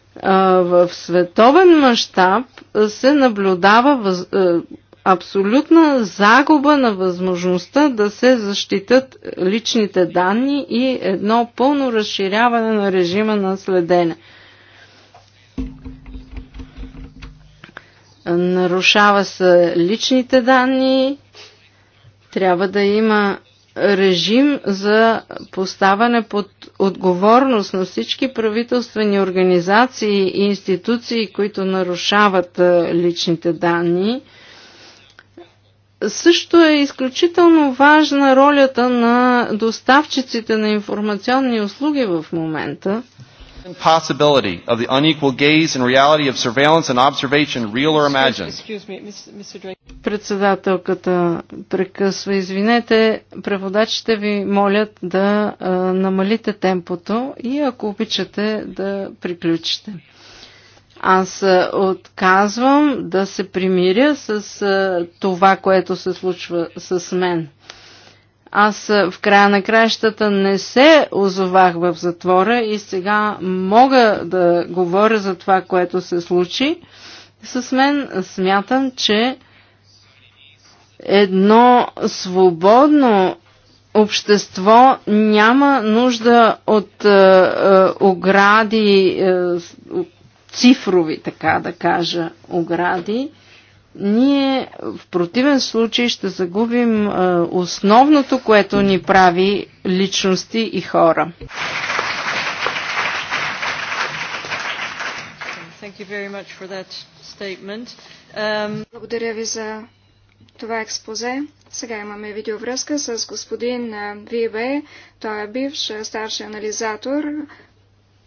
в световен мащаб се наблюдава въз... Е, абсолютна загуба на възможността да се защитат личните данни и едно пълно разширяване на режима на следене. Нарушава се личните данни, трябва да има режим за поставане под отговорност на всички правителствени организации и институции, които нарушават е, личните данни, също е изключително важна ролята на доставчиците на информационни услуги в момента – possibility of the unequal gaze and reality of surveillance and observation, real or imagined. Председателката прекъсва. Извинете, преводачите ви молят да а, намалите темпото и ако обичате да приключите. Аз отказвам да се примиря с а, това, което се случва с мен. Аз е, в края на краищата не се озовах в затвора и сега мога да говоря за това, което се случи. С мен смятам, че едно свободно общество няма нужда от е, е, огради, е, цифрови, така да кажа, огради ние в противен случай ще загубим основното, което ни прави личности и хора. Um... Благодаря ви за това експозе. Сега имаме видеовръзка с господин Вибе. Той е бивш старши анализатор.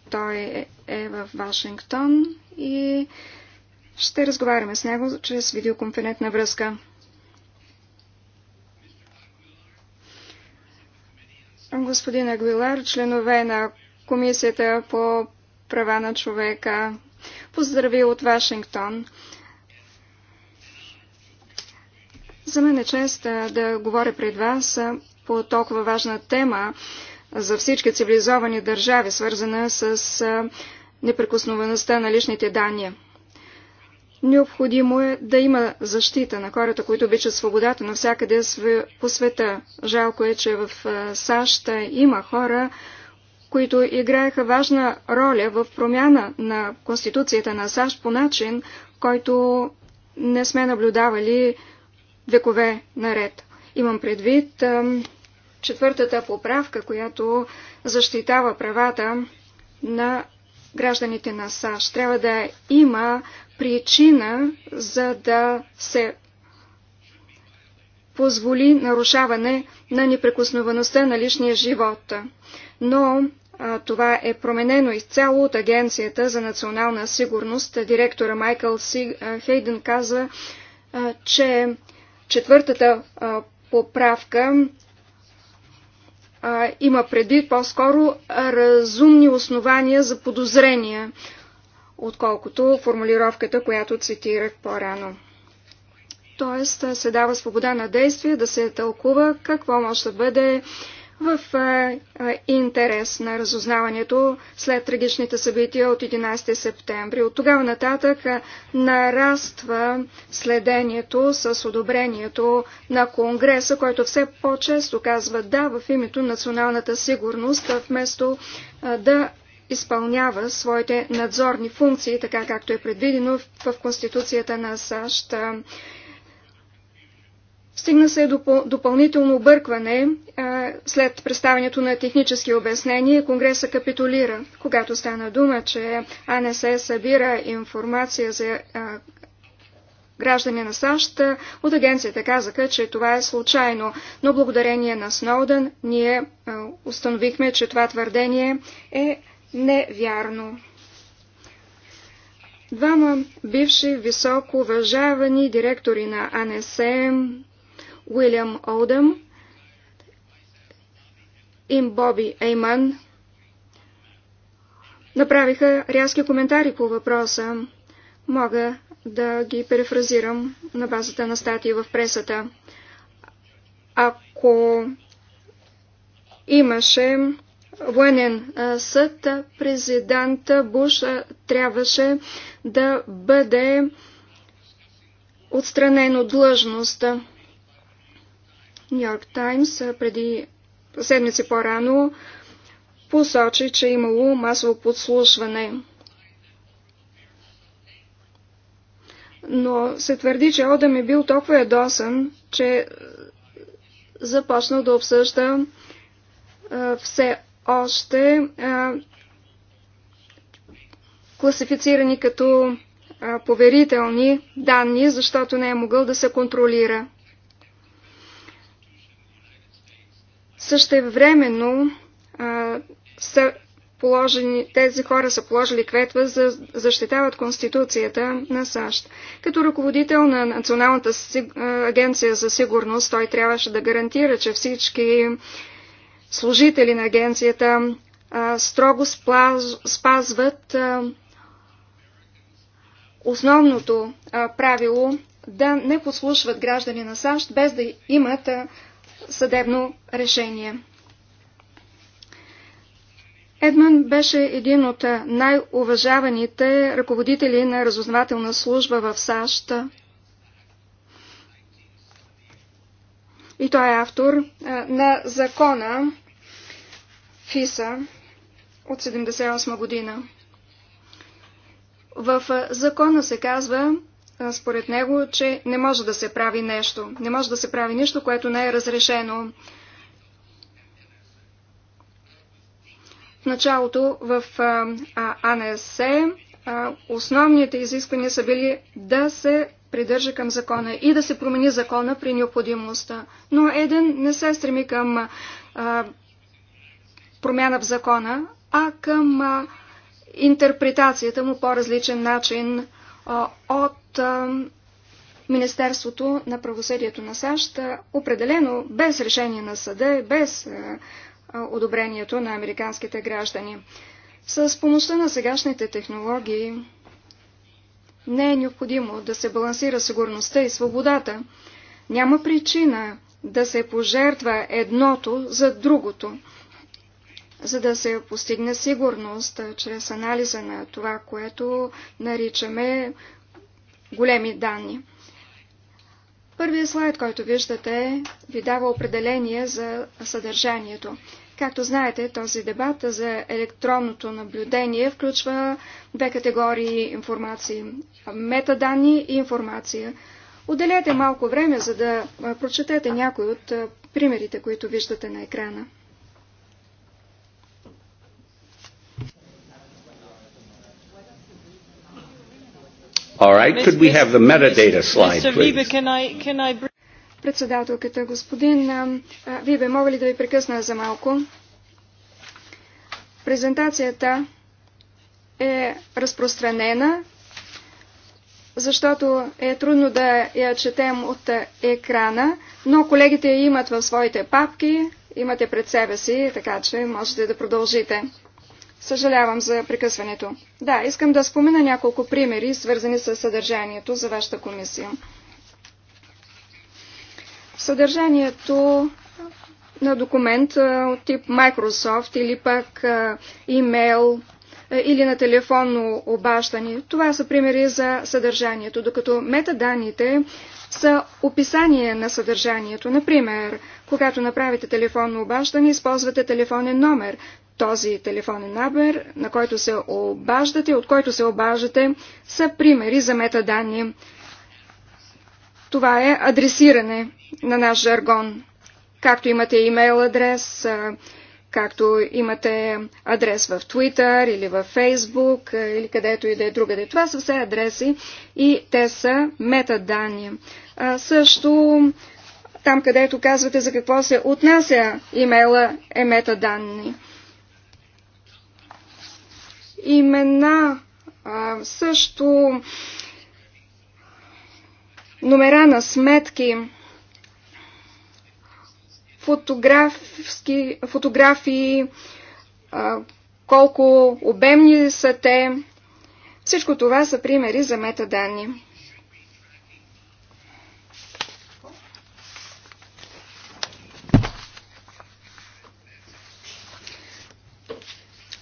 Той е, е в Вашингтон и ще разговаряме с него чрез видеоконферентна връзка. Господин Агвилар, членове на Комисията по права на човека, поздрави от Вашингтон. За мен е чест да говоря пред вас по толкова важна тема за всички цивилизовани държави, свързана с неприкосновеността на личните данни. Необходимо е да има защита на хората, които обичат свободата навсякъде по света. Жалко е, че в САЩ има хора, които играеха важна роля в промяна на Конституцията на САЩ по начин, който не сме наблюдавали векове наред. Имам предвид четвъртата поправка, която защитава правата на гражданите на САЩ. Трябва да има причина за да се позволи нарушаване на неприкосновеността на личния живот. Но а, това е променено изцяло от Агенцията за национална сигурност. Директора Майкъл Си, а, Хейден каза, а, че четвъртата а, поправка а, има преди по-скоро разумни основания за подозрения отколкото формулировката, която цитирах по-рано. Тоест се дава свобода на действие да се тълкува какво може да бъде в интерес на разузнаването след трагичните събития от 11 септември. От тогава нататък нараства следението с одобрението на Конгреса, който все по-често казва да в името националната сигурност, вместо да изпълнява своите надзорни функции, така както е предвидено в Конституцията на САЩ. Стигна се до допълнително объркване след представянето на технически обяснения. Конгреса капитулира, когато стана дума, че АНС събира информация за граждани на САЩ. От агенцията казаха, че това е случайно, но благодарение на Сноуден ние установихме, че това твърдение е невярно. Двама бивши високо уважавани директори на АНСМ, Уилям Олдъм и Боби Ейман, направиха рязки коментари по въпроса. Мога да ги перефразирам на базата на статии в пресата. Ако имаше военен съд, президента Буш трябваше да бъде отстранен от длъжността. Нью Йорк Таймс преди седмици по-рано посочи, че е имало масово подслушване. Но се твърди, че Одам е бил толкова ядосан, че започнал да обсъжда все още а, класифицирани като а, поверителни данни, защото не е могъл да се контролира. Същевременно а, са положени, тези хора са положили клетва за защитават Конституцията на САЩ. Като ръководител на Националната агенция за сигурност, той трябваше да гарантира, че всички служители на агенцията строго спазват основното правило да не послушват граждани на САЩ без да имат съдебно решение. Едман беше един от най-уважаваните ръководители на разузнавателна служба в САЩ. и той е автор на закона ФИСА от 78 година. В закона се казва, според него, че не може да се прави нещо. Не може да се прави нищо, което не е разрешено. В началото в АНС основните изисквания са били да се придържа към закона и да се промени закона при необходимостта. Но Еден не се стреми към а, промяна в закона, а към а, интерпретацията му по-различен начин а, от а, Министерството на правосъдието на САЩ, определено без решение на съда и без а, а, одобрението на американските граждани. С помощта на сегашните технологии не е необходимо да се балансира сигурността и свободата. Няма причина да се пожертва едното за другото. За да се постигне сигурност чрез анализа на това, което наричаме големи данни. Първият слайд, който виждате, ви дава определение за съдържанието. Както знаете, този дебат за електронното наблюдение включва две категории информации – метаданни и информация. Отделете малко време, за да прочетете някои от примерите, които виждате на екрана. All right, could we have the metadata slide, please? Председателката, господин Вибе, мога ли да ви прекъсна за малко? Презентацията е разпространена, защото е трудно да я четем от екрана, но колегите я имат в своите папки, имате пред себе си, така че можете да продължите. Съжалявам за прекъсването. Да, искам да спомена няколко примери, свързани с съдържанието за вашата комисия. Съдържанието на документ от тип Microsoft или пък имейл или на телефонно обаждане. Това са примери за съдържанието, докато метаданните са описание на съдържанието. Например, когато направите телефонно обаждане, използвате телефонен номер. Този телефонен номер, на който се обаждате, от който се обаждате, са примери за метаданни. Това е адресиране на наш жаргон. Както имате имейл адрес, както имате адрес в Twitter или в Facebook или където и да е другаде. Това са все адреси и те са метаданни. А, също там, където казвате за какво се отнася имейла е метаданни. Имена също номера на сметки, фотографски, фотографии, а, колко обемни са те. Всичко това са примери за метаданни.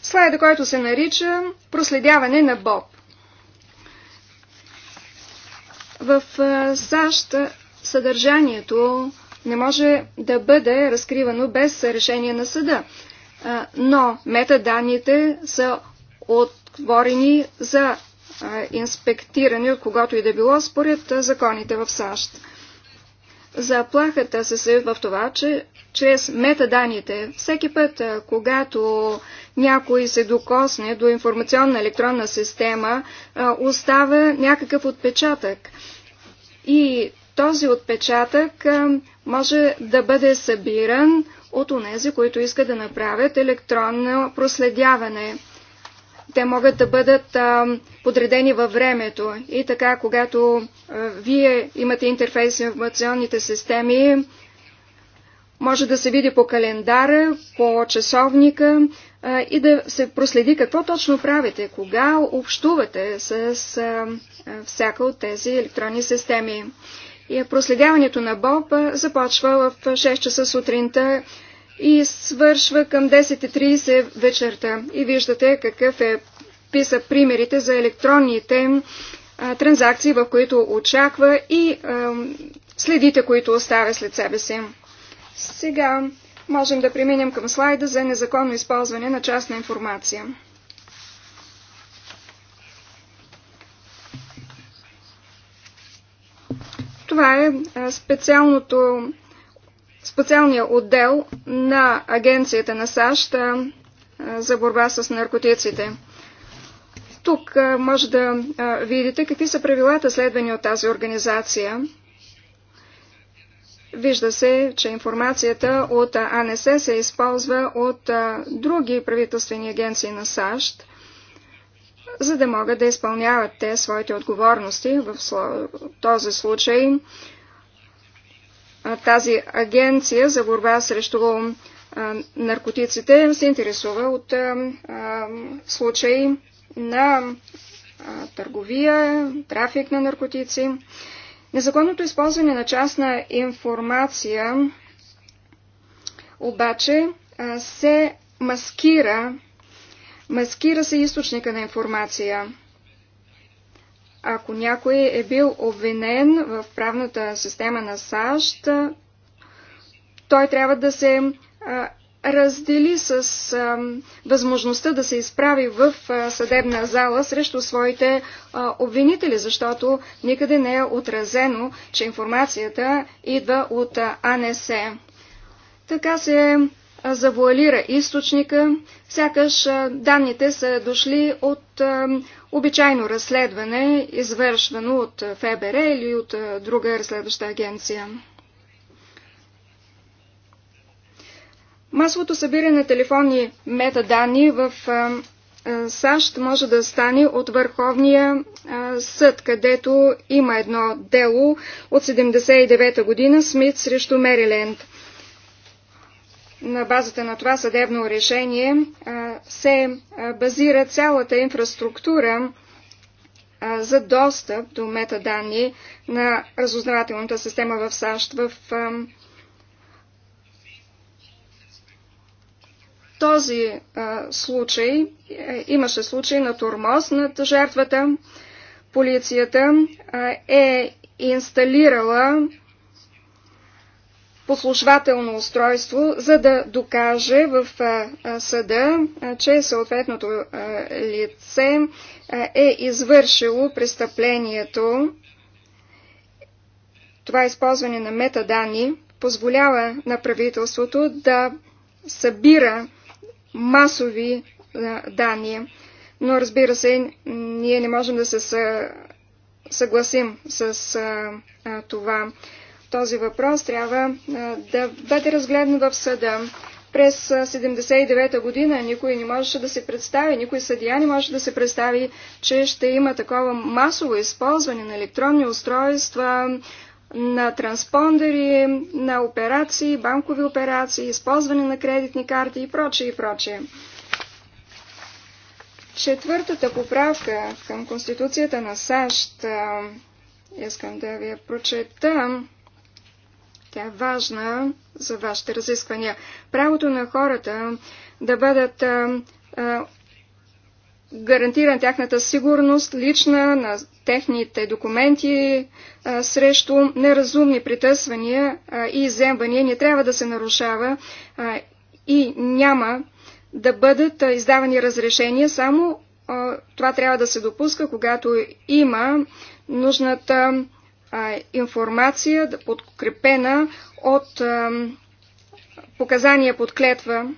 Слайда, който се нарича проследяване на Боб. В САЩ съдържанието не може да бъде разкривано без решение на съда, но метаданните са отворени за инспектиране от когото и да било според законите в САЩ. Заплахата се състои в това, че чрез метаданите, всеки път, когато някой се докосне до информационна електронна система, остава някакъв отпечатък. И този отпечатък може да бъде събиран от онези, които искат да направят електронно проследяване те могат да бъдат а, подредени във времето. И така, когато а, вие имате интерфейс в информационните системи, може да се види по календара, по часовника а, и да се проследи какво точно правите, кога общувате с а, всяка от тези електронни системи. И проследяването на Боб започва в 6 часа сутринта и свършва към 10.30 вечерта. И виждате какъв е писа примерите за електронните а, транзакции, в които очаква и а, следите, които оставя след себе си. Сега можем да преминем към слайда за незаконно използване на частна информация. Това е специалното специалния отдел на Агенцията на САЩ за борба с наркотиците. Тук може да видите какви са правилата следвани от тази организация. Вижда се, че информацията от АНС се използва от други правителствени агенции на САЩ, за да могат да изпълняват те своите отговорности. В този случай тази агенция за борба срещу наркотиците се интересува от случаи на търговия, трафик на наркотици. Незаконното използване на частна информация обаче се маскира, маскира се източника на информация ако някой е бил обвинен в правната система на САЩ, той трябва да се раздели с възможността да се изправи в съдебна зала срещу своите обвинители, защото никъде не е отразено, че информацията идва от АНС. Така се завуалира източника, сякаш данните са дошли от обичайно разследване, извършвано от ФБР или от друга разследваща агенция. Масовото събиране на телефонни метаданни в САЩ може да стане от Върховния съд, където има едно дело от 79 та година Смит срещу Мериленд на базата на това съдебно решение се базира цялата инфраструктура за достъп до метаданни на разузнавателната система в САЩ. В този случай е, имаше случай на турмоз над жертвата. Полицията е инсталирала послушвателно устройство, за да докаже в съда, че съответното лице е извършило престъплението. Това използване на метаданни позволява на правителството да събира масови данни. Но разбира се, ние не можем да се съгласим с това. Този въпрос трябва да бъде разгледан в съда. През 79-та година никой не можеше да се представи, никой съдия не може да се представи, че ще има такова масово използване на електронни устройства, на транспондери, на операции, банкови операции, използване на кредитни карти и прочее и прочее. Четвъртата поправка към Конституцията на САЩ искам да ви я прочета. Тя е важна за вашите разисквания. Правото на хората да бъдат а, а, гарантиран тяхната сигурност, лична, на техните документи а, срещу неразумни притъсвания а, и иземвания не трябва да се нарушава а, и няма да бъдат а, издавани разрешения, само а, това трябва да се допуска, когато има нужната информация, подкрепена от показания под клетва.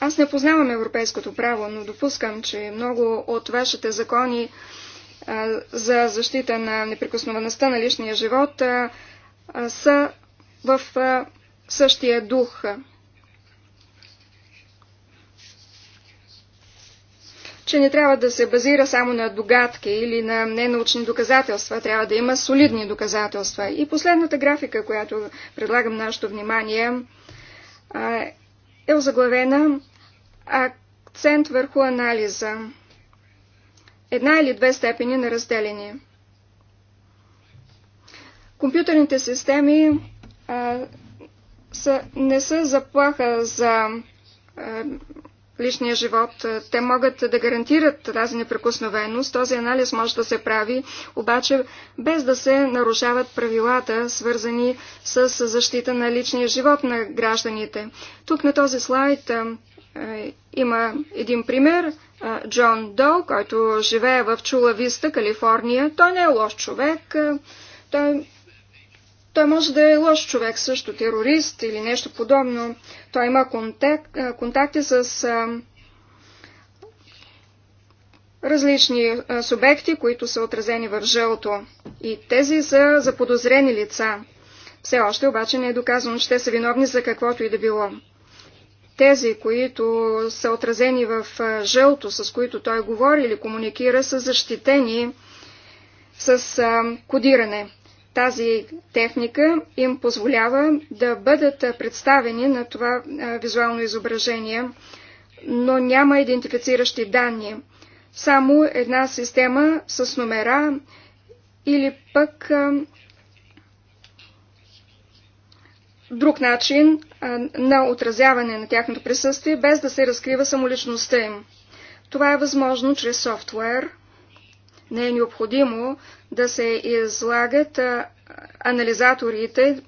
Аз не познавам европейското право, но допускам, че много от вашите закони за защита на неприкосновеността на личния живот са в същия дух. че не трябва да се базира само на догадки или на ненаучни доказателства, трябва да има солидни доказателства. И последната графика, която предлагам нашето внимание, е озаглавена акцент върху анализа. Една или две степени на разделение. Компютърните системи а, са, не са заплаха за а, личния живот. Е, те могат да гарантират тази неприкосновеност. Този анализ може да се прави, обаче без да се нарушават правилата, свързани с защита на личния живот на гражданите. Тук на този слайд е, е, има един пример. Джон Доу, който живее в Чула Виста, Калифорния. Той не е лош човек. Той той може да е лош човек, също терорист или нещо подобно. Той има контак, контакти с а, различни а, субекти, които са отразени в жълто. И тези са заподозрени лица. Все още обаче не е доказано, че те са виновни за каквото и да било. Тези, които са отразени в жълто, с които той говори или комуникира, са защитени с а, кодиране. Тази техника им позволява да бъдат представени на това визуално изображение, но няма идентифициращи данни. Само една система с номера или пък друг начин на отразяване на тяхното присъствие, без да се разкрива самоличността им. Това е възможно чрез софтуер. Не е необходимо да се излагат анализаторите,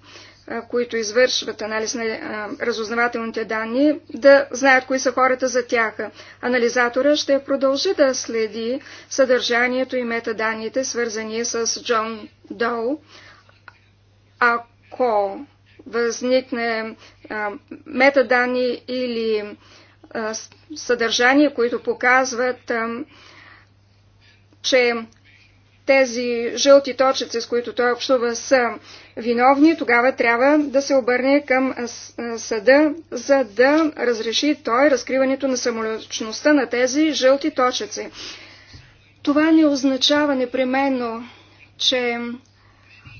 които извършват анализ на разузнавателните данни, да знаят кои са хората за тях. Анализатора ще продължи да следи съдържанието и метаданните, свързани с Джон Доу. Ако възникне метаданни или съдържание, които показват, че тези жълти точици, с които той общува, са виновни, тогава трябва да се обърне към съда, за да разреши той разкриването на самолечността на тези жълти точици. Това не означава непременно, че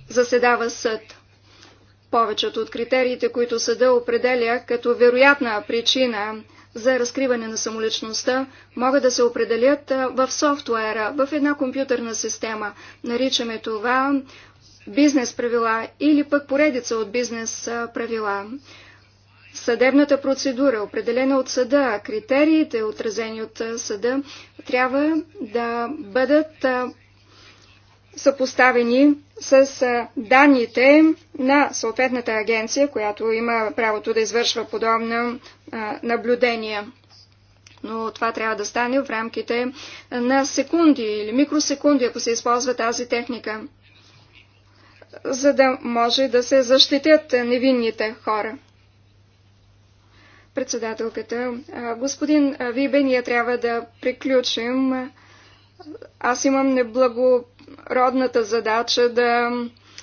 заседава съд. Повечето от критериите, които съда определя като вероятна причина за разкриване на самоличността могат да се определят в софтуера, в една компютърна система. Наричаме това бизнес правила или пък поредица от бизнес правила. Съдебната процедура, определена от съда, критериите, отразени от съда, трябва да бъдат съпоставени с данните на съответната агенция, която има правото да извършва подобна наблюдение. Но това трябва да стане в рамките на секунди или микросекунди, ако се използва тази техника, за да може да се защитят невинните хора. Председателката, господин Вибе, ние трябва да приключим аз имам неблагородната задача да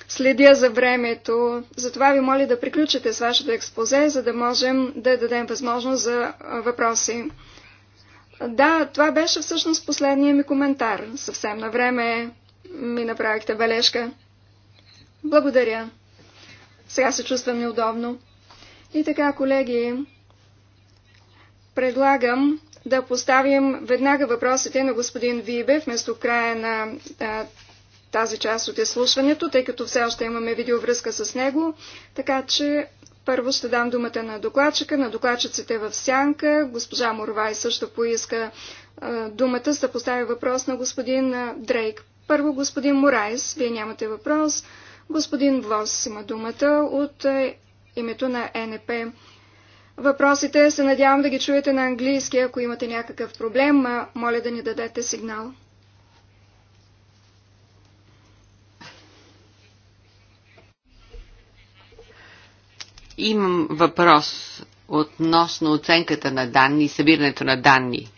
следя за времето. Затова ви моля да приключите с вашето експозе, за да можем да дадем възможност за въпроси. Да, това беше всъщност последния ми коментар. Съвсем на време ми направихте бележка. Благодаря. Сега се чувствам неудобно. И така, колеги, предлагам да поставим веднага въпросите на господин Вибе вместо края на а, тази част от изслушването, тъй като все още имаме видеовръзка с него. Така че първо ще дам думата на докладчика, на докладчиците в сянка. Госпожа Морвай също поиска а, думата, за да постави въпрос на господин а, Дрейк. Първо господин Морайс, вие нямате въпрос. Господин Влос има думата от а, името на НП. Въпросите се надявам да ги чуете на английски. Ако имате някакъв проблем, моля да ни дадете сигнал. Имам въпрос относно оценката на данни и събирането на данни.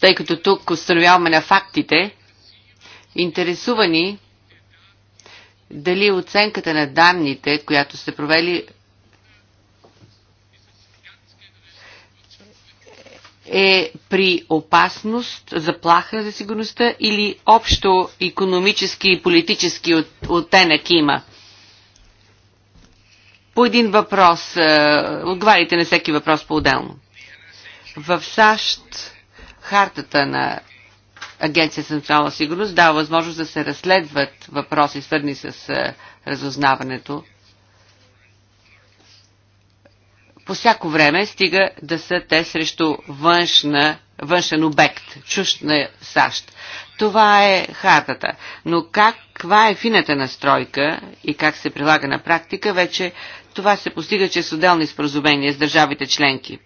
Тъй като тук установяваме на фактите, интересувани дали оценката на данните, която сте провели, е при опасност, заплаха за сигурността или общо економически и политически оттенък има? По един въпрос, е, отговаряйте на всеки въпрос по-отделно. В САЩ хартата на Агенция за национална сигурност дава възможност да се разследват въпроси, свързани с е, разузнаването. По всяко време стига да са те срещу външна, външен обект, чущ на САЩ. Това е хартата. Но как, каква е фината настройка и как се прилага на практика, вече това се постига чрез отделни споразумения с държавите членки.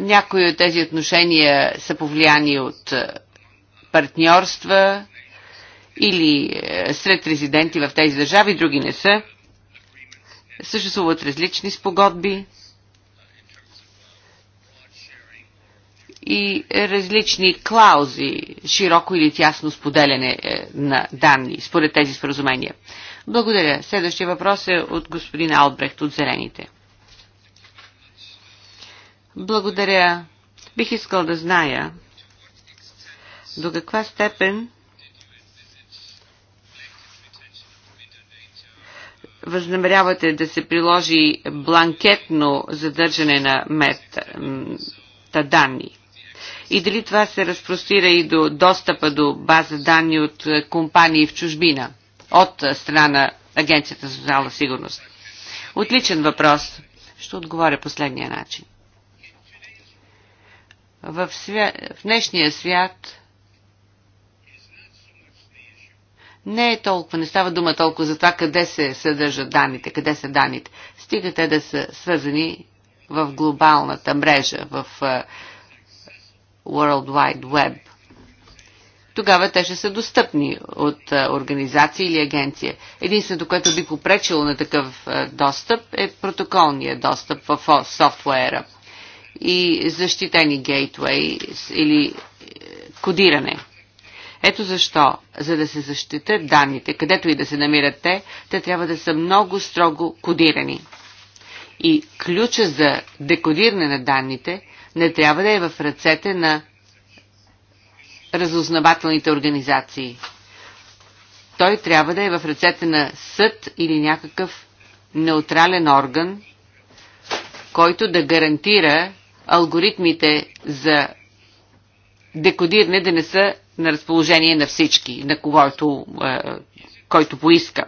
Някои от тези отношения са повлияни от е, партньорства или е, сред резиденти в тези държави, други не са. Съществуват различни спогодби и различни клаузи, широко или тясно споделяне е, на данни според тези споразумения. Благодаря. Следващия въпрос е от господин Албрехт от Зелените. Благодаря. Бих искал да зная до каква степен възнамерявате да се приложи бланкетно задържане на мета данни? И дали това се разпростира и до достъпа до база данни от компании в чужбина, от страна на Агенцията за социална сигурност? Отличен въпрос. Ще отговоря последния начин. В, свя... в днешния свят не е толкова, не става дума толкова за това къде се съдържат данните, къде са данните. Стига те да са свързани в глобалната мрежа, в World Wide Web. Тогава те ще са достъпни от организация или агенция. Единственото, което би попречило на такъв достъп е протоколния достъп в софтуера и защитени гейтвей или е, кодиране. Ето защо, за да се защитят данните, където и да се намират те, те трябва да са много строго кодирани. И ключа за декодиране на данните не трябва да е в ръцете на разузнавателните организации. Той трябва да е в ръцете на съд или някакъв неутрален орган, който да гарантира алгоритмите за декодиране да не са на разположение на всички, на когото, е, който поиска.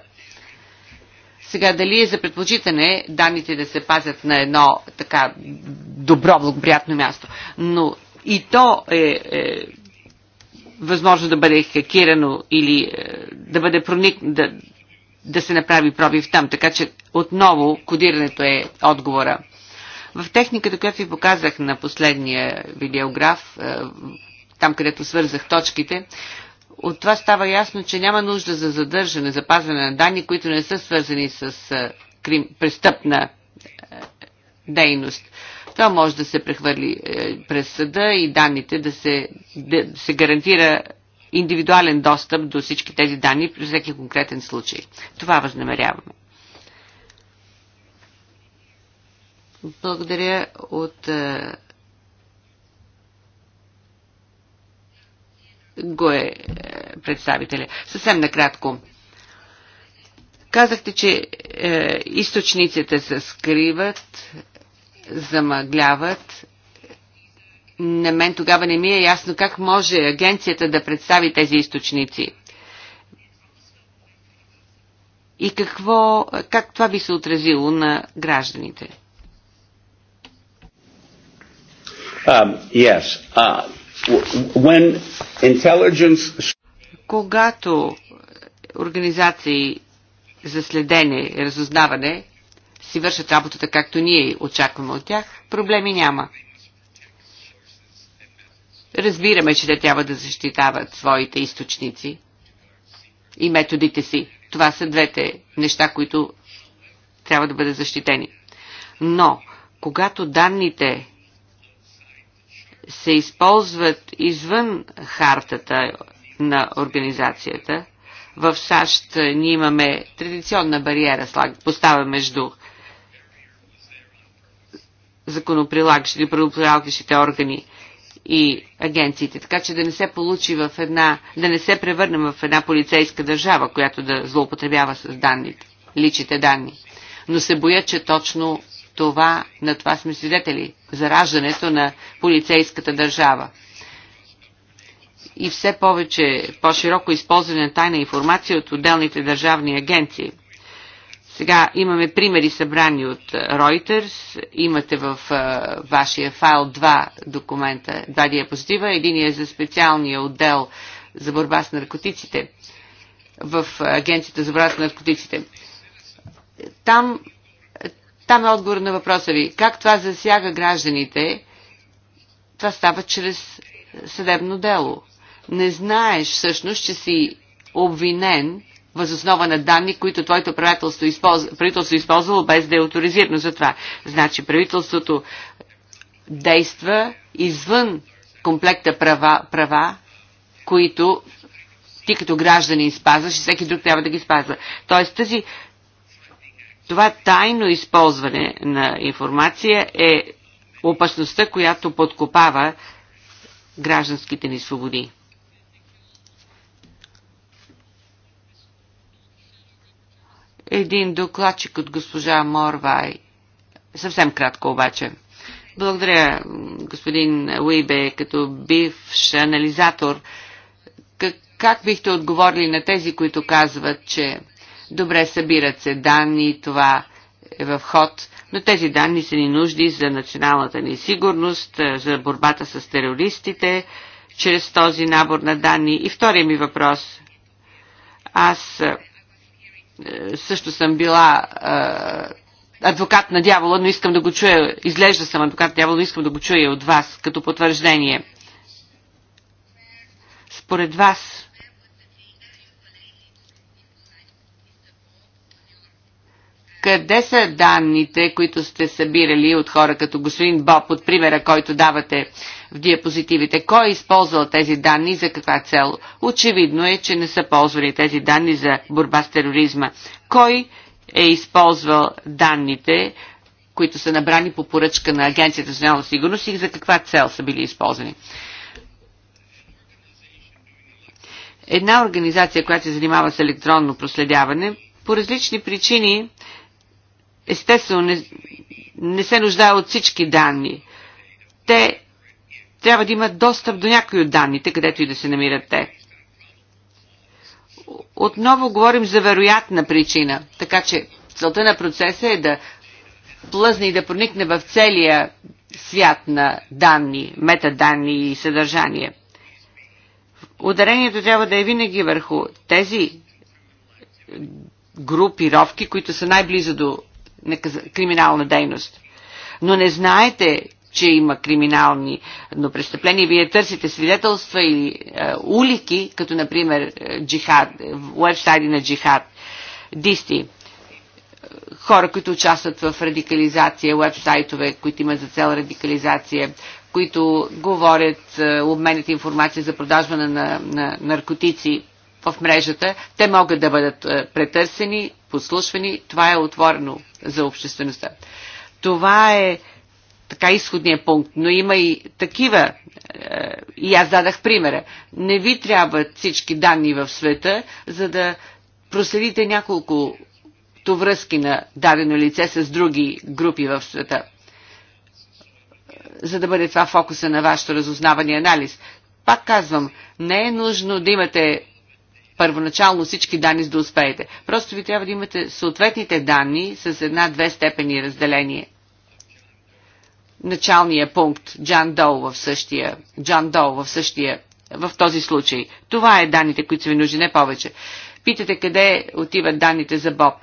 Сега, дали е за предпочитане данните да се пазят на едно така добро, благоприятно място, но и то е, е възможно да бъде хакирано или е, да бъде проник, да, да се направи пробив там. Така че отново кодирането е отговора. В техниката, която ви показах на последния видеограф, е, там където свързах точките, от това става ясно, че няма нужда за задържане, запазване на данни, които не са свързани с е, крим, престъпна е, дейност. Това може да се прехвърли през съда и данните да се, да се гарантира индивидуален достъп до всички тези данни при всеки конкретен случай. Това възнамеряваме. Благодаря от е, го е представителя. Съвсем накратко. Казахте, че е, източниците се скриват, замъгляват. На мен тогава не ми е ясно как може агенцията да представи тези източници. И какво, как това би се отразило на гражданите? Um, yes. Uh, when intelligence... Когато организации за следене и разузнаване си вършат работата както ние очакваме от тях, проблеми няма. Разбираме, че те трябва да защитават своите източници и методите си. Това са двете неща, които трябва да бъдат защитени. Но, когато данните се използват извън хартата на организацията. В САЩ ние имаме традиционна бариера, постава между законоприлагащите, правоприлагащите органи и агенциите, така че да не се получи в една, да не се превърнем в една полицейска държава, която да злоупотребява с данните, личите данни. Но се боя, че точно това, на това сме свидетели, зараждането на полицейската държава. И все повече по-широко използване на тайна информация от отделните държавни агенции. Сега имаме примери събрани от Reuters. Имате в а, вашия файл два документа, два диапозитива. Един е за специалния отдел за борба с наркотиците в Агенцията за борба с наркотиците. Там там е отговор на въпроса ви. Как това засяга гражданите? Това става чрез съдебно дело. Не знаеш всъщност, че си обвинен възоснова на данни, които твоето правителство, използва, правителство е използвало без да е авторизирано за това. Значи правителството действа извън комплекта права, права които ти като граждани спазваш и всеки друг трябва да ги спазва. Тоест тази това тайно използване на информация е опасността, която подкопава гражданските ни свободи. Един докладчик от госпожа Морвай. Съвсем кратко обаче. Благодаря, господин Уибе, като бивш анализатор. Как, как бихте отговорили на тези, които казват, че Добре, събират се данни, това е в ход, но тези данни са ни нужди за националната ни сигурност, за борбата с терористите, чрез този набор на данни. И втория ми въпрос. Аз е, също съм била адвокат на дявола, но искам да го чуя, изглежда съм адвокат на дявола, но искам да го чуя от вас като потвърждение. Според вас, къде са данните, които сте събирали от хора като господин Боб, от примера, който давате в диапозитивите? Кой е използвал тези данни и за каква цел? Очевидно е, че не са ползвали тези данни за борба с тероризма. Кой е използвал данните, които са набрани по поръчка на Агенцията за национална сигурност и за каква цел са били използвани? Една организация, която се занимава с електронно проследяване, по различни причини естествено не, не се нуждае от всички данни. Те трябва да имат достъп до някои от данните, където и да се намират те. Отново говорим за вероятна причина, така че целта на процеса е да плъзне и да проникне в целия свят на данни, метаданни и съдържание. Ударението трябва да е винаги върху тези групировки, които са най-близо до криминална дейност. Но не знаете, че има криминални престъпления. Вие търсите свидетелства и е, улики, като например е, джихад, е, уебсайди на джихад, дисти, е, хора, които участват в радикализация, уебсайтове, които имат за цел радикализация, които говорят, обменят информация за продажба на, на, на наркотици в мрежата, те могат да бъдат претърсени, послушвани. Това е отворено за обществеността. Това е така изходният пункт, но има и такива, е, и аз дадах примера. Не ви трябват всички данни в света, за да проследите няколко връзки на дадено лице с други групи в света, за да бъде това фокуса на вашето разузнаване и анализ. Пак казвам, не е нужно да имате първоначално всички данни, за да успеете. Просто ви трябва да имате съответните данни с една-две степени разделение. Началният пункт, Джан Доу в същия, Джан Доу в същия, в този случай. Това е данните, които са ви нужни, не повече. Питате къде отиват данните за Боб.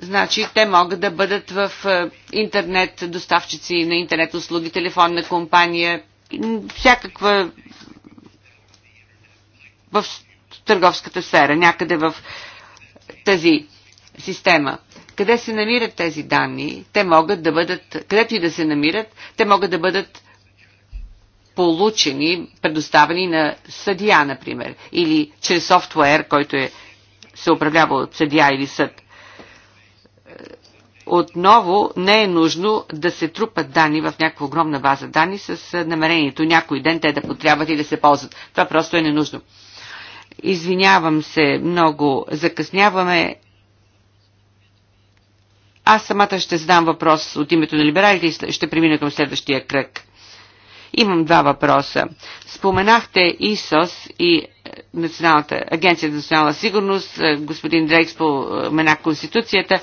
Значи те могат да бъдат в е, интернет доставчици на интернет услуги, телефонна компания, всякаква в търговската сфера, някъде в тази система. Къде се намират тези данни? Те могат да бъдат, където и да се намират, те могат да бъдат получени, предоставени на съдия, например, или чрез софтуер, който е, се управлява от съдия или съд. Отново не е нужно да се трупат данни в някаква огромна база данни с намерението някой ден те да потрябват и да се ползват. Това просто е ненужно. Извинявам се, много закъсняваме. Аз самата ще задам въпрос от името на либералите и ще премина към следващия кръг. Имам два въпроса. Споменахте ИСОС и е, Националната агенция за национална сигурност. Е, господин Дрейк спомена Конституцията.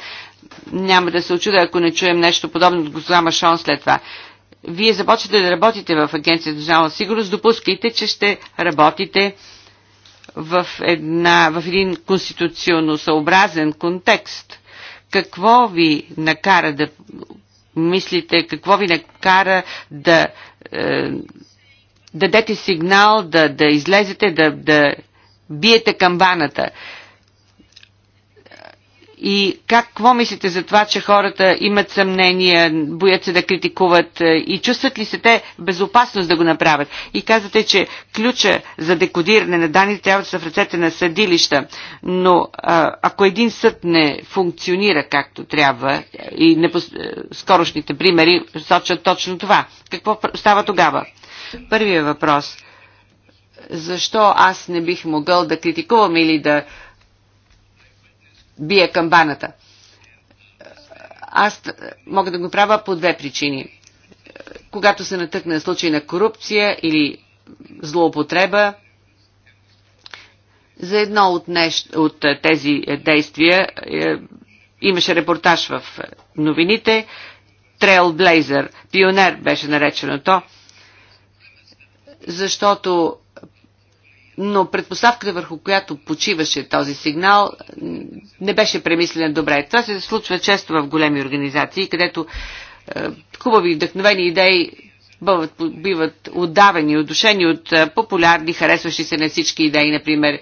Няма да се очуда, ако не чуем нещо подобно от господа Машон след това. Вие започвате да работите в Агенцията за национална сигурност. Допускайте, че ще работите в, една, в един конституционно съобразен контекст. Какво ви накара да мислите, какво ви накара да е, дадете сигнал, да, да излезете, да, да биете камбаната? И как, какво мислите за това, че хората имат съмнения, боят се да критикуват е, и чувстват ли се те безопасност да го направят? И казвате, че ключа за декодиране на данните трябва да са в ръцете на съдилища, но а, ако един съд не функционира както трябва и непос... Е, скорошните примери сочат точно това, какво става тогава? Първият въпрос – защо аз не бих могъл да критикувам или да бие камбаната. Аз мога да го правя по две причини. Когато се натъкна случай на корупция или злоупотреба, за едно от, нещ, от тези действия е, имаше репортаж в новините. Трейлблейзър, пионер беше наречено то, защото но предпоставката върху която почиваше този сигнал не беше премислена добре. Това се случва често в големи организации, където е, хубави вдъхновени идеи биват, биват отдавани, удушени от е, популярни, харесващи се на всички идеи, например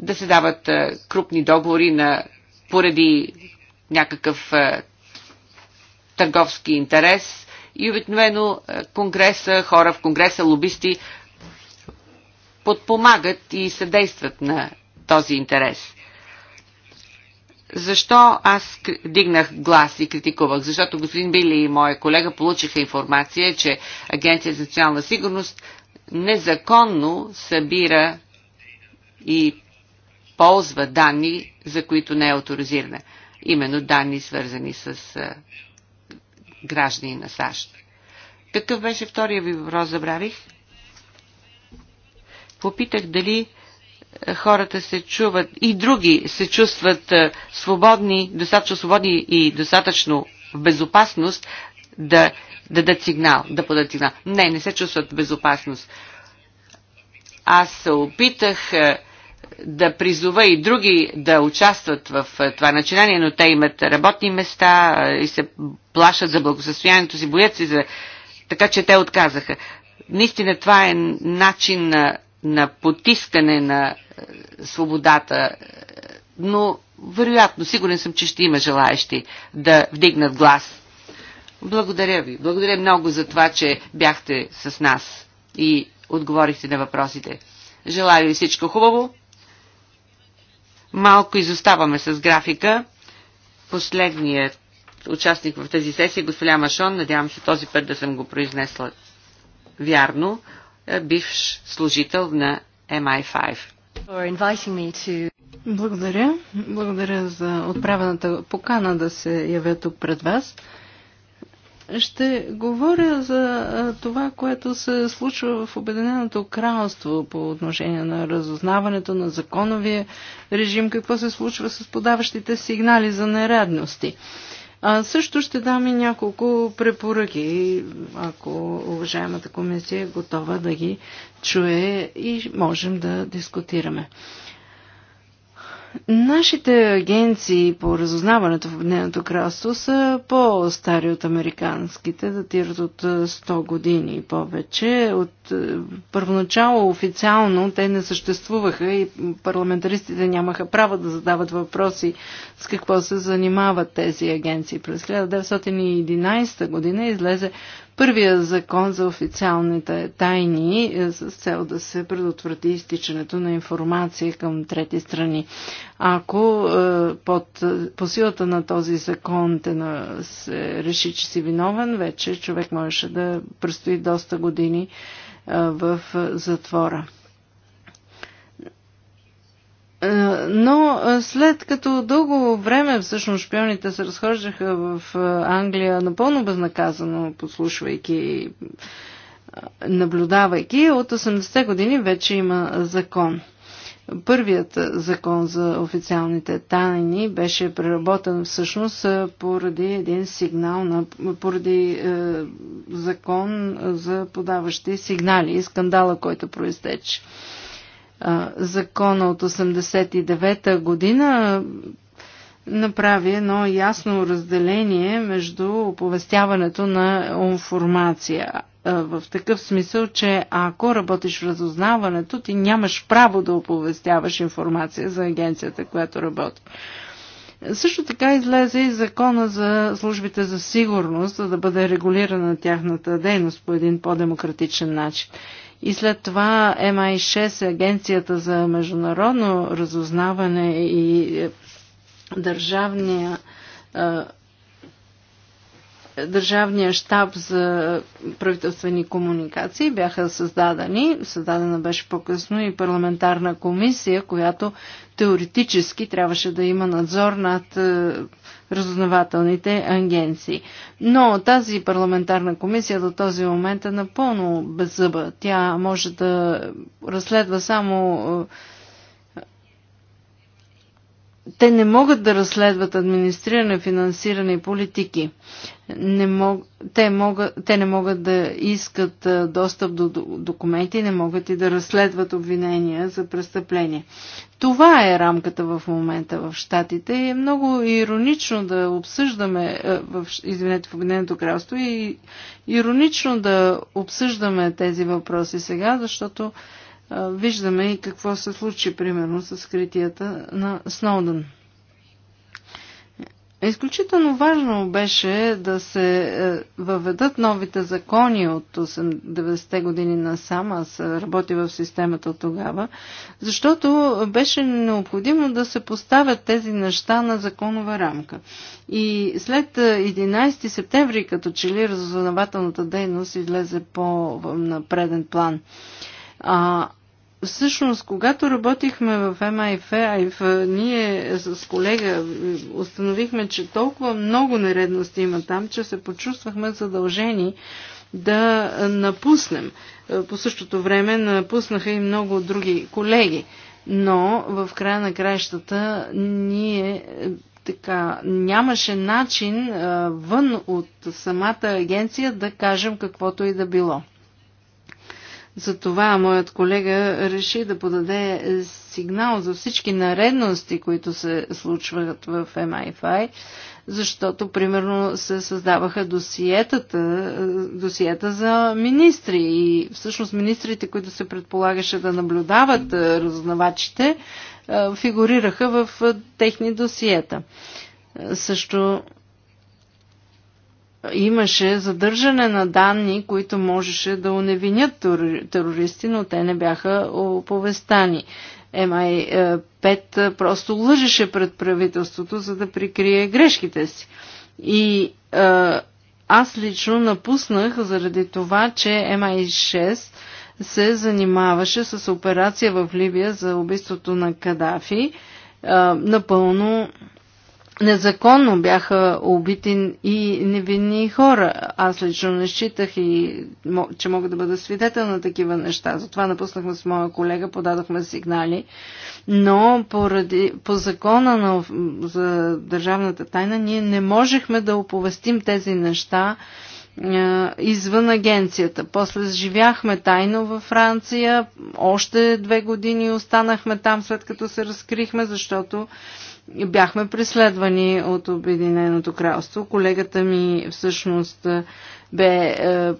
да се дават е, крупни договори на, поради някакъв е, търговски интерес и обикновено е, конгреса, хора в конгреса, лобисти подпомагат и съдействат на този интерес. Защо аз дигнах глас и критикувах? Защото господин Били и моя колега получиха информация, че Агенция за национална сигурност незаконно събира и ползва данни, за които не е авторизирана. Именно данни, свързани с граждани на САЩ. Какъв беше втория ви въпрос, забравих? попитах дали е, хората се чуват и други се чувстват е, свободни, достатъчно свободни и достатъчно в безопасност да, да дадат сигнал, да подадат сигнал. Не, не се чувстват в безопасност. Аз се опитах е, да призова и други да участват в това начинание, но те имат работни места и се плашат за благосъстоянието си, боят си за... Така че те отказаха. Наистина това е начин на на потискане на е, свободата, е, но вероятно, сигурен съм, че ще има желаящи да вдигнат глас. Благодаря ви. Благодаря много за това, че бяхте с нас и отговорихте на въпросите. Желая ви всичко хубаво. Малко изоставаме с графика. Последният участник в тази сесия, е господин Машон, надявам се този път да съм го произнесла вярно, е, бивш служител на MI5. Благодаря. Благодаря за отправената покана да се явя тук пред вас. Ще говоря за това, което се случва в Обединеното кралство по отношение на разузнаването на законовия режим, какво се случва с подаващите сигнали за нередности. А, също ще дам и няколко препоръки, ако уважаемата комисия е готова да ги чуе и можем да дискутираме. Нашите агенции по разузнаването в Обединеното кралство са по-стари от американските, датират от 100 е, години и повече. От е, първоначало официално те не съществуваха и парламентаристите нямаха право да задават въпроси с какво се занимават тези агенции. През 1911 година излезе първия закон за официалните тайни е, с цел да се предотврати изтичането на информация към трети страни. Ако е, под, по силата на този закон те на, се реши, че си виновен, вече човек можеше да престои доста години е, в затвора. Е, но е, след като дълго време всъщност шпионите се разхождаха в е, Англия напълно безнаказано, подслушвайки, наблюдавайки, от 80-те години вече има закон. Първият закон за официалните тайни беше преработен всъщност поради един сигнал, на, поради е, закон за подаващи сигнали и скандала, който произтече закона от 89-та година направи едно ясно разделение между оповестяването на информация. В такъв смисъл, че ако работиш в разузнаването, ти нямаш право да оповестяваш информация за агенцията, която работи. Също така излезе и закона за службите за сигурност, за да бъде регулирана тяхната дейност по един по-демократичен начин. И след това MI6, Агенцията за международно разузнаване и е, държавния е, Държавния штаб за правителствени комуникации бяха създадени. Създадена беше по-късно и парламентарна комисия, която теоретически трябваше да има надзор над е, разузнавателните агенции. Но тази парламентарна комисия до този момент е напълно беззъба. Тя може да разследва само те не могат да разследват администриране, финансиране и политики. Не мог, те, могат, те не могат да искат достъп до документи, не могат и да разследват обвинения за престъпление. Това е рамката в момента в Штатите и е много иронично да обсъждаме, в, извинете, в Обединеното кралство и иронично да обсъждаме тези въпроси сега, защото Виждаме и какво се случи, примерно, с критията на Сноудън. Изключително важно беше да се е, въведат новите закони от 90-те години на Сам, аз работи в системата от тогава, защото беше необходимо да се поставят тези неща на законова рамка. И след 11 е, септември, като че ли разузнавателната дейност излезе по-на преден план. А, всъщност, когато работихме в MIF, ние с колега установихме, че толкова много нередности има там, че се почувствахме задължени да напуснем. По същото време напуснаха и много други колеги. Но в края на краищата ние е, така, нямаше начин вън от самата агенция да кажем каквото и да било. Затова моят колега реши да подаде сигнал за всички наредности, които се случват в MIFI, защото, примерно, се създаваха досиетата, досиета за министри и всъщност министрите, които се предполагаше да наблюдават е, разузнавачите, е, фигурираха в е, техни досиета. Също имаше задържане на данни, които можеше да уневинят терористи, но те не бяха оповестани. МАЙ 5 е, е, просто лъжеше пред правителството, за да прикрие грешките си. И а, е, аз лично напуснах заради това, че МАЙ 6 се занимаваше с операция в Либия за убийството на Кадафи, напълно незаконно бяха убити и невинни хора. Аз лично не считах и, че мога да бъда свидетел на такива неща. Затова напуснахме с моя колега, подадохме сигнали. Но поради, по закона на, за държавната тайна ние не можехме да оповестим тези неща извън агенцията. После живяхме тайно във Франция, още две години останахме там, след като се разкрихме, защото бяхме преследвани от Обединеното кралство. Колегата ми всъщност бе е,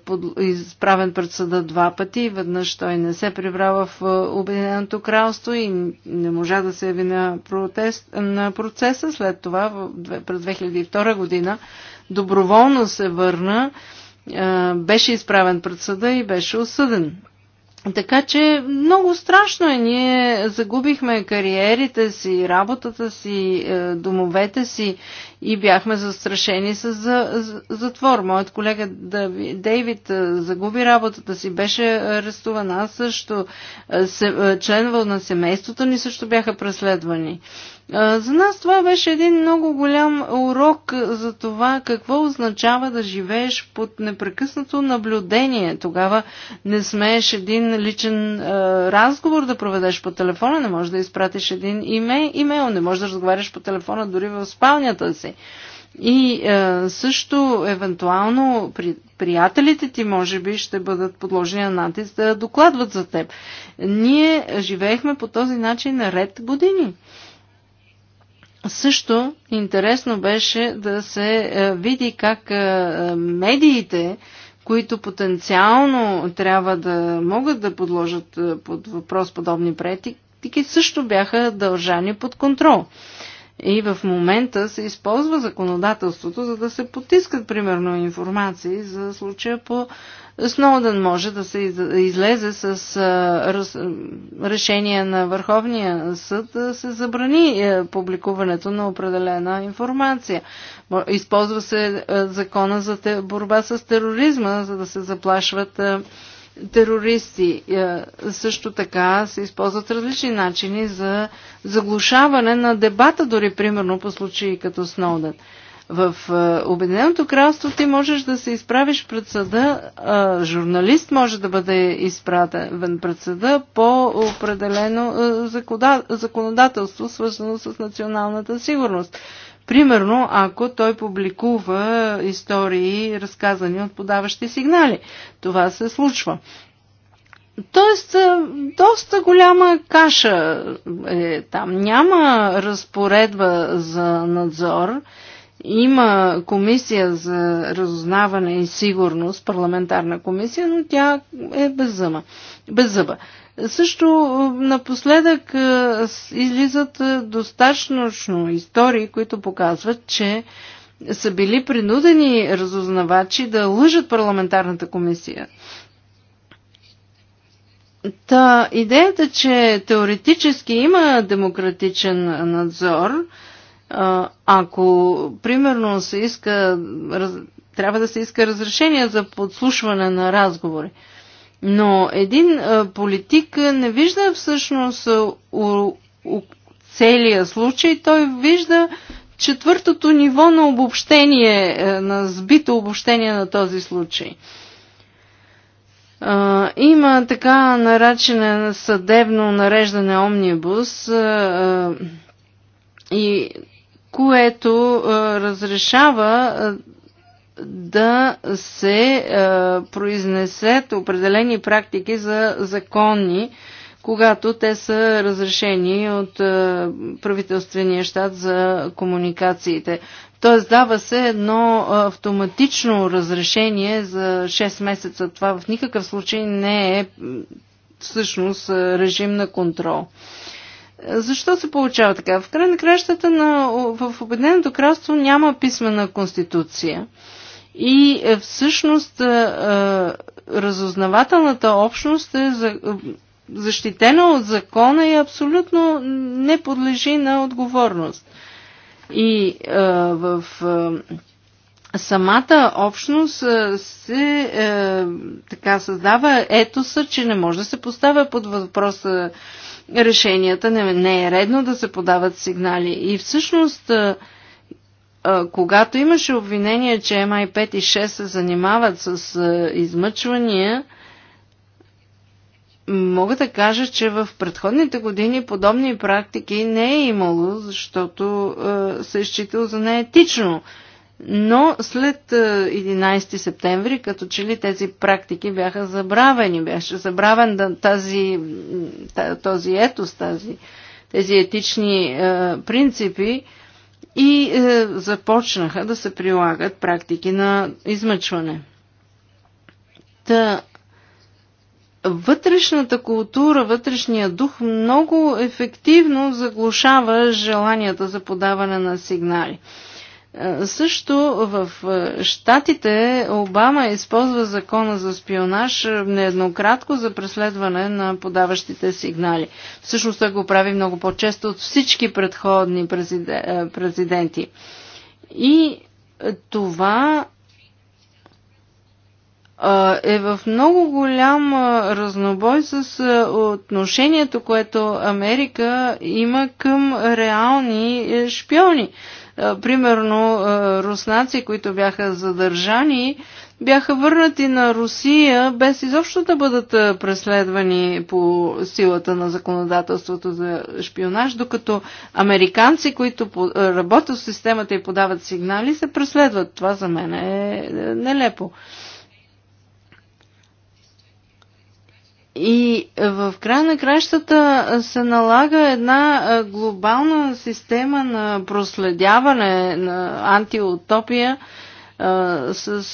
изправен пред съда два пъти. Веднъж той не се прибра в е, Обединеното кралство и не можа да се яви на, протест... на процеса. След това, през 2002 година, доброволно се върна, е, беше изправен пред съда и беше осъден. Така че много страшно е. Ние загубихме кариерите си, работата си, е, домовете си и бяхме застрашени с затвор. Моят колега Дейвид е, загуби работата си, беше арестуван. Аз също, е, членове на семейството ни също бяха преследвани. За нас това беше един много голям урок за това какво означава да живееш под непрекъснато наблюдение. Тогава не смееш един личен разговор да проведеш по телефона, не можеш да изпратиш един имей, имейл, не можеш да разговаряш по телефона дори в спалнята си. И е, също, евентуално, при, приятелите ти, може би, ще бъдат подложени на натиск да докладват за теб. Ние живеехме по този начин ред години. Също интересно беше да се е, види как е, медиите, които потенциално трябва да могат да подложат е, под въпрос подобни претики също бяха дължани под контрол. И в момента се използва законодателството, за да се потискат, примерно, информации за случая по Сноуден може да се излезе с решение на Върховния съд да се забрани е, публикуването на определена информация. Използва се е, закона за борба с тероризма, за да се заплашват е, терористи. Също така се използват различни начини за заглушаване на дебата, дори примерно по случаи като Сноуден. В Обединеното кралство ти можеш да се изправиш пред съда, а, журналист може да бъде изпратен пред съда по определено законодателство, свързано с националната сигурност. Примерно, ако той публикува истории, разказани от подаващи сигнали. Това се случва. Тоест, доста голяма каша е там. Няма разпоредба за надзор. Има комисия за разузнаване и сигурност, парламентарна комисия, но тя е беззъма, беззъба. Също напоследък излизат достатъчно истории, които показват, че са били принудени разузнавачи да лъжат парламентарната комисия. Та идеята, че теоретически има демократичен надзор, ако, примерно, се иска, раз, трябва да се иска разрешение за подслушване на разговори. Но един политик не вижда всъщност у, у целия случай, той вижда четвъртото ниво на обобщение, е, на сбито обобщение на този случай. Има така наречене съдебно нареждане омнибус и което е, разрешава е, да се е, произнесет определени практики за законни, когато те са разрешени от правителствения щат за комуникациите. Тоест дава се едно автоматично разрешение за 6 месеца. Това в никакъв случай не е всъщност режим на контрол. Защо се получава така? В край на кращата на, в Обединеното кралство няма писмена конституция. И е, всъщност е, е, разузнавателната общност е защитена от закона и абсолютно не подлежи на отговорност. И в самата общност се така създава етоса, че не може да се поставя под въпроса решенията. Не, не е редно да се подават сигнали. И всъщност, а, а, когато имаше обвинение, че MI5 и 6 се занимават с а, измъчвания, мога да кажа, че в предходните години подобни практики не е имало, защото а, се е считал за неетично. Но след 11 е, септември, като че ли тези практики бяха забравени, беше забравен тази, този етос, тази, тези етични е, принципи и е, започнаха да се прилагат практики на измъчване. Та, вътрешната култура, вътрешния дух много ефективно заглушава желанията за подаване на сигнали. Е, също в е, Штатите Обама използва закона за спионаж е, нееднократко за преследване на подаващите сигнали. Всъщност той го прави много по-често от всички предходни президенти. И това е в много голям разнобой с отношението, което Америка има към реални шпиони. Примерно руснаци, които бяха задържани, бяха върнати на Русия без изобщо да бъдат преследвани по силата на законодателството за шпионаж, докато американци, които работят в системата и подават сигнали, се преследват. Това за мен е, е нелепо. И в края на кращата се налага една глобална система на проследяване на антиутопия с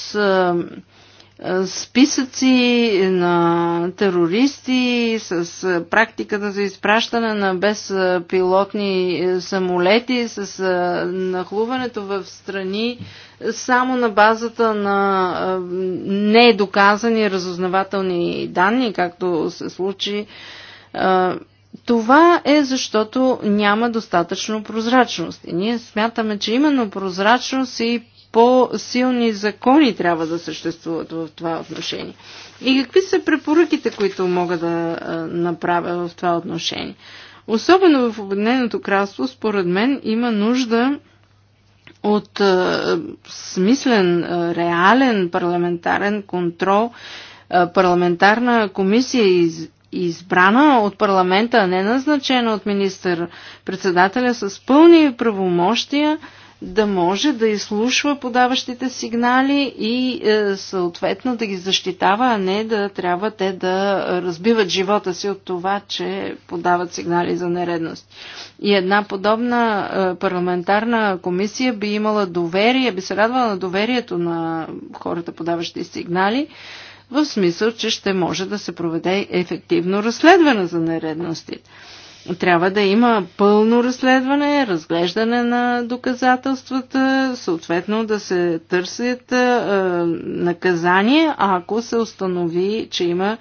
списъци на терористи с практиката за изпращане на безпилотни самолети, с нахлуването в страни само на базата на недоказани разузнавателни данни, както се случи. Това е защото няма достатъчно прозрачност. И ние смятаме, че именно прозрачност и по-силни закони трябва да съществуват в това отношение. И какви са препоръките, които мога да направя в това отношение? Особено в Обединеното кралство, според мен, има нужда от а, смислен, а, реален парламентарен контрол, а, парламентарна комисия из, избрана от парламента, а не назначена от министър-председателя с пълни правомощия, да може да изслушва подаващите сигнали и е, съответно да ги защитава, а не да трябва те да разбиват живота си от това, че подават сигнали за нередност. И една подобна е, парламентарна комисия би имала доверие, би се радвала на доверието на хората, подаващи сигнали, в смисъл, че ще може да се проведе ефективно разследване за нередностите трябва да има пълно разследване, разглеждане на доказателствата, съответно да се търсят е, наказания, ако се установи, че има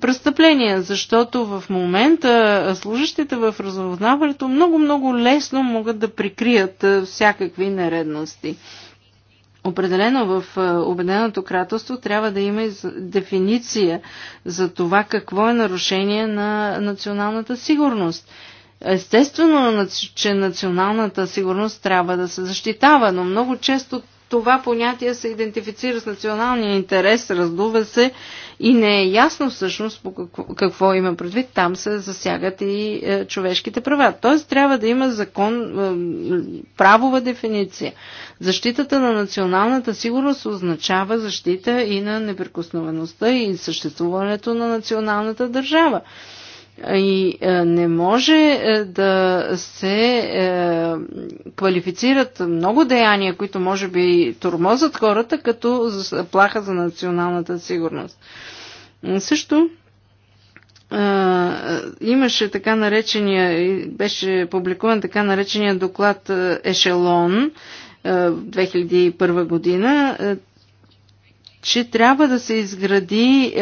престъпления, защото в момента служащите в разузнаването много-много лесно могат да прикрият е, всякакви нередности. Определено в е, Обединеното крателство трябва да има дефиниция за това какво е нарушение на националната сигурност. Естествено, че националната сигурност трябва да се защитава, но много често това понятие се идентифицира с националния интерес, раздува се и не е ясно всъщност по какво, какво има предвид. Там се засягат и е, човешките права. Тоест трябва да има закон, е, правова дефиниция. Защитата на националната сигурност означава защита и на неприкосновеността и съществуването на националната държава и е, не може е, да се е, квалифицират много деяния, които може би тормозат хората като заплаха за националната сигурност. Също имаше така наречения, беше публикуван така наречения доклад Ешелон в 2001 година, че трябва да се изгради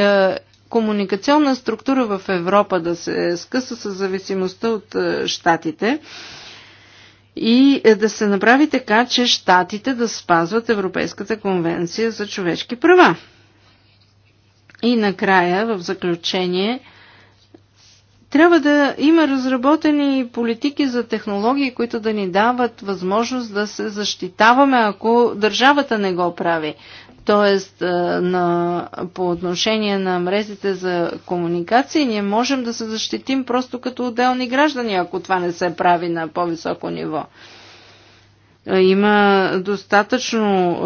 комуникационна структура в Европа да се скъса с зависимостта от е, щатите и е, да се направи така, че щатите да спазват Европейската конвенция за човешки права. И накрая, в заключение, трябва да има разработени политики за технологии, които да ни дават възможност да се защитаваме, ако държавата не го прави. Тоест, по отношение на мрезите за комуникации, ние можем да се защитим просто като отделни граждани, ако това не се прави на по-високо ниво. Има достатъчно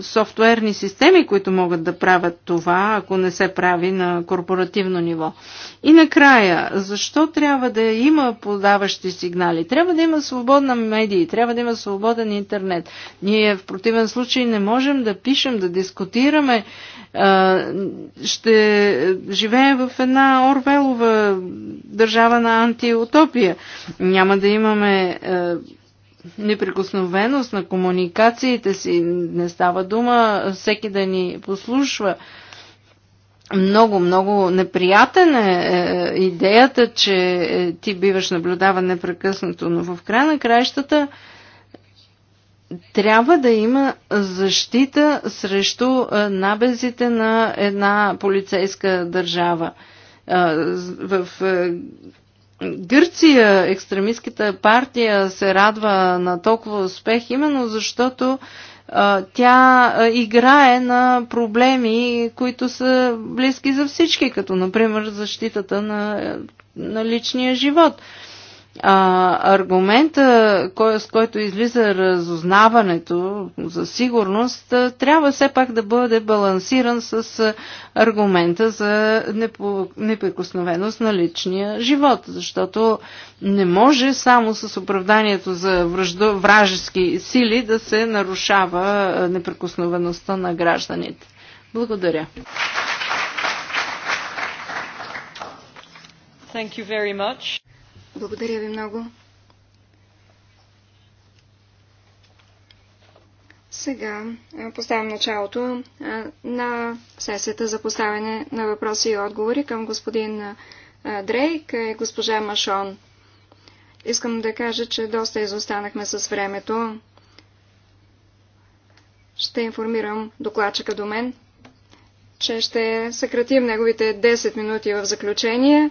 софтуерни системи, които могат да правят това, ако не се прави на корпоративно ниво. И накрая, защо трябва да има подаващи сигнали? Трябва да има свободна медии, трябва да има свободен интернет. Ние в противен случай не можем да пишем, да дискутираме. Ще живеем в една Орвелова държава на антиутопия. Няма да имаме неприкосновеност на комуникациите си. Не става дума всеки да ни послушва. Много, много неприятен е, е идеята, че е, ти биваш наблюдаван непрекъснато, но в края на краищата трябва да има защита срещу е, набезите на една полицейска държава. В Гърция, екстремистската партия се радва на толкова успех, именно защото а, тя играе на проблеми, които са близки за всички, като например защитата на, на личния живот. А, аргумента, кой, с който излиза разузнаването за сигурност, трябва все пак да бъде балансиран с аргумента за неприкосновеност на личния живот, защото не може само с оправданието за враждо, вражески сили да се нарушава неприкосновеността на гражданите. Благодаря. Thank you very much. Благодаря ви много. Сега поставям началото на сесията за поставяне на въпроси и отговори към господин Дрейк и госпожа Машон. Искам да кажа, че доста изостанахме с времето. Ще информирам докладчика до мен, че ще съкратим неговите 10 минути в заключение.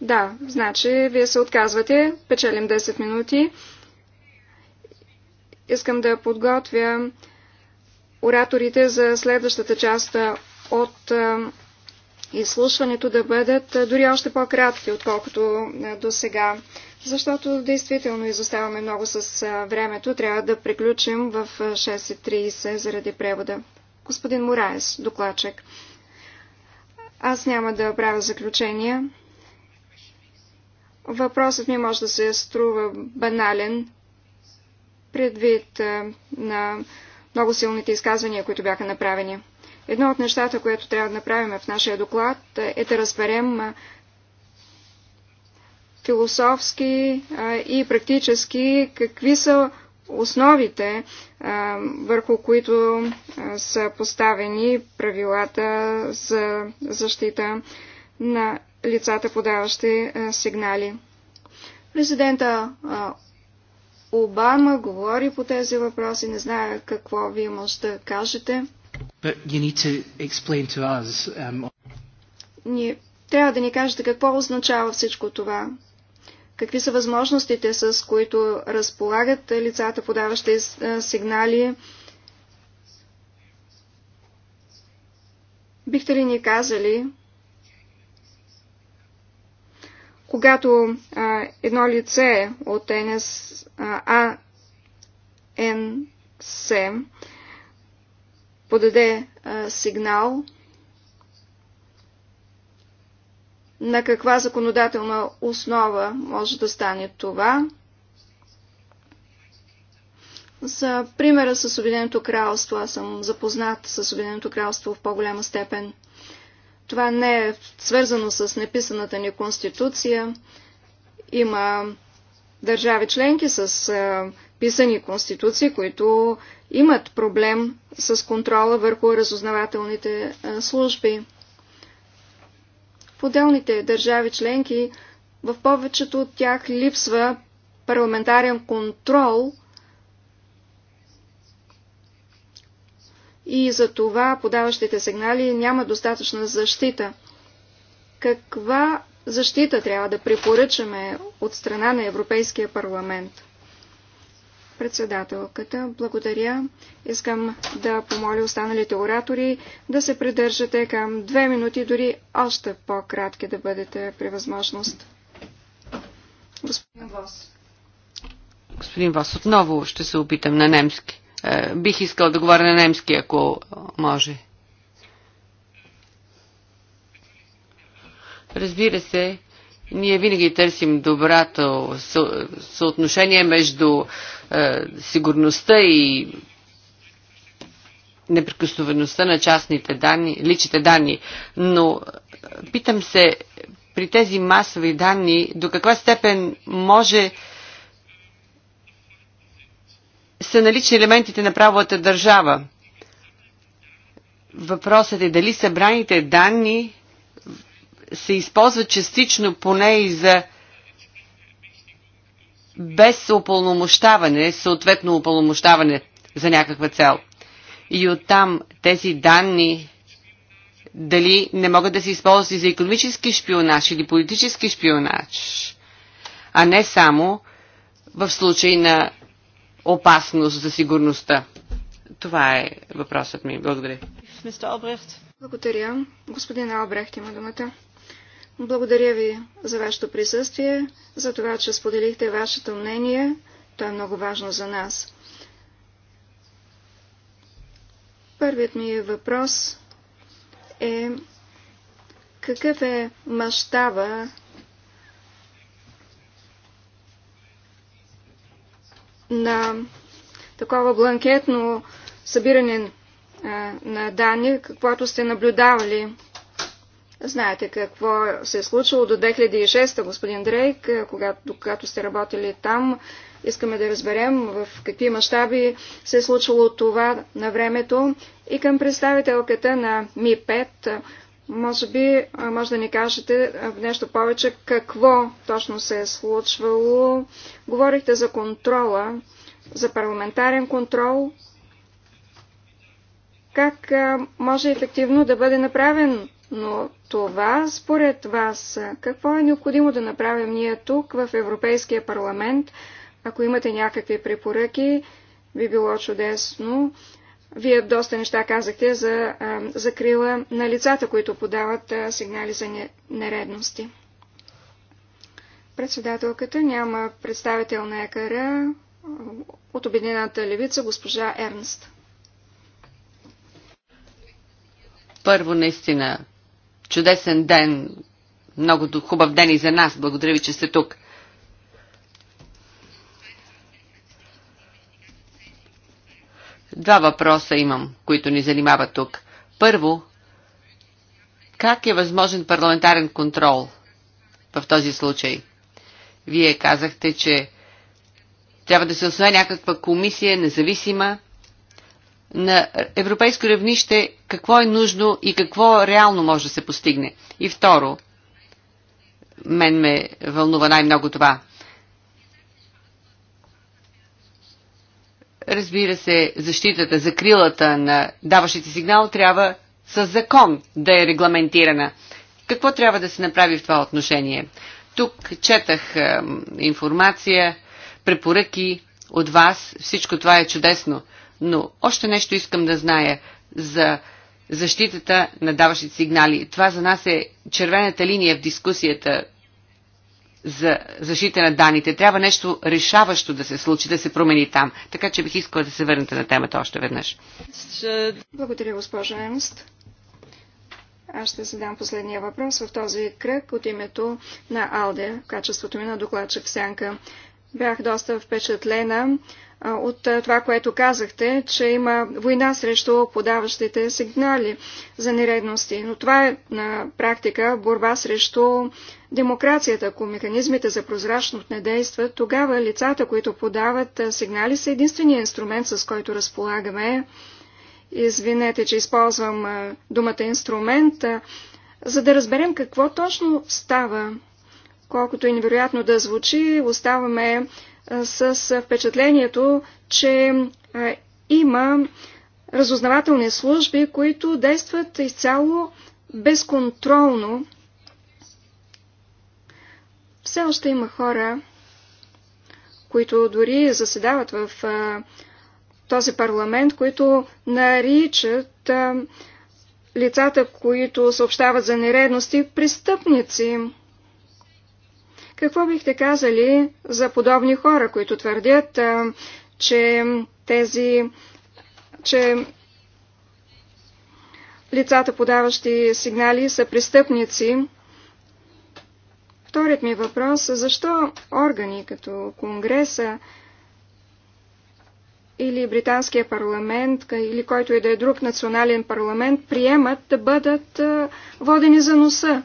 Да, значи вие се отказвате, печелим 10 минути. Искам да подготвя ораторите за следващата част от изслушването да бъдат дори още по-кратки, отколкото до сега. Защото действително изоставаме много с времето. Трябва да приключим в 6.30 заради превода. Господин Мораес, докладчик. Аз няма да правя заключения. Въпросът ми може да се струва банален, предвид е, на много силните изказвания, които бяха направени. Едно от нещата, което трябва да направим в нашия доклад, е, е да разберем е, философски и практически какви са основите, върху които са поставени правилата за защита на лицата, подаващи е, сигнали. Президента е, Обама говори по тези въпроси. Не знае какво вие може да кажете. To to us, um... трябва да ни кажете какво означава всичко това. Какви са възможностите, с които разполагат лицата, подаващи е, сигнали? Бихте ли ни казали Когато а, едно лице от НСА НС подаде а, сигнал на каква законодателна основа може да стане това. За примера с Обединеното кралство, аз съм запознат с Обединеното кралство в по-голяма степен – това не е свързано с неписаната ни конституция. Има държави членки с писани конституции, които имат проблем с контрола върху разузнавателните служби. В отделните държави членки в повечето от тях липсва парламентарен контрол – и за това подаващите сигнали няма достатъчна защита. Каква защита трябва да препоръчаме от страна на Европейския парламент? Председателката, благодаря. Искам да помоля останалите оратори да се придържате към две минути, дори още по-кратки да бъдете при възможност. Господин Вос. Господин Вос, отново ще се опитам на немски. Е, бих искал да говоря на немски, ако може. Разбира се, ние винаги търсим доброто съотношение между е, сигурността и неприкосновеността на частните данни, личните данни. Но е, питам се, при тези масови данни, до каква степен може са налични елементите на правовата държава. Въпросът е дали събраните данни се използват частично поне и за без опълномощаване, съответно опълномощаване за някаква цел. И оттам тези данни дали не могат да се използват и за економически шпионаж или политически шпионаж, а не само в случай на опасност за сигурността. Това е въпросът ми. Благодаря. Благодаря. Господин Албрехт има думата. Благодаря ви за вашето присъствие, за това, че споделихте вашето мнение. То е много важно за нас. Първият ми въпрос е какъв е мащаба на такова бланкетно събиране на данни, каквото сте наблюдавали. Знаете какво се е случило до 2006, господин Дрейк, когато, докато сте работили там. Искаме да разберем в какви мащаби се е случило това на времето. И към представителката на Ми-5 може би може да ни кажете нещо повече какво точно се е случвало. Говорихте за контрола, за парламентарен контрол. Как може ефективно да бъде направен но това според вас какво е необходимо да направим ние тук в Европейския парламент? Ако имате някакви препоръки, би било чудесно. Вие доста неща казахте за закрила на лицата, които подават сигнали за нередности. Председателката няма представител на ЕКР от Обединената левица, госпожа Ернст. Първо, наистина, чудесен ден, много хубав ден и за нас. Благодаря ви, че сте тук. Два въпроса имам, които ни занимават тук. Първо, как е възможен парламентарен контрол в този случай? Вие казахте, че трябва да се основе някаква комисия, независима. На европейско равнище какво е нужно и какво реално може да се постигне? И второ, мен ме вълнува най-много това. Разбира се, защитата, закрилата на даващите сигнал трябва с закон да е регламентирана. Какво трябва да се направи в това отношение? Тук четах е, информация, препоръки от вас. Всичко това е чудесно. Но още нещо искам да зная за защитата на даващите сигнали. Това за нас е червената линия в дискусията за защита на данните. Трябва нещо решаващо да се случи, да се промени там. Така че бих искала да се върнете на темата още веднъж. Благодаря, госпожа Емст. Аз ще задам последния въпрос в този кръг от името на Алде, в качеството ми на докладчик Сянка. Бях доста впечатлена от това, което казахте, че има война срещу подаващите сигнали за нередности. Но това е на практика борба срещу демокрацията. Ако механизмите за прозрачност не действат, тогава лицата, които подават сигнали, са единствения инструмент, с който разполагаме. Извинете, че използвам думата инструмент, за да разберем какво точно става Колкото и невероятно да звучи, оставаме с впечатлението, че има разузнавателни служби, които действат изцяло безконтролно. Все още има хора, които дори заседават в а, този парламент, които наричат а, лицата, които съобщават за нередности, престъпници. Какво бихте казали за подобни хора, които твърдят, че тези, че лицата, подаващи сигнали, са престъпници? Вторият ми въпрос е защо органи като Конгреса или Британския парламент, или който и да е друг национален парламент, приемат да бъдат водени за носа.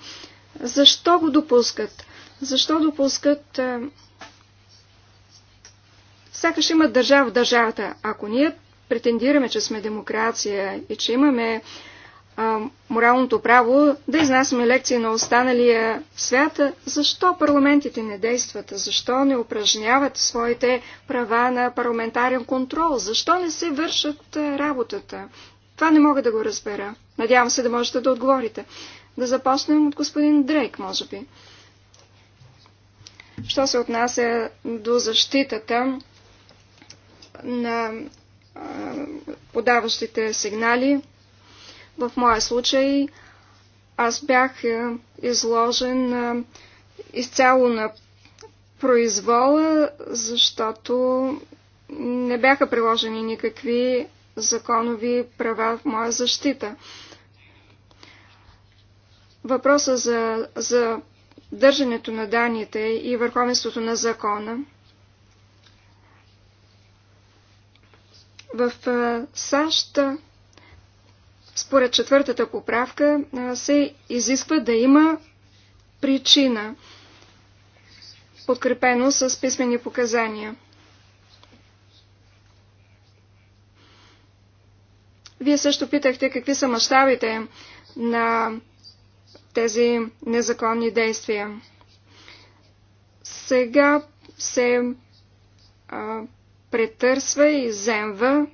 Защо го допускат? Защо допускат... Е, сякаш има държава в държавата. Ако ние претендираме, че сме демокрация и че имаме а, е, моралното право да изнасяме лекции на останалия свят, защо парламентите не действат, защо не упражняват своите права на парламентарен контрол, защо не се вършат е, работата. Това не мога да го разбера. Надявам се да можете да отговорите. Да започнем от господин Дрейк, може би. Що се отнася до защитата на подаващите сигнали, в моя случай аз бях изложен изцяло на произвола, защото не бяха приложени никакви законови права в моя защита. Въпроса за, за държането на данните и върховенството на закона. В САЩ, според четвъртата поправка, се изисква да има причина, подкрепено с писмени показания. Вие също питахте какви са мащабите на тези незаконни действия. Сега се а, претърсва и земва.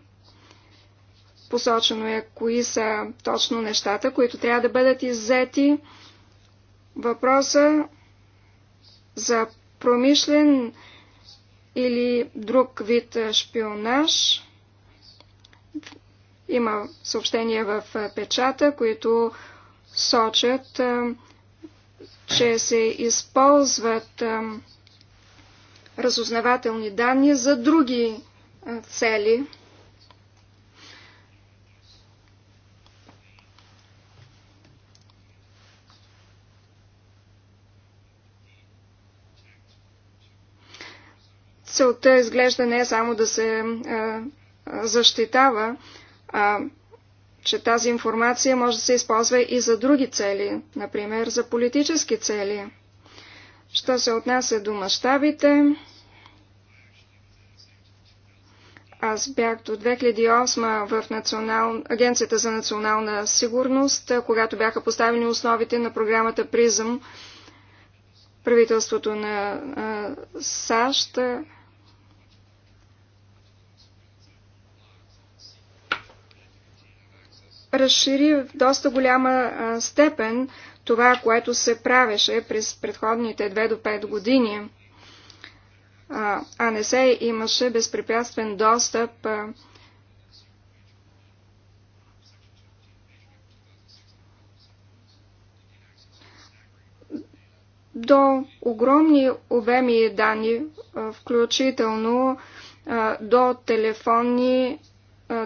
Посочено е кои са точно нещата, които трябва да бъдат иззети. Въпроса за промишлен или друг вид шпионаж. Има съобщения в печата, които сочат, че се използват разузнавателни данни за други цели. Целта изглежда не е само да се защитава, а че тази информация може да се използва и за други цели, например за политически цели. Що се отнася до мащабите, аз бях до 2008 в национал... Агенцията за национална сигурност, когато бяха поставени основите на програмата Призъм. Правителството на САЩ разшири в доста голяма степен това, което се правеше през предходните 2 до 5 години, а не се имаше безпрепятствен достъп до огромни обеми данни, включително до телефонни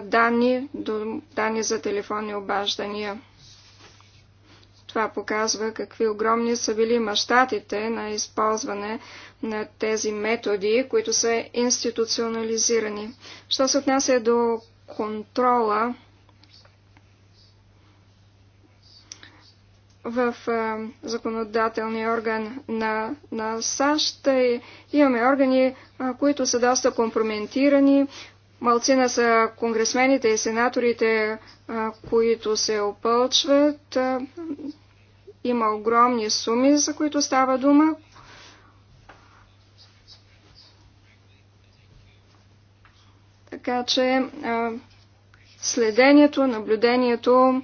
данни до данни за телефонни обаждания. Това показва какви огромни са били мащатите на използване на тези методи, които са институционализирани. Що се отнася до контрола в законодателния орган на, на САЩ, имаме органи, които са доста компрометирани, Малцина са конгресмените и сенаторите, които се опълчват. Има огромни суми, за които става дума. Така че следението, наблюдението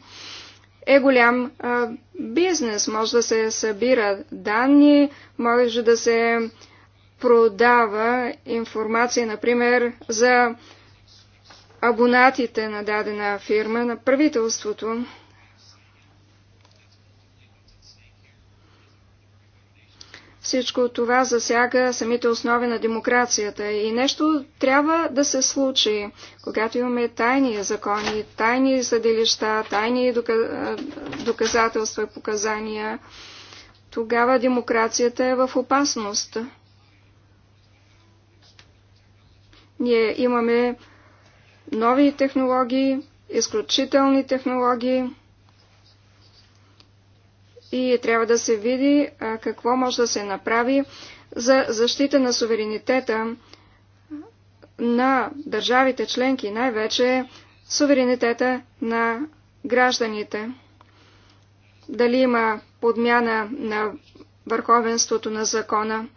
е голям бизнес. Може да се събира данни, може да се продава информация, например, за абонатите на дадена фирма, на правителството. Всичко това засяга самите основи на демокрацията и нещо трябва да се случи, когато имаме тайни закони, тайни съдилища, тайни доказателства и показания. Тогава демокрацията е в опасност. Ние имаме нови технологии, изключителни технологии и трябва да се види какво може да се направи за защита на суверенитета на държавите членки, най-вече суверенитета на гражданите. Дали има подмяна на върховенството на закона.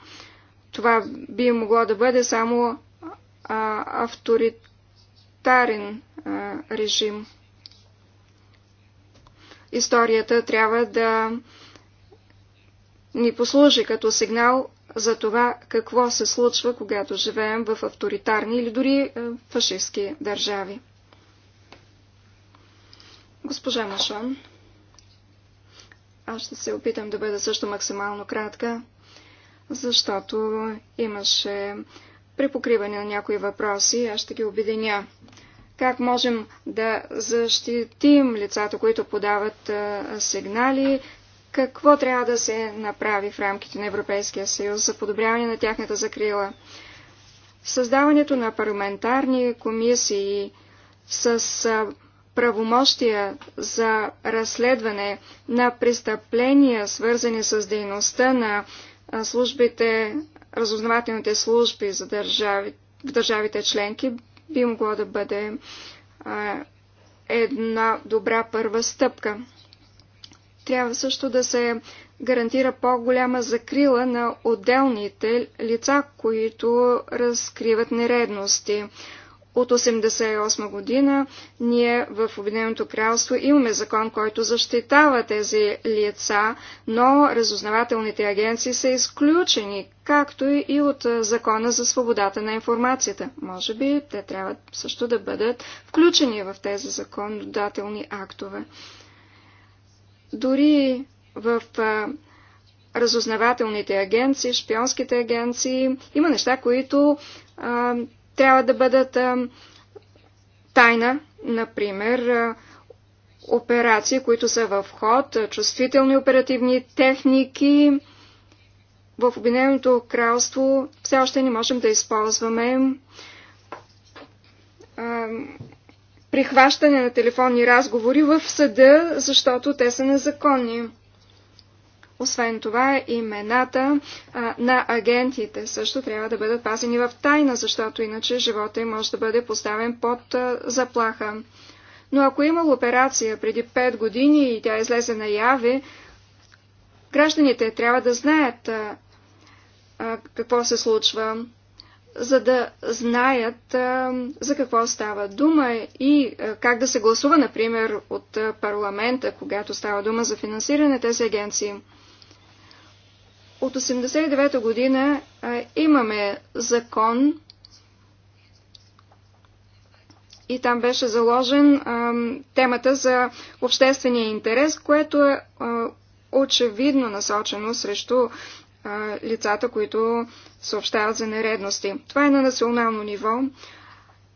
Това би могло да бъде само а, авторитет тоталитарен режим. Историята трябва да ни послужи като сигнал за това какво се случва, когато живеем в авторитарни или дори фашистски държави. Госпожа Машон, аз ще се опитам да бъда също максимално кратка, защото имаше припокриване на някои въпроси, аз ще ги обединя как можем да защитим лицата, които подават сигнали, какво трябва да се направи в рамките на Европейския съюз за подобряване на тяхната закрила. Създаването на парламентарни комисии с правомощия за разследване на престъпления, свързани с дейността на службите, разузнавателните служби за държави, в държавите членки, би могло да бъде а, една добра първа стъпка. Трябва също да се гарантира по-голяма закрила на отделните лица, които разкриват нередности. От 1988 година ние в Обединеното кралство имаме закон, който защитава тези лица, но разузнавателните агенции са изключени, както и от закона за свободата на информацията. Може би те трябва също да бъдат включени в тези законодателни актове. Дори в разузнавателните агенции, шпионските агенции, има неща, които трябва да бъдат тайна, например, операции, които са в ход, чувствителни оперативни техники. В Обединеното кралство все още не можем да използваме а, прихващане на телефонни разговори в съда, защото те са незаконни. Освен това, имената а, на агентите също трябва да бъдат пазени в тайна, защото иначе живота им може да бъде поставен под а, заплаха. Но ако е имал операция преди 5 години и тя е излезе наяве, гражданите трябва да знаят а, а, какво се случва, за да знаят а, за какво става дума и а, как да се гласува, например, от парламента, когато става дума за финансиране тези агенции. От 1989 година а, имаме закон и там беше заложен а, темата за обществения интерес, което е а, очевидно насочено срещу а, лицата, които съобщават за нередности. Това е на национално ниво.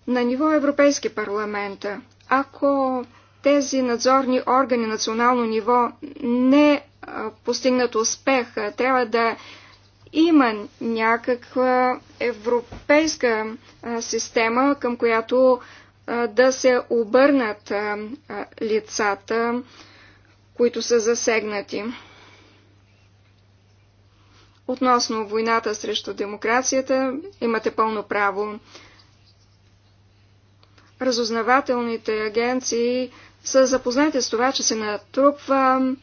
На ниво Европейски парламент. Ако тези надзорни органи национално ниво не постигнат успех, трябва да има някаква европейска система, към която да се обърнат лицата, които са засегнати. Относно войната срещу демокрацията, имате пълно право. Разузнавателните агенции са запознати с това, че се натрупва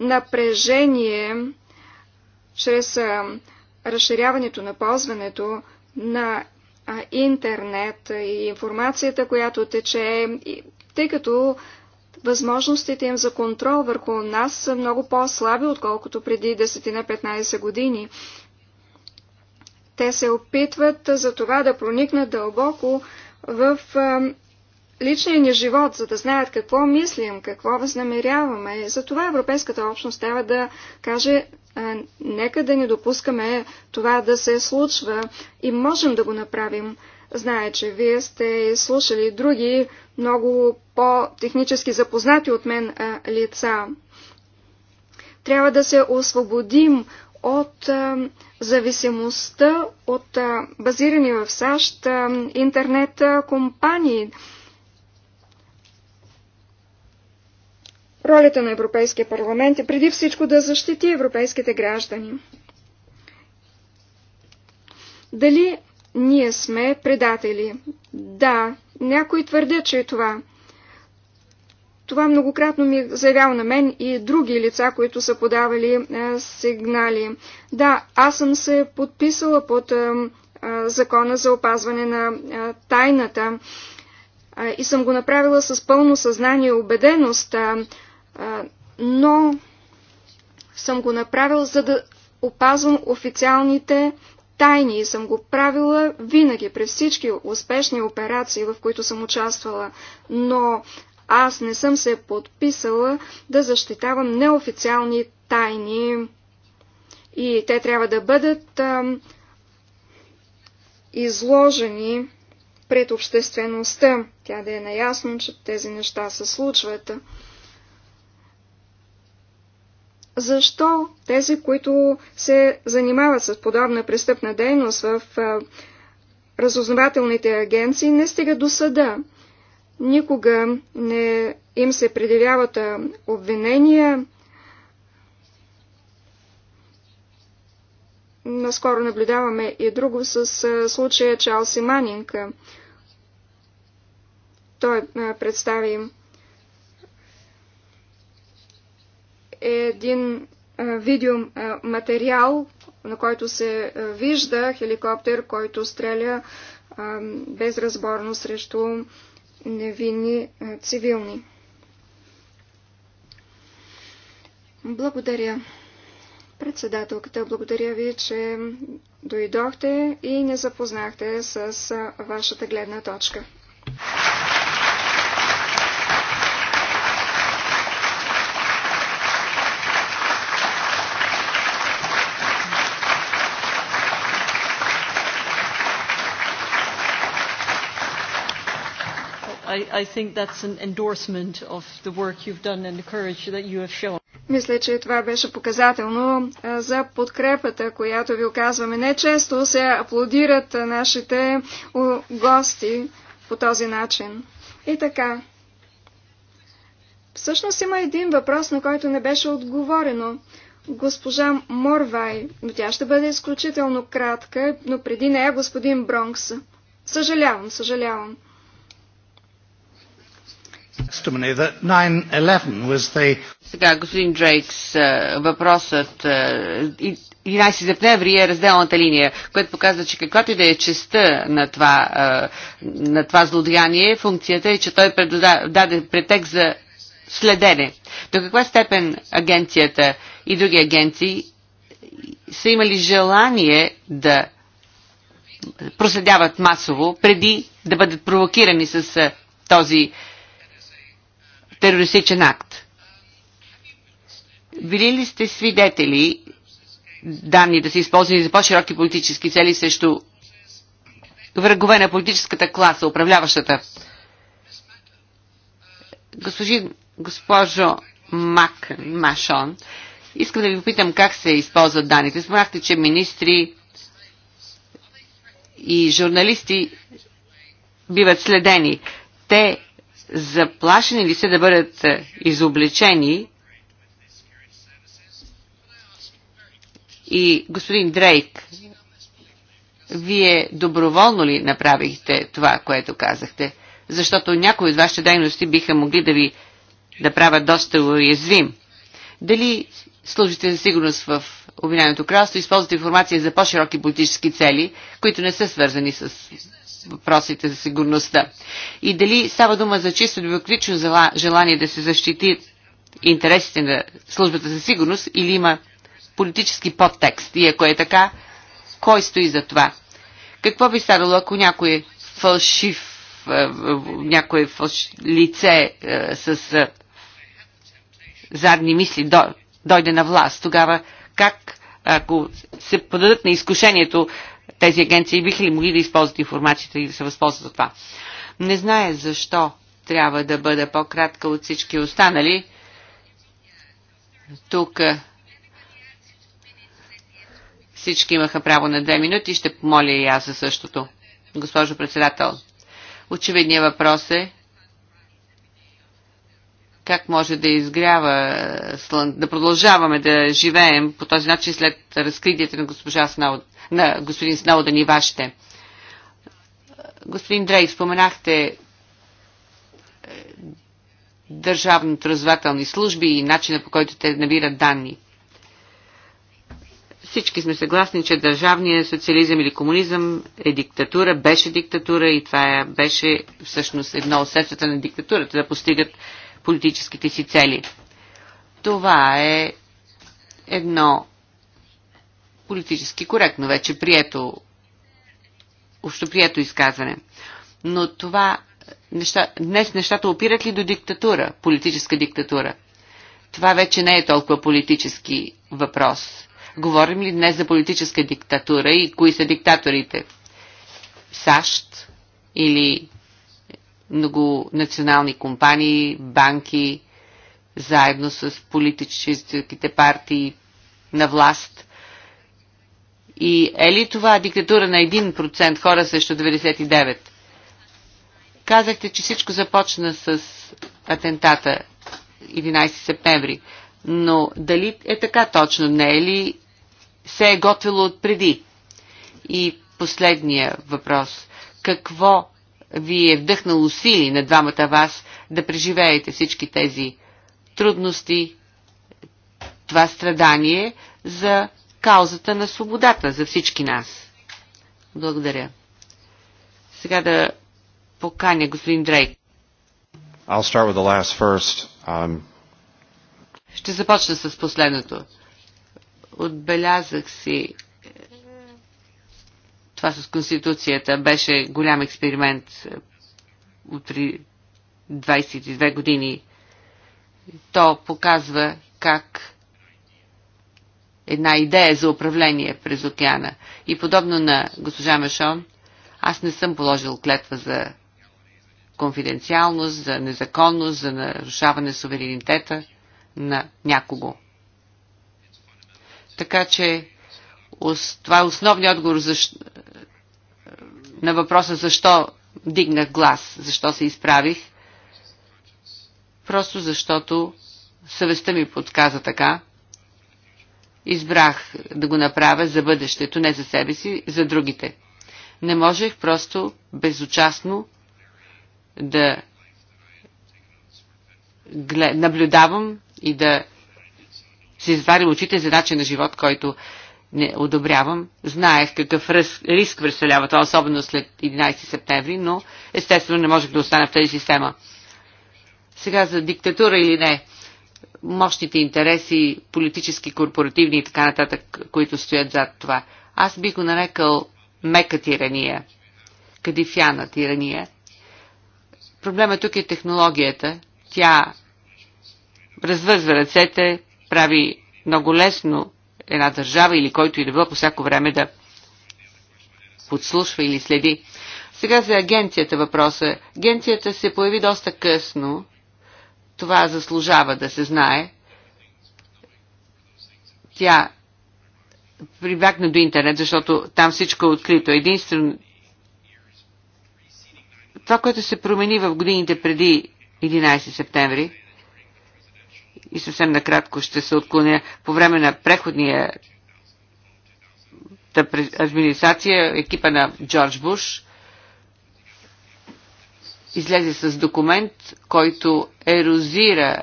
напрежение чрез разширяването на ползването на интернет и информацията, която тече, тъй като възможностите им за контрол върху нас са много по-слаби, отколкото преди 10-15 години. Те се опитват за това да проникнат дълбоко в личния ни живот, за да знаят какво мислим, какво възнамеряваме. за това Европейската общност трябва да каже, нека да не допускаме това да се случва и можем да го направим. Знае, че вие сте слушали други много по-технически запознати от мен лица. Трябва да се освободим от зависимостта от базирани в САЩ интернет компании. Ролята на Европейския парламент е преди всичко да защити европейските граждани. Дали ние сме предатели? Да, някои твърдят, че е това. Това многократно ми заявял на мен и други лица, които са подавали е, сигнали. Да, аз съм се подписала под е, е, закона за опазване на е, тайната е, и съм го направила с пълно съзнание и убеденост. Е, но съм го направил, за да опазвам официалните тайни и съм го правила винаги при всички успешни операции, в които съм участвала, но аз не съм се подписала да защитавам неофициални тайни и те трябва да бъдат а, изложени пред обществеността. Тя да е наясно, че тези неща се случват защо тези, които се занимават с подобна престъпна дейност в разузнавателните агенции, не стигат до съда. Никога не им се предявяват обвинения. Наскоро наблюдаваме и друго с случая Чалси Манинг. Той представи Е един видеоматериал, на който се вижда хеликоптер, който стреля безразборно срещу невинни цивилни. Благодаря. Председателката, благодаря ви, че дойдохте и не запознахте с вашата гледна точка. I, think that's an endorsement of the work you've done and the courage that you have shown. Мисля, че това беше показателно за подкрепата, която ви оказваме. Не често се аплодират нашите гости по този начин. И така. Всъщност има един въпрос, на който не беше отговорено. Госпожа Морвай, но тя ще бъде изключително кратка, но преди нея господин Бронкс. Съжалявам, съжалявам. Сега, господин Дрейкс, въпросът 11 септември е разделната линия, което показва, че каквато и да е честа на това, на това злодеяние, функцията е, че той даде претекст за следене. До каква степен агенцията и други агенции са имали желание да проследяват масово, преди да бъдат провокирани с този терористичен акт. Били ли сте свидетели данни да се използвани за по-широки политически цели срещу врагове на политическата класа, управляващата? Госпожи, госпожо Мак, Машон, искам да ви попитам как се използват данните. Спомнахте, че министри и журналисти биват следени. Те Заплашени ли се да бъдат е, изобличени? И господин Дрейк, вие доброволно ли направихте това, което казахте? Защото някои от вашите дейности биха могли да ви да правят доста уязвим. Дали служите за сигурност в Обединеното кралство използват информация за по-широки политически цели, които не са свързани с въпросите за сигурността. И дали става дума за чисто демократично желание да се защити интересите на службата за сигурност или има политически подтекст? И ако е така, кой стои за това? Какво би ставало, ако някой е фалшив, е, някое фалш... лице е, с задни мисли дойде на власт? Тогава как, ако се подадат на изкушението тези агенции, биха ли могли да използват информацията и да се възползват от това. Не знае защо трябва да бъда по-кратка от всички останали. Тук всички имаха право на две минути. Ще помоля и аз за същото. Госпожо председател, очевидният въпрос е как може да изгрява, е, да продължаваме да живеем по този начин след разкритието на, госпожа Снауда, на господин Сноудън и вашите? Господин Дрейк, споменахте е, държавните развателни служби и начина по който те набират данни. Всички сме съгласни, че държавният социализъм или комунизъм е диктатура, беше диктатура и това е, беше всъщност едно от на диктатурата да постигат политическите си цели. Това е едно политически коректно, вече прието, общоприето изказване. Но това, неща, днес нещата опират ли до диктатура, политическа диктатура? Това вече не е толкова политически въпрос. Говорим ли днес за политическа диктатура и кои са диктаторите? САЩ или многонационални компании, банки, заедно с политическите партии на власт. И е ли това диктатура на 1% хора срещу 99%? Казахте, че всичко започна с атентата 11 септември. Но дали е така точно? Не е ли се е готвило от преди? И последния въпрос. Какво ви е вдъхнало сили на двамата вас да преживеете всички тези трудности, това страдание за каузата на свободата за всички нас. Благодаря. Сега да поканя господин Дрейк. I'll start with the last first. Um... Ще започна с последното. Отбелязах си това с Конституцията беше голям експеримент от е, 22 години. То показва как една идея за управление през океана. И подобно на госпожа Мешон, аз не съм положил клетва за конфиденциалност, за незаконност, за нарушаване суверенитета на някого. Така че това е основният отговор защ... на въпроса защо дигнах глас, защо се изправих. Просто защото съвестта ми подказа така. Избрах да го направя за бъдещето, не за себе си, за другите. Не можех просто безучастно да наблюдавам и да се изваря очите за начин на живот, който не одобрявам. Знаех какъв риск, представлява това, особено след 11 септември, но естествено не можех да остана в тази система. Сега за диктатура или не, мощните интереси, политически, корпоративни и така нататък, които стоят зад това. Аз би го нарекал мека тирания, кадифяна тирания. Проблема тук е технологията. Тя развъзва ръцете, прави много лесно една държава или който и да било по всяко време да подслушва или следи. Сега за агенцията въпроса. Агенцията се появи доста късно. Това заслужава да се знае. Тя прибягна до интернет, защото там всичко е открито. Единствено това, което се промени в годините преди 11 септември, и съвсем накратко ще се отклоня. По време на преходния администрация, екипа на Джордж Буш излезе с документ, който ерозира е,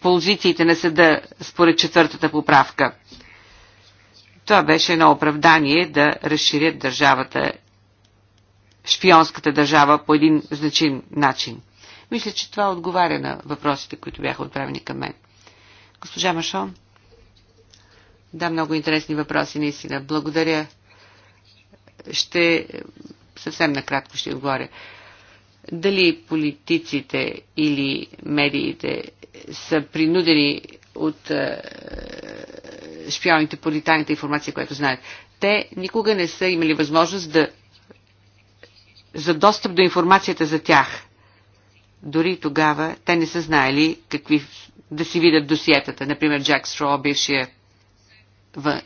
позициите на съда според четвъртата поправка. Това беше едно оправдание да разширят държавата, шпионската държава по един значим начин. Мисля, че това отговаря на въпросите, които бяха отправени към мен. Госпожа Машон? Да, много интересни въпроси, наистина. Благодаря. Ще съвсем накратко ще отговоря. Дали политиците или медиите са принудени от е, шпионите по детайната информация, която знаят. Те никога не са имали възможност да за достъп до информацията за тях дори тогава те не са знаели какви да си видят досиетата. Например, Джак Стро, бившия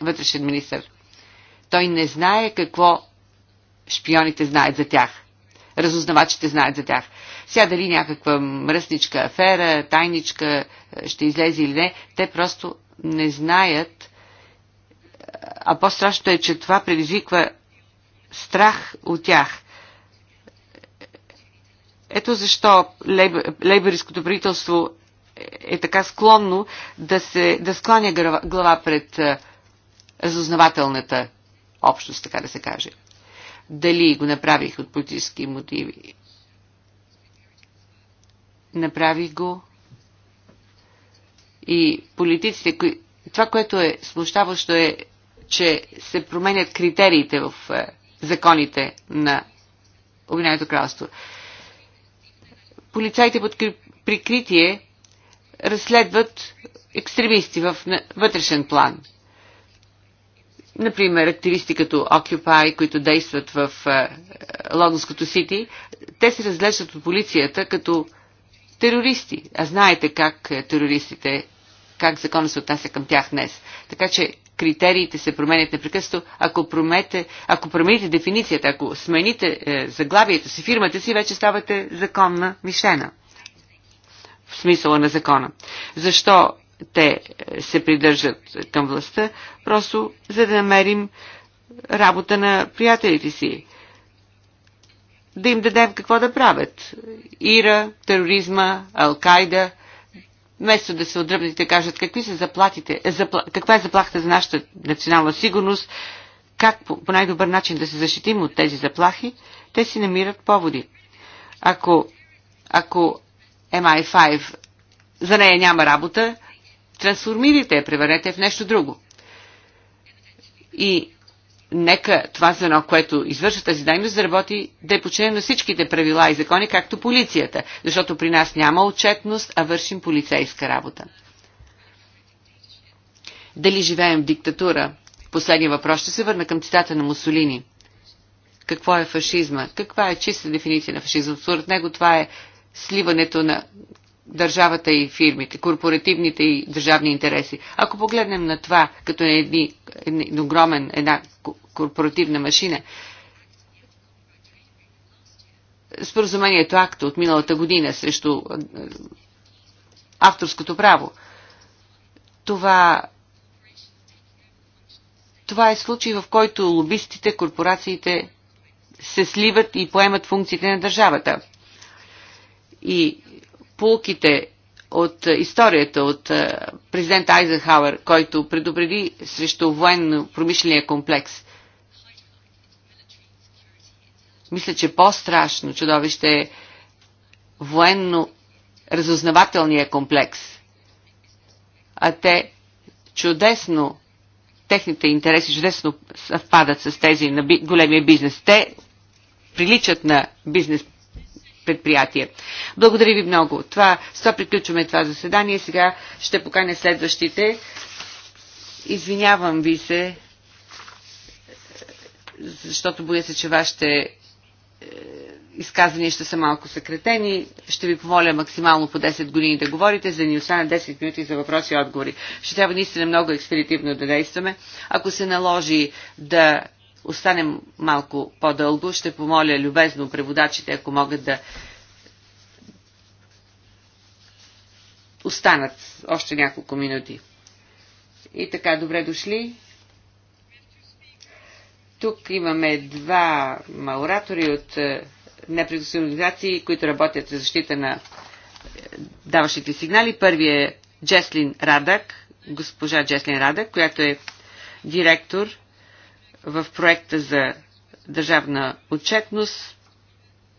вътрешен министр. Той не знае какво шпионите знаят за тях. Разузнавачите знаят за тях. Сега дали някаква мръсничка афера, тайничка е, ще излезе или не, те просто не знаят. А по-страшното е, че това предизвиква страх от тях. Ето защо лейбористското правителство е така склонно да, се, да скланя глава пред е, разузнавателната общност, така да се каже. Дали го направих от политически мотиви? Направих го. И политиците, кои... това, което е смущаващо е, че се променят критериите в е, законите на Обединеното кралство полицайите под прикритие разследват екстремисти в вътрешен план. Например, активисти като Occupy, които действат в е, е, Лондонското Сити, те се разглеждат от полицията като терористи. А знаете как е, терористите, как закона се отнася към тях днес. Така че критериите се променят непрекъснато, ако, промете, ако промените дефиницията, ако смените е, заглавието си, фирмата си, вече ставате законна мишена. В смисъла на закона. Защо те е, се придържат към властта? Просто за да намерим работа на приятелите си. Да им дадем какво да правят. Ира, тероризма, Алкайда – вместо да се отдръпнат и кажат какви са заплатите, е, запла, каква е заплахата за нашата национална сигурност, как по, по най-добър начин да се защитим от тези заплахи, те си намират поводи. Ако, ако MI5 за нея няма работа, трансформирайте я, превърнете в нещо друго. И нека това звено, което извършва тази дейност, заработи работи, да е починено на всичките правила и закони, както полицията, защото при нас няма отчетност, а вършим полицейска работа. Дали живеем в диктатура? Последния въпрос ще се върна към цитата на Мусолини. Какво е фашизма? Каква е чиста дефиниция на фашизма? Според него това е сливането на държавата и фирмите, корпоративните и държавни интереси. Ако погледнем на това като едни, един огромен, една корпоративна машина, споразумението акта от миналата година срещу авторското право, това това е случай, в който лобистите, корпорациите се сливат и поемат функциите на държавата. И полуките от е, историята от е, президент Айзенхауер, който предупреди срещу военно-промишления комплекс. Мисля, че по-страшно чудовище е военно-разузнавателния комплекс. А те чудесно, техните интереси чудесно съвпадат с тези на големия бизнес. Те приличат на бизнес предприятие. Благодаря ви много. Това, с това приключваме това заседание. Сега ще поканя следващите. Извинявам ви се, защото боя се, че вашите е, изказвания ще са малко съкретени. Ще ви помоля максимално по 10 години да говорите, за да ни остана 10 минути за въпроси и отговори. Ще трябва наистина много експедитивно да действаме. Ако се наложи да останем малко по-дълго. Ще помоля любезно преводачите, ако могат да останат още няколко минути. И така, добре дошли. Тук имаме два оратори от е, неправителствени организации, които работят за защита на е, даващите сигнали. Първият е Джеслин Радък, госпожа Джеслин Радък, която е директор в проекта за държавна отчетност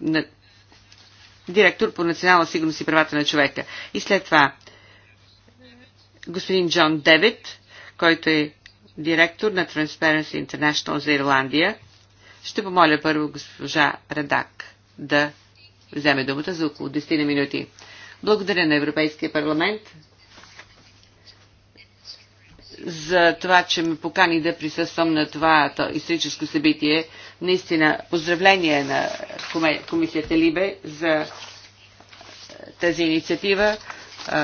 на директор по национална сигурност и правата на човека. И след това господин Джон Девит, който е директор на Transparency International за Ирландия. Ще помоля първо госпожа Радак да вземе думата за около 10 минути. Благодаря на Европейския парламент за това, че ме покани да присъствам на това историческо събитие. Наистина, поздравление на комисията Либе за е, тази инициатива, е,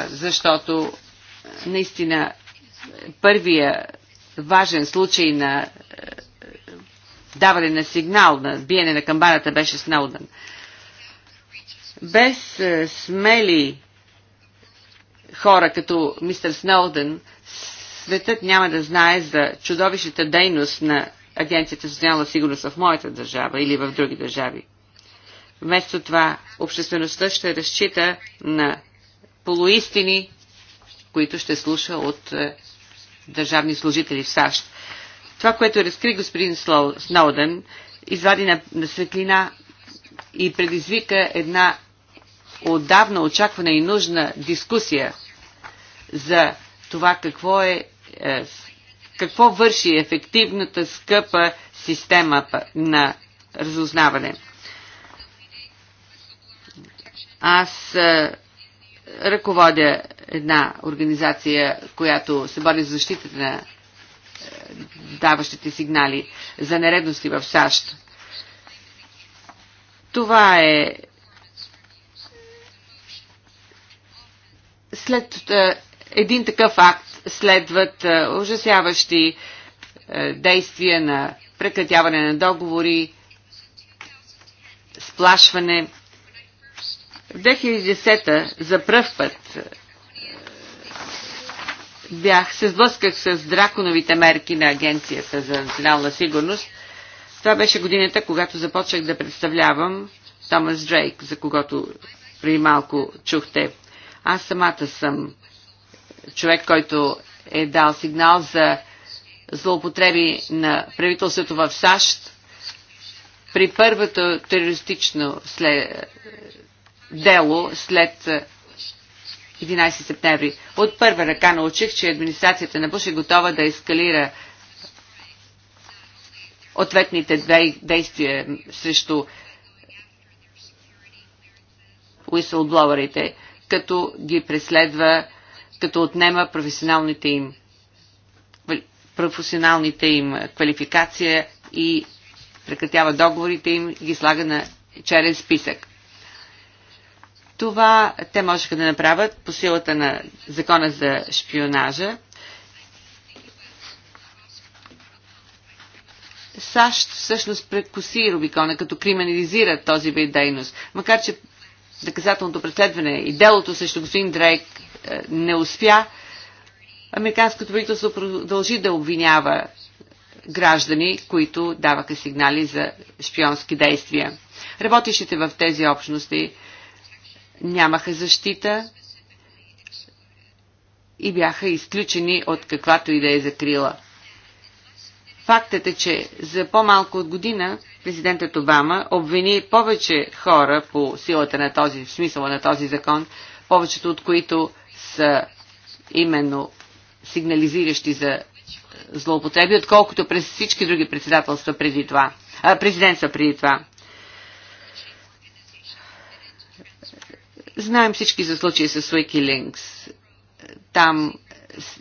защото е, наистина първия важен случай на даване на сигнал, на биене на камбаната беше Сноудън. Без смели хора като мистер Сноудън, светът няма да знае за чудовищата дейност на Агенцията за социална сигурност в моята държава или в други държави. Вместо това, обществеността ще разчита на полуистини, които ще слуша от е, държавни служители в САЩ. Това, което разкри господин Сноуден, извади на, на светлина и предизвика една отдавна очаквана и нужна дискусия за това какво е е, какво върши ефективната скъпа система на разузнаване. Аз е, ръководя една организация, която се бори за защитата на е, даващите сигнали за нередности в САЩ. Това е след един такъв акт следват е, ужасяващи е, действия на прекратяване на договори, сплашване. В 2010-та за пръв път е, бях, се сблъсках с драконовите мерки на Агенцията за национална сигурност. Това беше годината, когато започнах да представлявам Томас Дрейк, за когото преди малко чухте. Аз самата съм човек, който е дал сигнал за злоупотреби на правителството в САЩ при първото терористично след... дело след 11 е, септември. От първа ръка научих, че администрацията на Буш е готова да ескалира ответните действия срещу уисълбловарите, като ги преследва като отнема професионалните им, професионалните им квалификация и прекратява договорите им и ги слага на черен списък. Това те можеха да направят по силата на закона за шпионажа. САЩ всъщност прекуси Рубикона, като криминализира този вид дейност. Макар, че наказателното преследване и делото срещу господин Дрейк е, не успя. Американското правителство продължи да обвинява граждани, които даваха сигнали за шпионски действия. Работещите в тези общности нямаха защита и бяха изключени от каквато и да е закрила. Фактът е, че за по-малко от година президентът Обама обвини повече хора по силата на този, в смисъла на този закон, повечето от които са именно сигнализиращи за злоупотреби, отколкото през всички други председателства преди това, а, президентства преди това. Знаем всички за случаи с Wikilinks. Там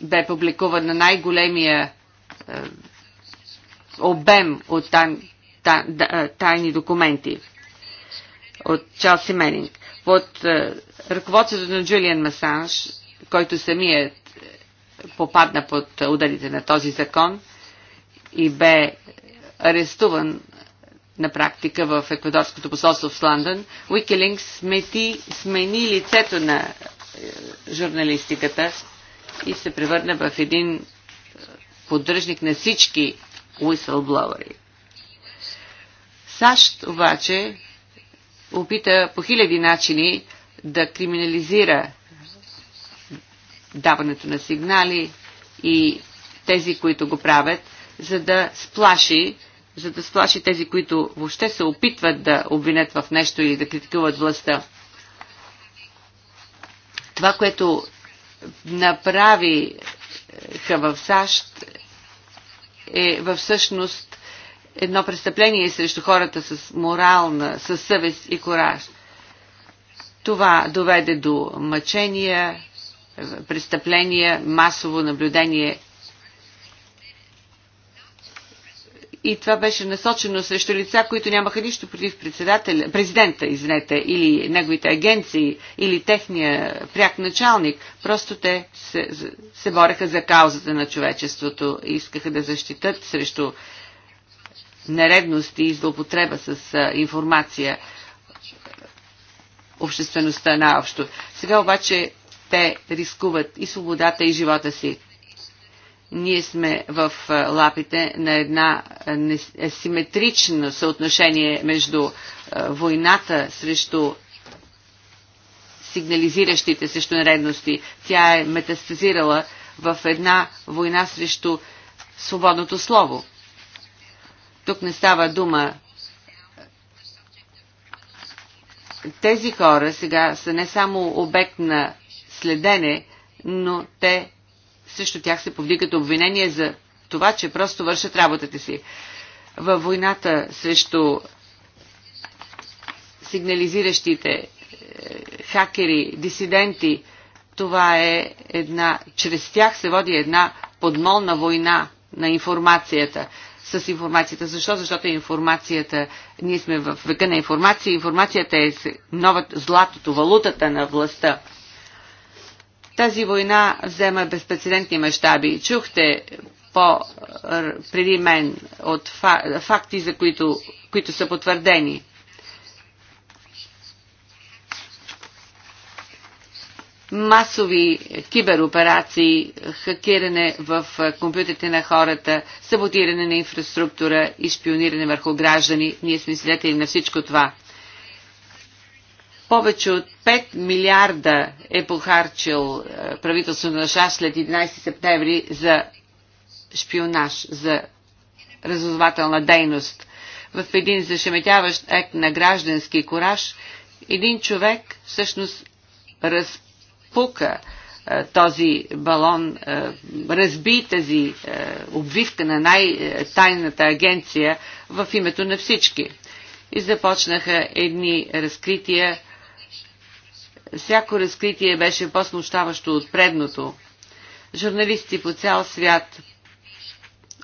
бе публикуван на най-големия е, обем от е, тайни документи от Чалси Менинг под е, ръководството на Джулиан Масанж, който самият попадна под ударите на този закон и бе арестуван на практика в еквадорското посолство в Лондон, Wikileaks смети, смени лицето на е, журналистиката и се превърна в един е, поддръжник на всички whistleblowers. САЩ обаче опита по хиляди начини да криминализира даването на сигнали и тези, които го правят, за да сплаши, за да сплаши тези, които въобще се опитват да обвинят в нещо или да критикуват властта. Това, което направиха в САЩ е всъщност едно престъпление срещу хората с морална, с съвест и кораж. Това доведе до мъчения, престъпления, масово наблюдение. И това беше насочено срещу лица, които нямаха нищо против президента извинете, или неговите агенции, или техния пряк началник. Просто те се, се бореха за каузата на човечеството и искаха да защитат срещу нередности и злоупотреба с информация обществеността наобщо. Сега обаче те рискуват и свободата, и живота си. Ние сме в лапите на една асиметрично съотношение между войната срещу сигнализиращите срещу нередности. Тя е метастазирала в една война срещу свободното слово. Тук не става дума. Тези хора сега са не само обект на следене, но те също тях се повдигат обвинение за това, че просто вършат работата си. Във войната срещу сигнализиращите е, хакери, дисиденти, това е една, чрез тях се води една подмолна война на информацията с информацията. Защо? Защото е информацията, ние сме в века на информация, информацията е новата, златото, валутата на властта. Тази война взема безпредседентни мащаби. Чухте по, е, преди мен от факти, за които, които са потвърдени. масови кибероперации, хакиране в компютрите на хората, саботиране на инфраструктура и шпиониране върху граждани. Ние сме свидетели на всичко това. Повече от 5 милиарда е похарчил правителството на САЩ след 11 септември за шпионаж, за разузвателна дейност. В един зашеметяващ ект на граждански кораж, един човек всъщност разпочва пука е, този балон, е, разби тази е, обвивка на най-тайната агенция в името на всички. И започнаха едни разкрития. Всяко разкритие беше по-смущаващо от предното. Журналисти по цял свят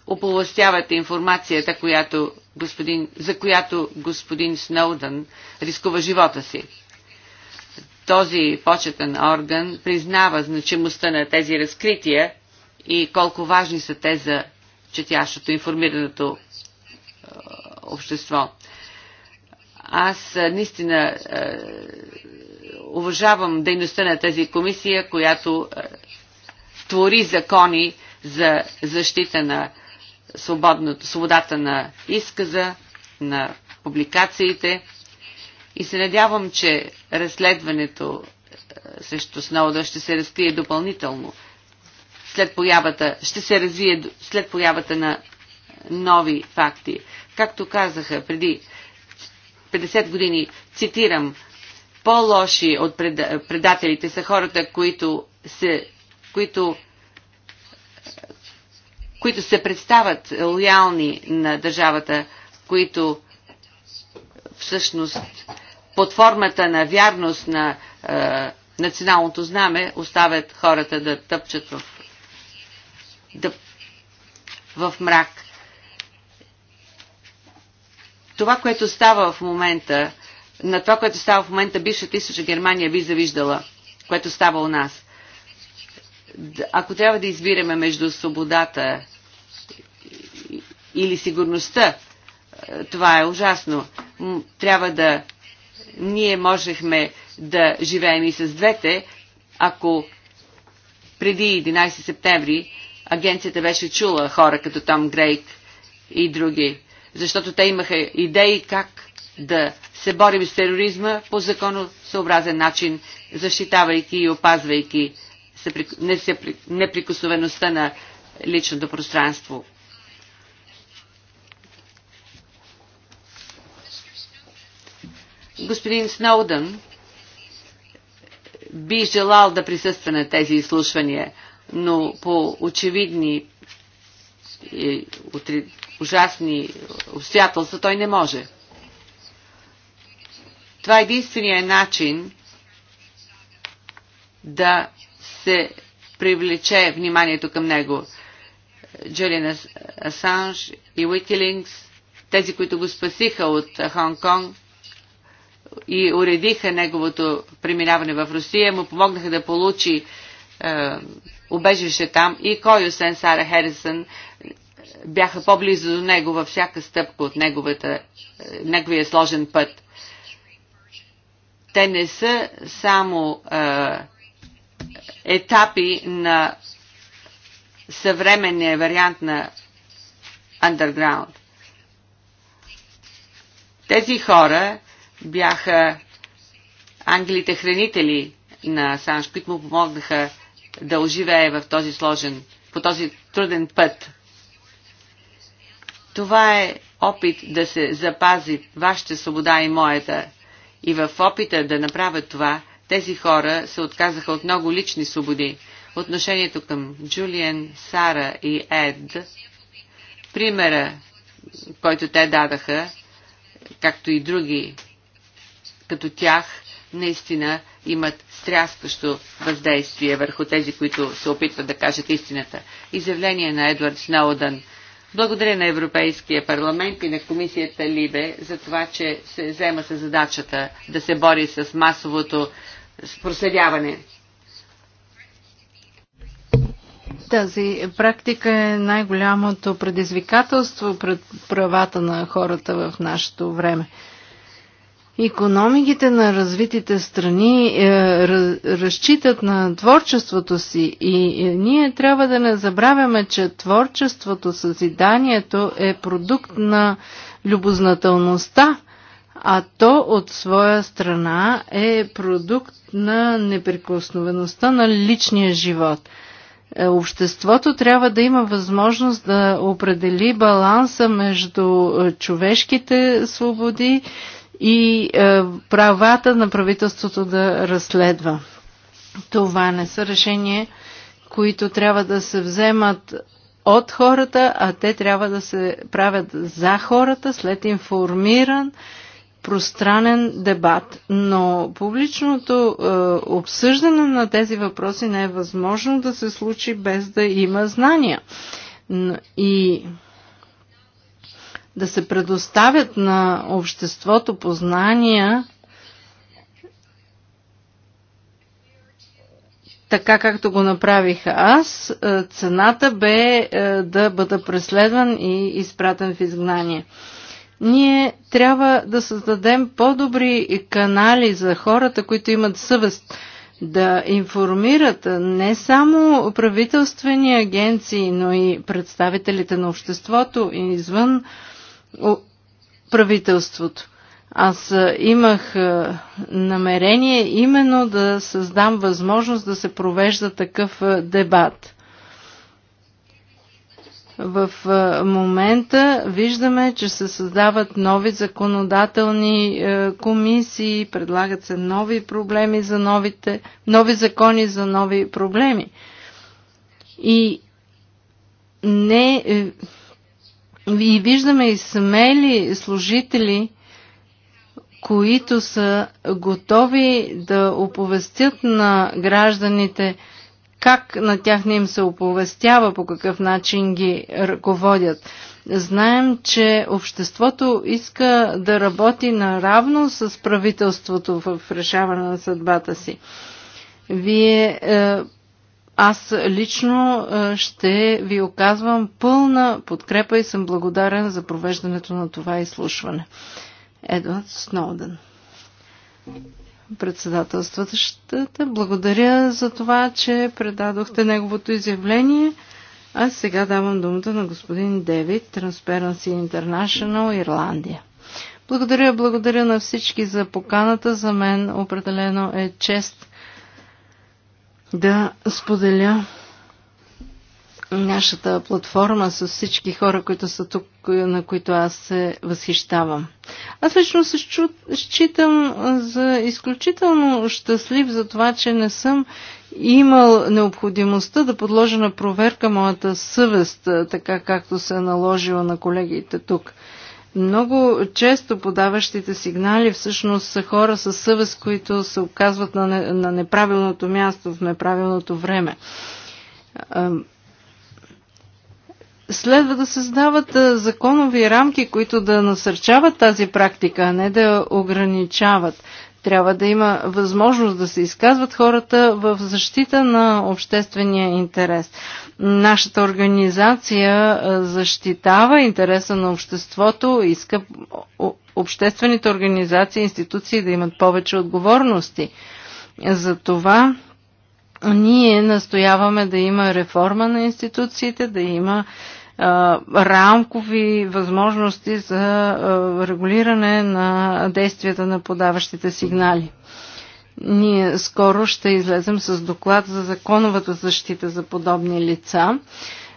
оповластяват информацията, която господин, за която господин Сноудън рискува живота си този почетен орган признава значимостта на тези разкрития и колко важни са те за четящото, информираното е, общество. Аз е, наистина е, уважавам дейността на тази комисия, която твори закони за защита на свободата на изказа, на публикациите и се надявам, че разследването е, срещу Сноуда ще се разкрие допълнително след появата, ще се развие след появата на е, нови факти. Както казаха преди 50 години, цитирам, по-лоши от предателите са хората, които се, които, е, които се представят лоялни на държавата, които всъщност под формата на вярност на е, националното знаме оставят хората да тъпчат в, да, в мрак. Това, което става в момента, на това, което става в момента, бившата източна Германия би завиждала, което става у нас. Ако трябва да избираме между свободата или сигурността, е, това е ужасно. Трябва да ние можехме да живеем и с двете, ако преди 11 септември агенцията беше чула хора като Том Грейк и други, защото те имаха идеи как да се борим с тероризма по законосъобразен начин, защитавайки и опазвайки неприкосновеността на личното пространство. Господин Сноудън би желал да присъства на тези изслушвания, но по очевидни и ужасни обстоятелства той не може. Това е единствения начин да се привлече вниманието към него. Джулиан Асанж и Уикилингс, тези, които го спасиха от Хонг-Конг, и уредиха неговото преминаване в Русия, му помогнаха да получи е, убежище там и кой освен Сара Херисън бяха по-близо до него във всяка стъпка от неговата, е, неговия сложен път. Те не са само е, етапи на съвременния вариант на underground. Тези хора бяха ангелите хранители на Санш, които му помогнаха да оживее в този сложен, по този труден път. Това е опит да се запази вашата свобода и моята. И в опита да направят това, тези хора се отказаха от много лични свободи. Отношението към Джулиен, Сара и Ед, примера, който те дадаха, както и други като тях наистина имат стряскащо въздействие върху тези, които се опитват да кажат истината. Изявление на Едвард Сноудън. Благодаря на Европейския парламент и на комисията Либе за това, че се взема с задачата да се бори с масовото проследяване. Тази практика е най-голямото предизвикателство пред правата на хората в нашето време. Економиките на развитите страни е, разчитат на творчеството си и е, ние трябва да не забравяме, че творчеството, съзиданието е продукт на любознателността, а то от своя страна е продукт на неприкосновеността на личния живот. Е, обществото трябва да има възможност да определи баланса между е, човешките свободи, и е, правата на правителството да разследва. Това не са решения, които трябва да се вземат от хората, а те трябва да се правят за хората след информиран пространен дебат. Но публичното е, обсъждане на тези въпроси не е възможно да се случи без да има знания. И да се предоставят на обществото познания, така както го направих аз, е, цената бе е, да бъда преследван и изпратен в изгнание. Ние трябва да създадем по-добри канали за хората, които имат съвест да информират не само правителствени агенции, но и представителите на обществото и извън правителството. Аз имах намерение именно да създам възможност да се провежда такъв дебат. В момента виждаме, че се създават нови законодателни комисии, предлагат се нови проблеми за новите, нови закони за нови проблеми. И не е, и виждаме и смели служители, които са готови да оповестят на гражданите как на тях не им се оповестява, по какъв начин ги ръководят. Знаем, че обществото иска да работи наравно с правителството в решаване на съдбата си. Вие е, аз лично е, ще ви оказвам пълна подкрепа и съм благодарен за провеждането на това изслушване. Едвард Сноуден. Председателствата, благодаря за това, че предадохте неговото изявление. А сега давам думата на господин Девид, Transparency International, Ирландия. Благодаря, благодаря на всички за поканата. За мен определено е чест да споделя нашата платформа с всички хора, които са тук, на които аз се възхищавам. Аз лично се считам за изключително щастлив за това, че не съм имал необходимостта да подложа на проверка моята съвест, така както се е наложила на колегите тук. Много често подаващите сигнали всъщност са хора със съвест, които се оказват на, не, на неправилното място в неправилното време. Следва да създават законови рамки, които да насърчават тази практика, а не да ограничават трябва да има възможност да се изказват хората в защита на обществения интерес. Нашата организация защитава интереса на обществото, иска обществените организации институции да имат повече отговорности. За това ние настояваме да има реформа на институциите, да има рамкови възможности за регулиране на действията на подаващите сигнали. Ние скоро ще излезем с доклад за законовата защита за подобни лица.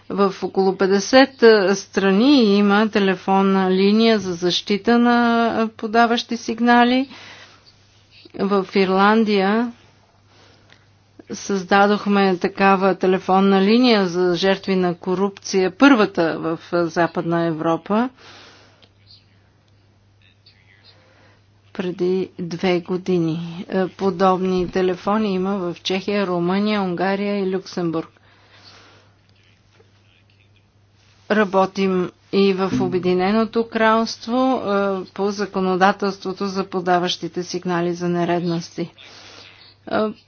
В около 50 страни има телефонна линия за защита на подаващи сигнали. В Ирландия създадохме такава телефонна линия за жертви на корупция, първата в Западна Европа. преди две години. Е, подобни телефони има в Чехия, Румъния, Унгария и Люксембург. Работим и в Обединеното кралство е, по законодателството за подаващите сигнали за нередности. Е,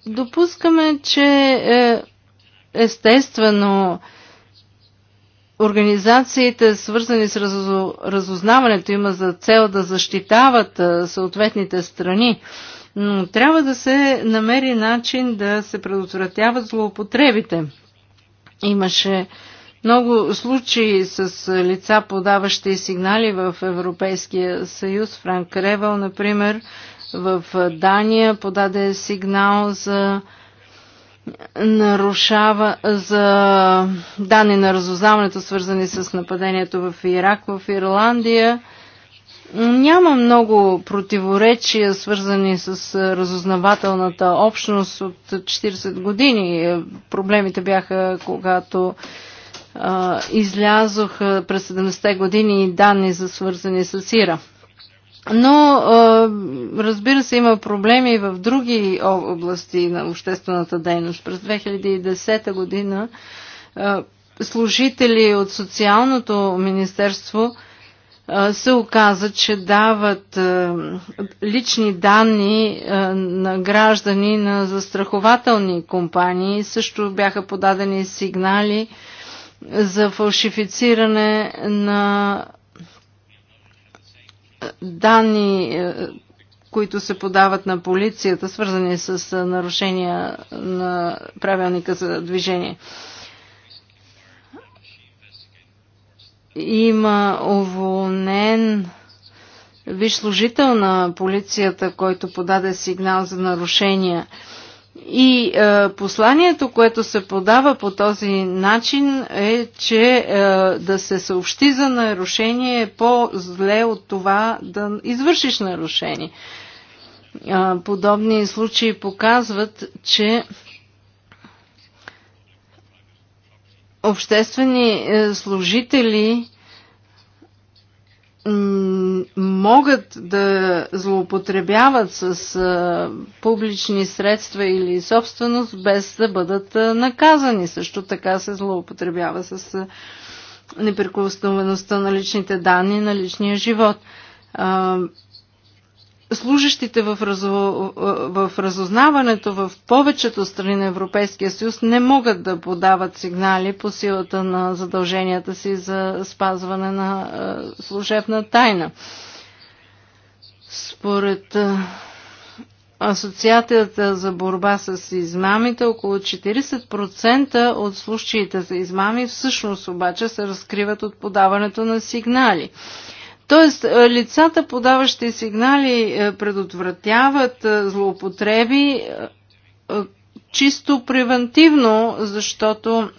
допускаме, че естествено Организациите, свързани с разузнаването, има за цел да защитават съответните страни, но трябва да се намери начин да се предотвратяват злоупотребите. Имаше много случаи с лица, подаващи сигнали в Европейския съюз. Франк Ревел, например, в Дания подаде сигнал за нарушава за данни на разузнаването, свързани с нападението в Ирак, в Ирландия. Няма много противоречия, свързани с разузнавателната общност от 40 години. Проблемите бяха, когато а, излязох през 70-те години данни за свързани с Ира. Но, разбира се, има проблеми и в други области на обществената дейност. През 2010 година служители от Социалното министерство се оказа, че дават лични данни на граждани на застрахователни компании. Също бяха подадени сигнали за фалшифициране на данни, е, които се подават на полицията, свързани с е, нарушения на правилника за движение. Има уволнен виж служител на полицията, който подаде сигнал за нарушения – и е, посланието, което се подава по този начин е, че е, да се съобщи за нарушение е по-зле от това да извършиш нарушение. Е, подобни случаи показват, че обществени е, служители могат да злоупотребяват с а, публични средства или собственост без да бъдат а, наказани. Също така се злоупотребява с а, неприкосновеността на личните данни на личния живот. А, служащите в, разо, в разузнаването в повечето страни на Европейския съюз не могат да подават сигнали по силата на задълженията си за спазване на служебна тайна. Според Асоциацията за борба с измамите, около 40% от случаите за измами всъщност обаче се разкриват от подаването на сигнали. Тоест, е, лицата, подаващи сигнали, е, предотвратяват е, злоупотреби чисто превентивно, защото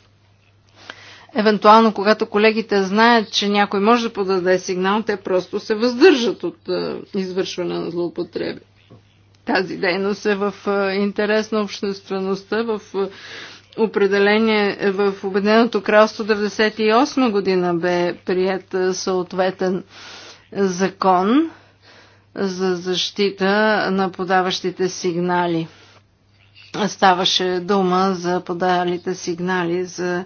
евентуално, когато колегите знаят, че някой може да подаде сигнал, те просто се въздържат от извършване на злоупотреби. Тази дейност е в интерес на обществеността, в определение в Обединеното кралство 98 година бе прият съответен закон за защита на подаващите сигнали. Ставаше дума за подалите сигнали за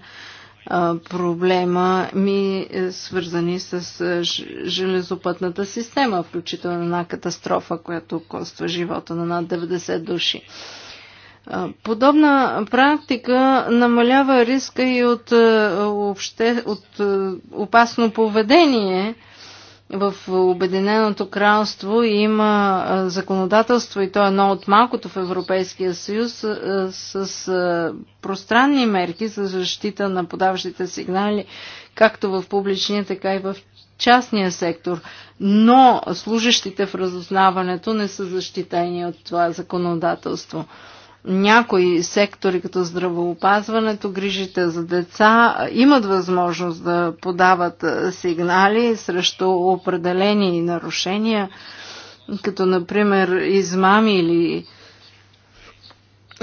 проблема ми, е, свързани с железопътната система, включително една катастрофа, която коства живота на над 90 души. Подобна практика намалява риска и от, обще, от опасно поведение в Обединеното кралство има законодателство и то е едно от малкото в Европейския съюз с пространни мерки за защита на подаващите сигнали, както в публичния, така и в частния сектор. Но служащите в разузнаването не са защитени от това законодателство някои сектори, като здравоопазването, грижите за деца, имат възможност да подават сигнали срещу определени нарушения, като например измами или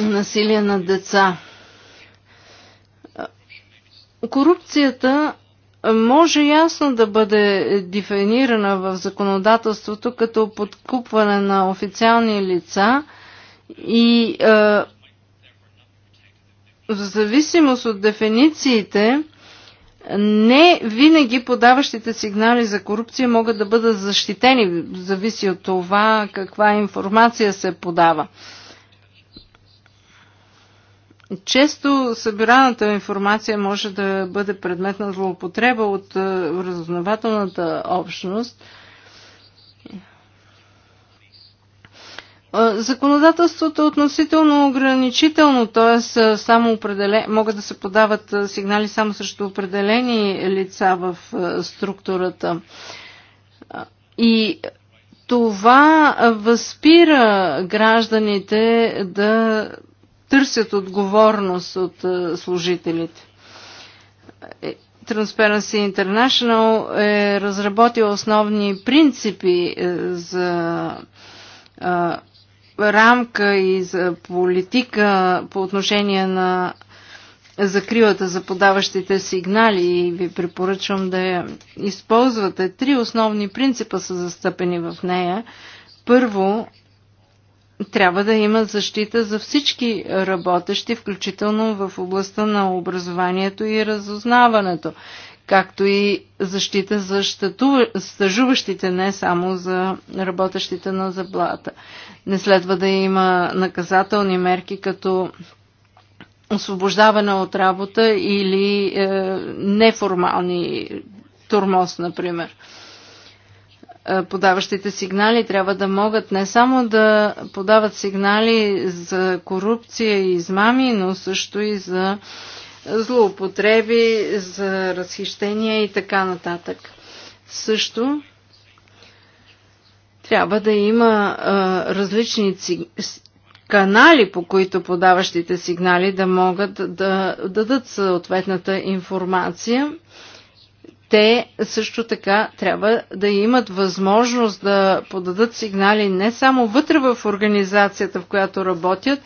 насилие на деца. Корупцията може ясно да бъде дефинирана в законодателството като подкупване на официални лица – и е, в зависимост от дефинициите, не винаги подаващите сигнали за корупция могат да бъдат защитени, зависи от това каква информация се подава. Често събираната информация може да бъде предмет на злоупотреба от е, разузнавателната общност – Законодателството е относително ограничително, т.е. Само определен... могат да се подават сигнали само срещу определени лица в структурата. И това възпира гражданите да търсят отговорност от служителите. Е, Transparency International е разработил основни принципи е, за рамка и за политика по отношение на закрилата за подаващите сигнали и ви препоръчвам да я използвате. Три основни принципа са застъпени в нея. Първо, трябва да има защита за всички работещи, включително в областта на образованието и разузнаването както и защита за стажуващите, не само за работещите на заплата. Не следва да има наказателни мерки като освобождаване от работа или е, неформални турмоз, например. Е, подаващите сигнали трябва да могат не само да подават сигнали за корупция и измами, но също и за е, злоупотреби, за разхищения и така нататък. Също трябва да има а, различни канали, по които подаващите сигнали да могат да, да дадат съответната информация. Те също така трябва да имат възможност да подадат сигнали не само вътре в организацията, в която работят,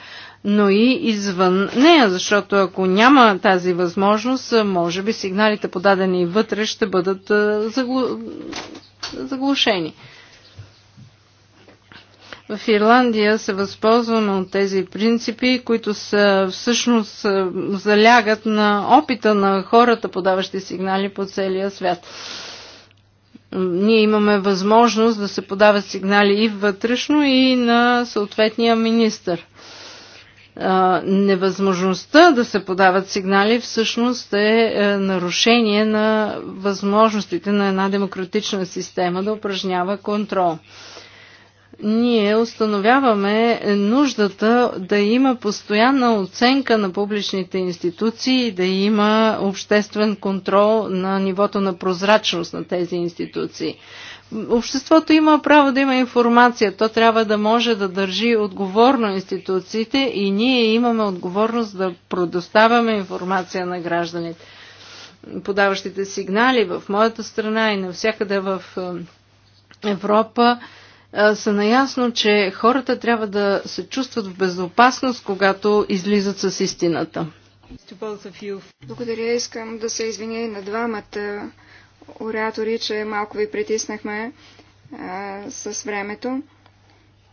но и извън нея, защото ако няма тази възможност, може би сигналите подадени вътре ще бъдат заглушени. В Ирландия се възползваме от тези принципи, които са, всъщност залягат на опита на хората, подаващи сигнали по целия свят. Ние имаме възможност да се подават сигнали и вътрешно, и на съответния министър невъзможността да се подават сигнали всъщност е, е нарушение на възможностите на една демократична система да упражнява контрол. Ние установяваме нуждата да има постоянна оценка на публичните институции, да има обществен контрол на нивото на прозрачност на тези институции. Обществото има право да има информация. То трябва да може да държи отговорно институциите и ние имаме отговорност да предоставяме информация на гражданите. Подаващите сигнали в моята страна и навсякъде в е, Европа е, са наясно, че хората трябва да се чувстват в безопасност, когато излизат с истината. Благодаря. Искам да се извиня на двамата оратори, че малко ви притиснахме а, с времето.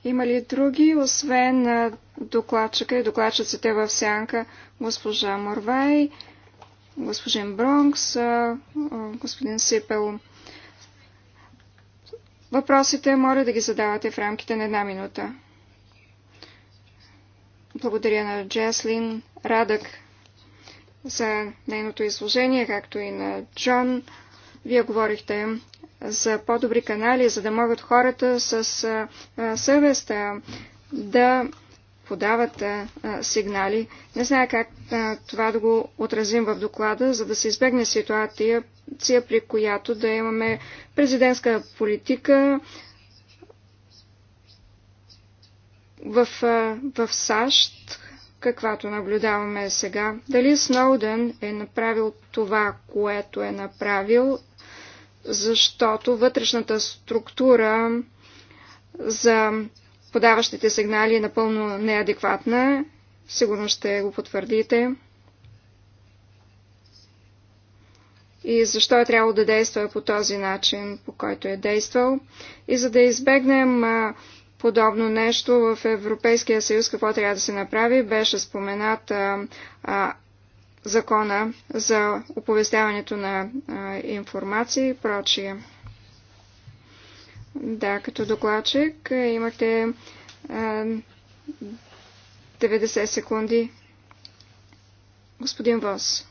Има ли други, освен а, докладчика и докладчиците в сянка, госпожа Морвай, господин Бронкс, а, а, господин Сипел? Въпросите може да ги задавате в рамките на една минута. Благодаря на Джеслин Радък за нейното изложение, както и на Джон. Вие говорихте за по-добри канали, за да могат хората с съвест да подават сигнали. Не знае как това да го отразим в доклада, за да се избегне ситуация, при която да имаме президентска политика в, в САЩ, каквато наблюдаваме сега. Дали Сноуден е направил това, което е направил защото вътрешната структура за подаващите сигнали е напълно неадекватна. Сигурно ще го потвърдите. И защо е трябвало да действа по този начин, по който е действал. И за да избегнем подобно нещо в Европейския съюз, какво трябва да се направи, беше споменат закона за оповестяването на а, информация и прочие. Да, като докладчик имате а, 90 секунди. Господин Вос.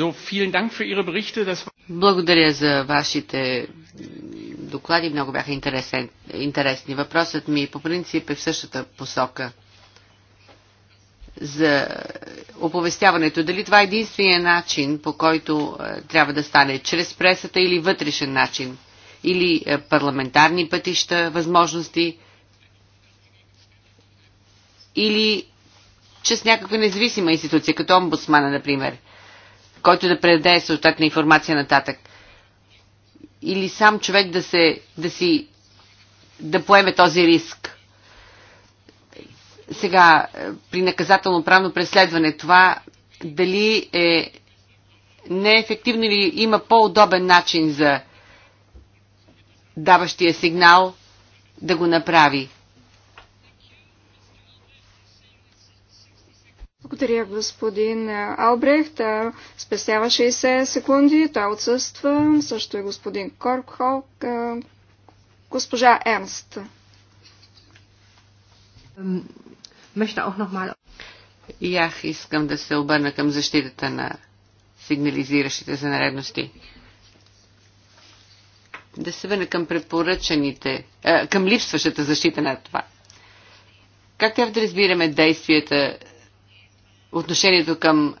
So, vielen Dank für Ihre Berichte. Das... Благодаря за вашите доклади много бяха интересни. Въпросът ми по принцип е в същата посока за оповестяването. Дали това е единствения начин, по който е, трябва да стане? Чрез пресата или вътрешен начин? Или е, парламентарни пътища, възможности? Или чрез някаква независима институция, като омбудсмана, например, който да предаде съответна информация нататък? или сам човек да, се, да си да поеме този риск. Сега, е, при наказателно-правно преследване, това дали е неефективно или има по-удобен начин за даващия сигнал да го направи. Благодаря, господин Албрехт. Спестява 60 секунди. Той отсъства. Също е господин Коркхолк. Госпожа Ернст. И аз искам да се обърна към защитата на сигнализиращите за наредности. Да се върна към препоръчаните, към липсващата защита на това. Как трябва да разбираме действията отношението към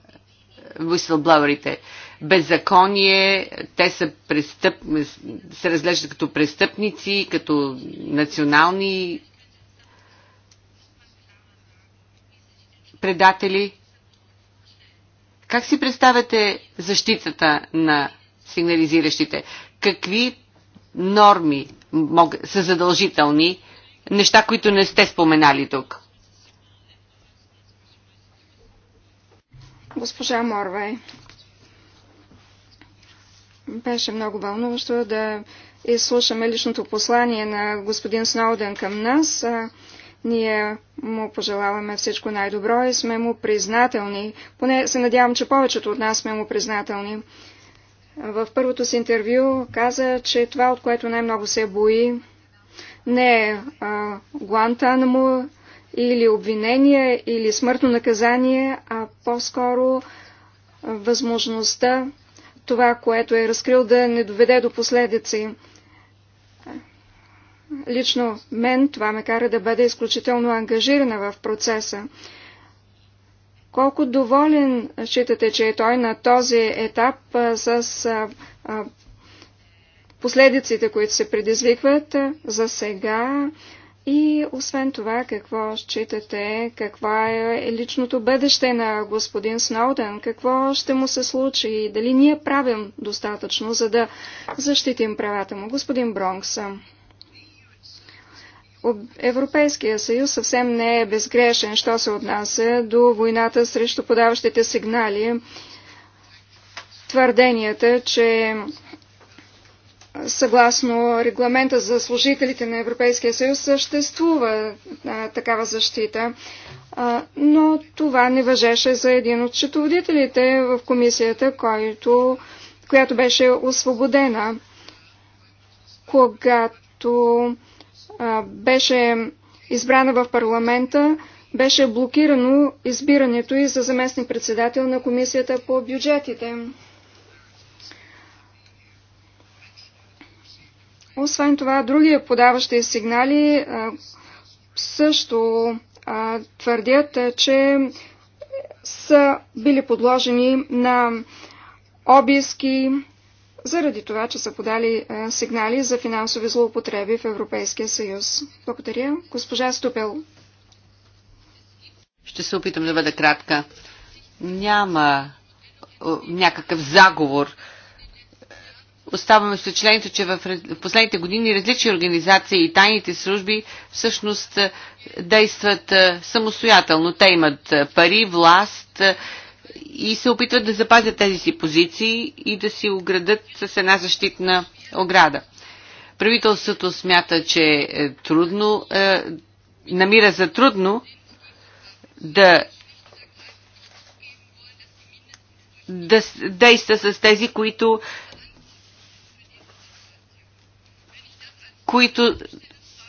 whistleblowerите. Беззаконие, те са престъп, се разглеждат като престъпници, като национални предатели. Как си представяте защитата на сигнализиращите? Какви норми са задължителни, неща, които не сте споменали тук? Госпожа Морвай. Беше много вълнуващо да изслушаме личното послание на господин Сноуден към нас. Ние му пожелаваме всичко най-добро и сме му признателни. Поне се надявам, че повечето от нас сме му признателни. В първото си интервю каза, че това, от което най-много се бои, не е Гуантанамо или обвинение, или смъртно наказание, а по-скоро възможността това, което е разкрил, да не доведе до последици. Лично мен това ме кара да бъда изключително ангажирана в процеса. Колко доволен считате, че е той на този етап с последиците, които се предизвикват за сега, и освен това, какво считате, каква е личното бъдеще на господин Сноуден, какво ще му се случи и дали ние правим достатъчно, за да защитим правата му, господин Бронкса? Европейския съюз съвсем не е безгрешен, що се отнася до войната срещу подаващите сигнали. Твърденията, че съгласно регламента за служителите на Европейския съюз съществува а, такава защита. А, но това не въжеше за един от счетоводителите в комисията, който, която беше освободена, когато а, беше избрана в парламента, беше блокирано избирането и за заместник председател на комисията по бюджетите. Освен това, другия подаващи сигнали също твърдят, че са били подложени на обиски заради това, че са подали сигнали за финансови злоупотреби в Европейския съюз. Благодаря. Госпожа Ступел. Ще се опитам да бъда кратка. Няма някакъв заговор Оставаме с впечатлението, че в последните години различни организации и тайните служби всъщност е, действат е, самостоятелно. Те имат е, пари, власт и се опитват да запазят тези си позиции и да си оградат с една защитна ограда. Правителството смята, че е трудно, е, намира за трудно да да действа с тези, които които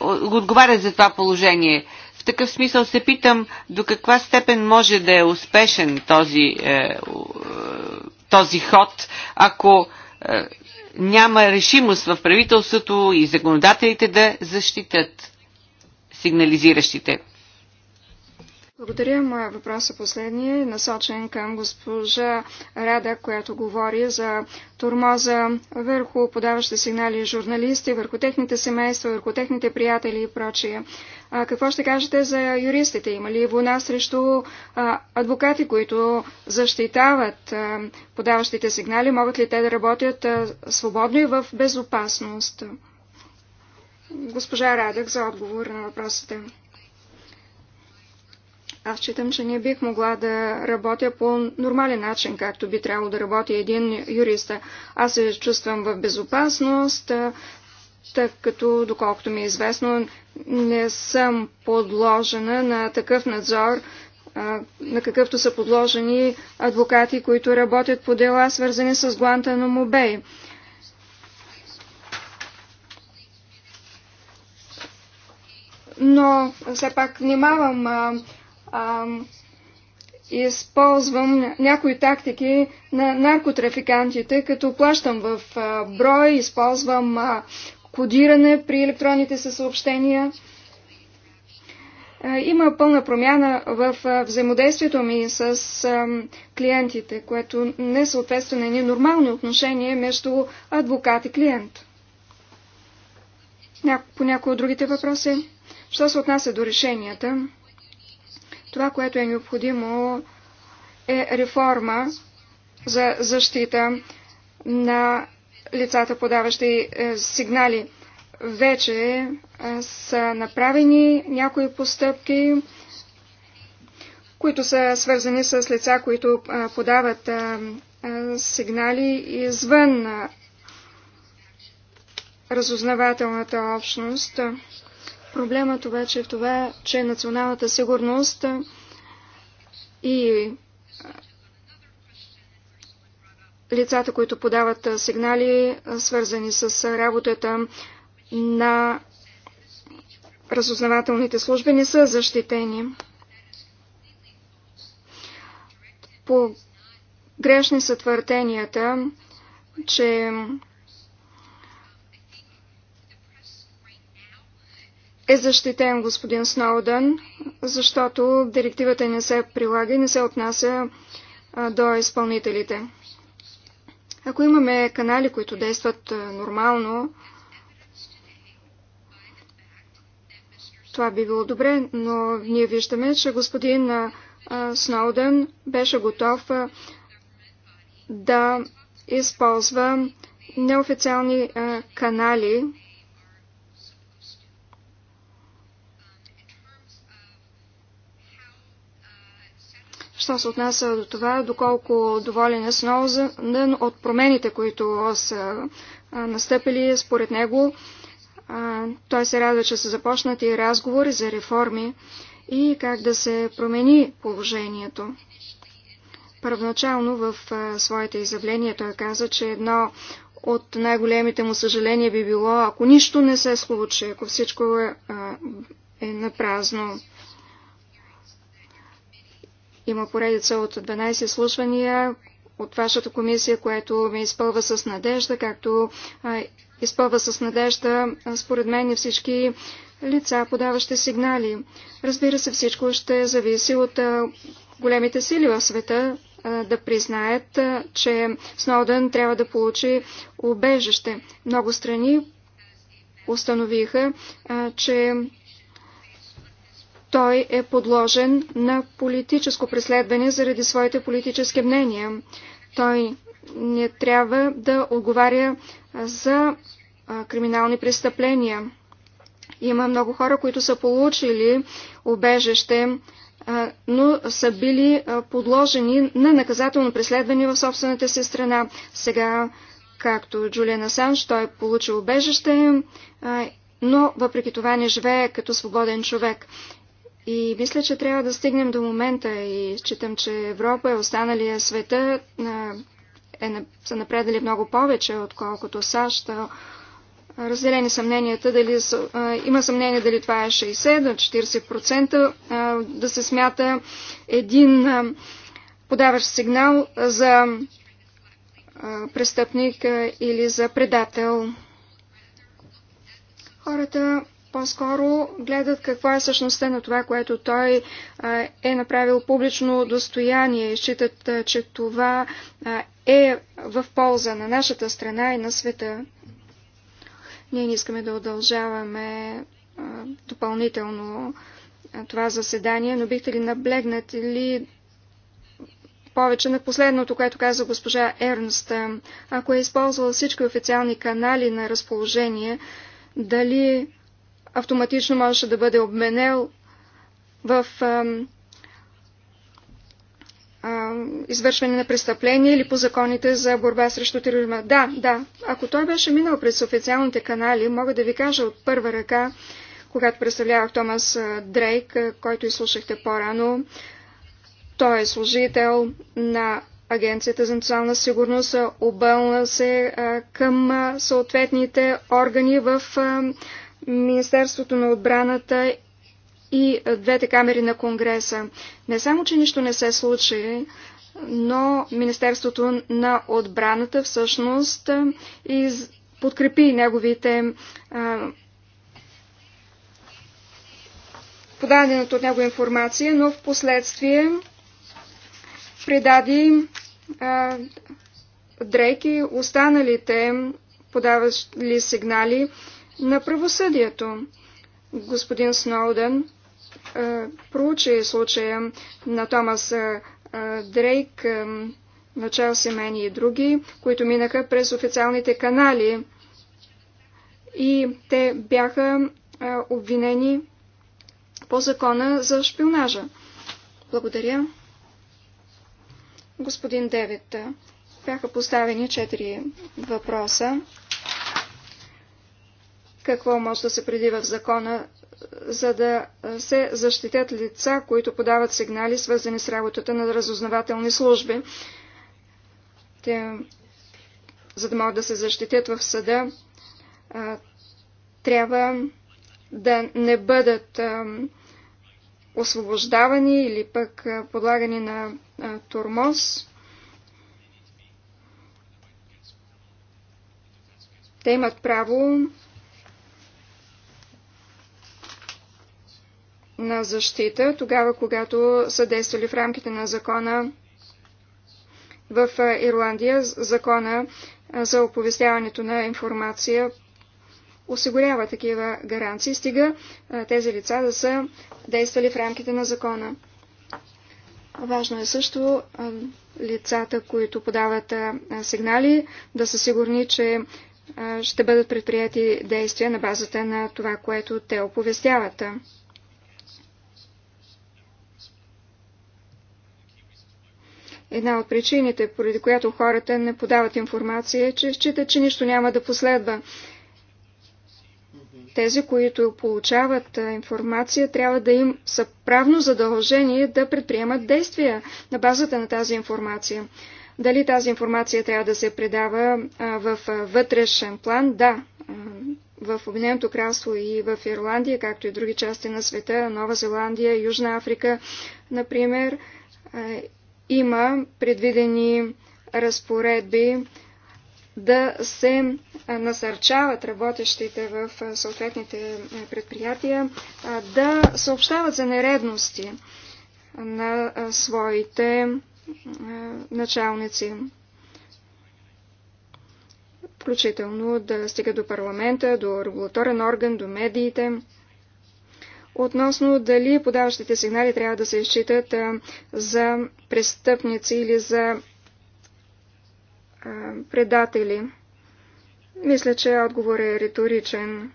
отговарят за това положение. В такъв смисъл се питам до каква степен може да е успешен този, е, е, този ход, ако е, няма решимост в правителството и законодателите да защитят сигнализиращите. Благодаря. Моя въпрос е последния, насочен към госпожа Рада, която говори за турмоза върху подаващи сигнали журналисти, върху техните семейства, върху техните приятели и прочие. А, какво ще кажете за юристите? Има ли война срещу а, адвокати, които защитават а, подаващите сигнали? Могат ли те да работят а, свободно и в безопасност? Госпожа Радък за отговор на въпросите. Аз считам, че не бих могла да работя по нормален начин, както би трябвало да работи един юрист. Аз се чувствам в безопасност, тъй като, доколкото ми е известно, не съм подложена на такъв надзор, на какъвто са подложени адвокати, които работят по дела, свързани с Гуантанамо Мобей. Но все пак внимавам а, използвам някои тактики на наркотрафикантите, като плащам в а, брой, използвам а, кодиране при електронните съобщения. Има пълна промяна в взаимодействието ми с клиентите, което не съответства на едни нормални отношения между адвокат и клиент. По някои от другите въпроси, що се отнася до решенията, това, което е необходимо, е реформа за защита на лицата, подаващи е, сигнали. Вече е, са направени някои постъпки, които са свързани с лица, които е, подават сигнали извън разузнавателната общност. Проблемът обаче е в това, че националната сигурност и лицата, които подават сигнали, свързани с работата на разузнавателните служби, не са защитени. По грешни са твърденията, че е защитен господин Сноудън, защото директивата не се прилага и не се отнася до изпълнителите. Ако имаме канали, които действат нормално, това би било добре, но ние виждаме, че господин Сноуден беше готов да използва неофициални канали, Що се отнася до това, доколко доволен е Сноузен от промените, които са настъпили според него, той се радва, че са започнати разговори за реформи и как да се промени положението. Първоначално в своите изявления той каза, че едно от най-големите му съжаления би било, ако нищо не се случи, ако всичко е, е на празно. Има поредица от 12 слушвания от вашата комисия, което ме изпълва с надежда, както изпълва с надежда, според мен, и всички лица, подаващи сигнали. Разбира се, всичко ще зависи от големите сили в света да признаят, че Сноуден трябва да получи убежище. Много страни установиха, че той е подложен на политическо преследване заради своите политически мнения. Той не трябва да отговаря за криминални престъпления. Има много хора, които са получили обежище, но са били подложени на наказателно преследване в собствената си страна. Сега, както Джулиан Асанж, той е получил обежище, но въпреки това не живее като свободен човек. И мисля, че трябва да стигнем до момента и считам, че Европа и е останалия света е, е, са напредали много повече, отколкото САЩ. Разделени съмненията, дали, е, има съмнение дали това е 60 до 40%, е, да се смята един е, подаващ сигнал за е, престъпник е, или за предател. Хората по-скоро гледат каква е същността на това, което той е направил публично достояние и считат, че това е в полза на нашата страна и на света. Ние не искаме да удължаваме допълнително това заседание, но бихте ли наблегнат ли повече на последното, което каза госпожа Ернст, ако е използвала всички официални канали на разположение, дали автоматично може да бъде обменел в а, а, извършване на престъпления или по законите за борба срещу тероризма. Да, да, ако той беше минал през официалните канали, мога да ви кажа от първа ръка, когато представлявах Томас Дрейк, който изслушахте по-рано, той е служител на Агенцията за национална сигурност, обълна се а, към съответните органи в Министерството на отбраната и двете камери на Конгреса. Не само, че нищо не се случи, но Министерството на отбраната всъщност из... подкрепи неговите а... подадената от него информация, но в последствие предади а... Дрейк и останалите подавали сигнали на правосъдието. Господин Сноуден е, проучи случая на Томас е, е, Дрейк, на Чарлз Семени и други, които минаха през официалните канали и те бяха обвинени по закона за шпионажа. Благодаря. Господин Девет, бяха поставени четири въпроса какво може да се преди в закона, за да се защитят лица, които подават сигнали, свързани с работата на разузнавателни служби. Те, за да могат да се защитят в съда, трябва да не бъдат освобождавани или пък подлагани на тормоз. Те имат право на защита, тогава когато са действали в рамките на закона в Ирландия, закона за оповестяването на информация осигурява такива гаранции, стига тези лица да са действали в рамките на закона. Важно е също лицата, които подават сигнали, да са сигурни, че ще бъдат предприяти действия на базата на това, което те оповестяват. Една от причините, поради която хората не подават информация, е, че считат, че нищо няма да последва. Тези, които получават информация, трябва да им са правно задължение да предприемат действия на базата на тази информация. Дали тази информация трябва да се предава в вътрешен план? Да. В Обединеното кралство и в Ирландия, както и други части на света, Нова Зеландия, Южна Африка, например, има предвидени разпоредби да се насърчават работещите в съответните предприятия да съобщават за нередности на своите началници. Включително да стига до парламента, до регулаторен орган, до медиите относно дали подаващите сигнали трябва да се изчитат за престъпници или за предатели. Мисля, че отговор е риторичен.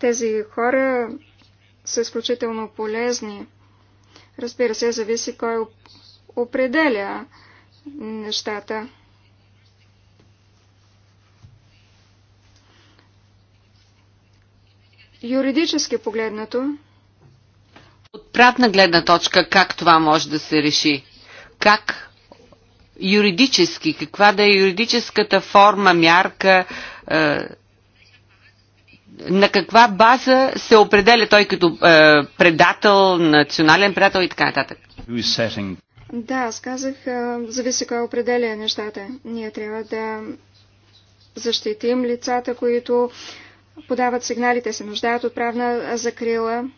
Тези хора са изключително полезни. Разбира се, зависи кой определя нещата. юридически погледнато. От правна гледна точка, как това може да се реши? Как юридически, каква да е юридическата форма, мярка, е, на каква база се определя той като е, предател, национален предател и така нататък? Да, аз казах, е, зависи кой определя нещата. Ние трябва да защитим лицата, които подават сигналите, се нуждаят от правна закрила.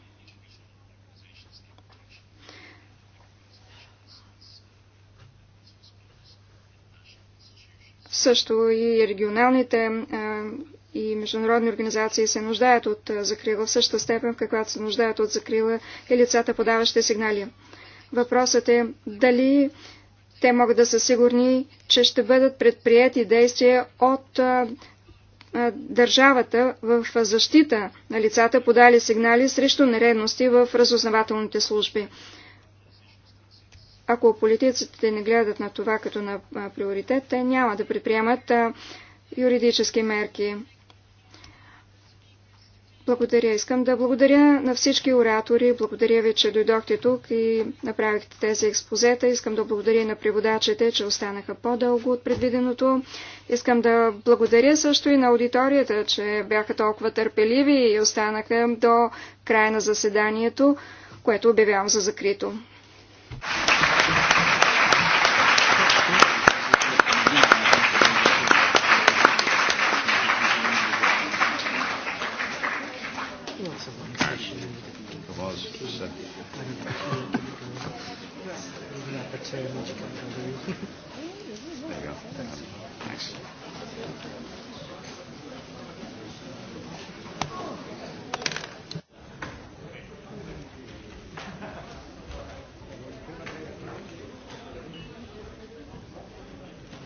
Също и регионалните и международни организации се нуждаят от закрила в същата степен, в каквато се нуждаят от закрила и лицата, подаващи сигнали. Въпросът е дали те могат да са сигурни, че ще бъдат предприяти действия от държавата в защита на лицата, подали сигнали срещу нередности в разузнавателните служби. Ако политиците не гледат на това като на приоритет, те няма да предприемат юридически мерки. Благодаря. Искам да благодаря на всички оратори. Благодаря ви, че дойдохте тук и направихте тези експозета. Искам да благодаря на преводачите, че останаха по-дълго от предвиденото. Искам да благодаря също и на аудиторията, че бяха толкова търпеливи и останаха до края на заседанието, което обявявам за закрито.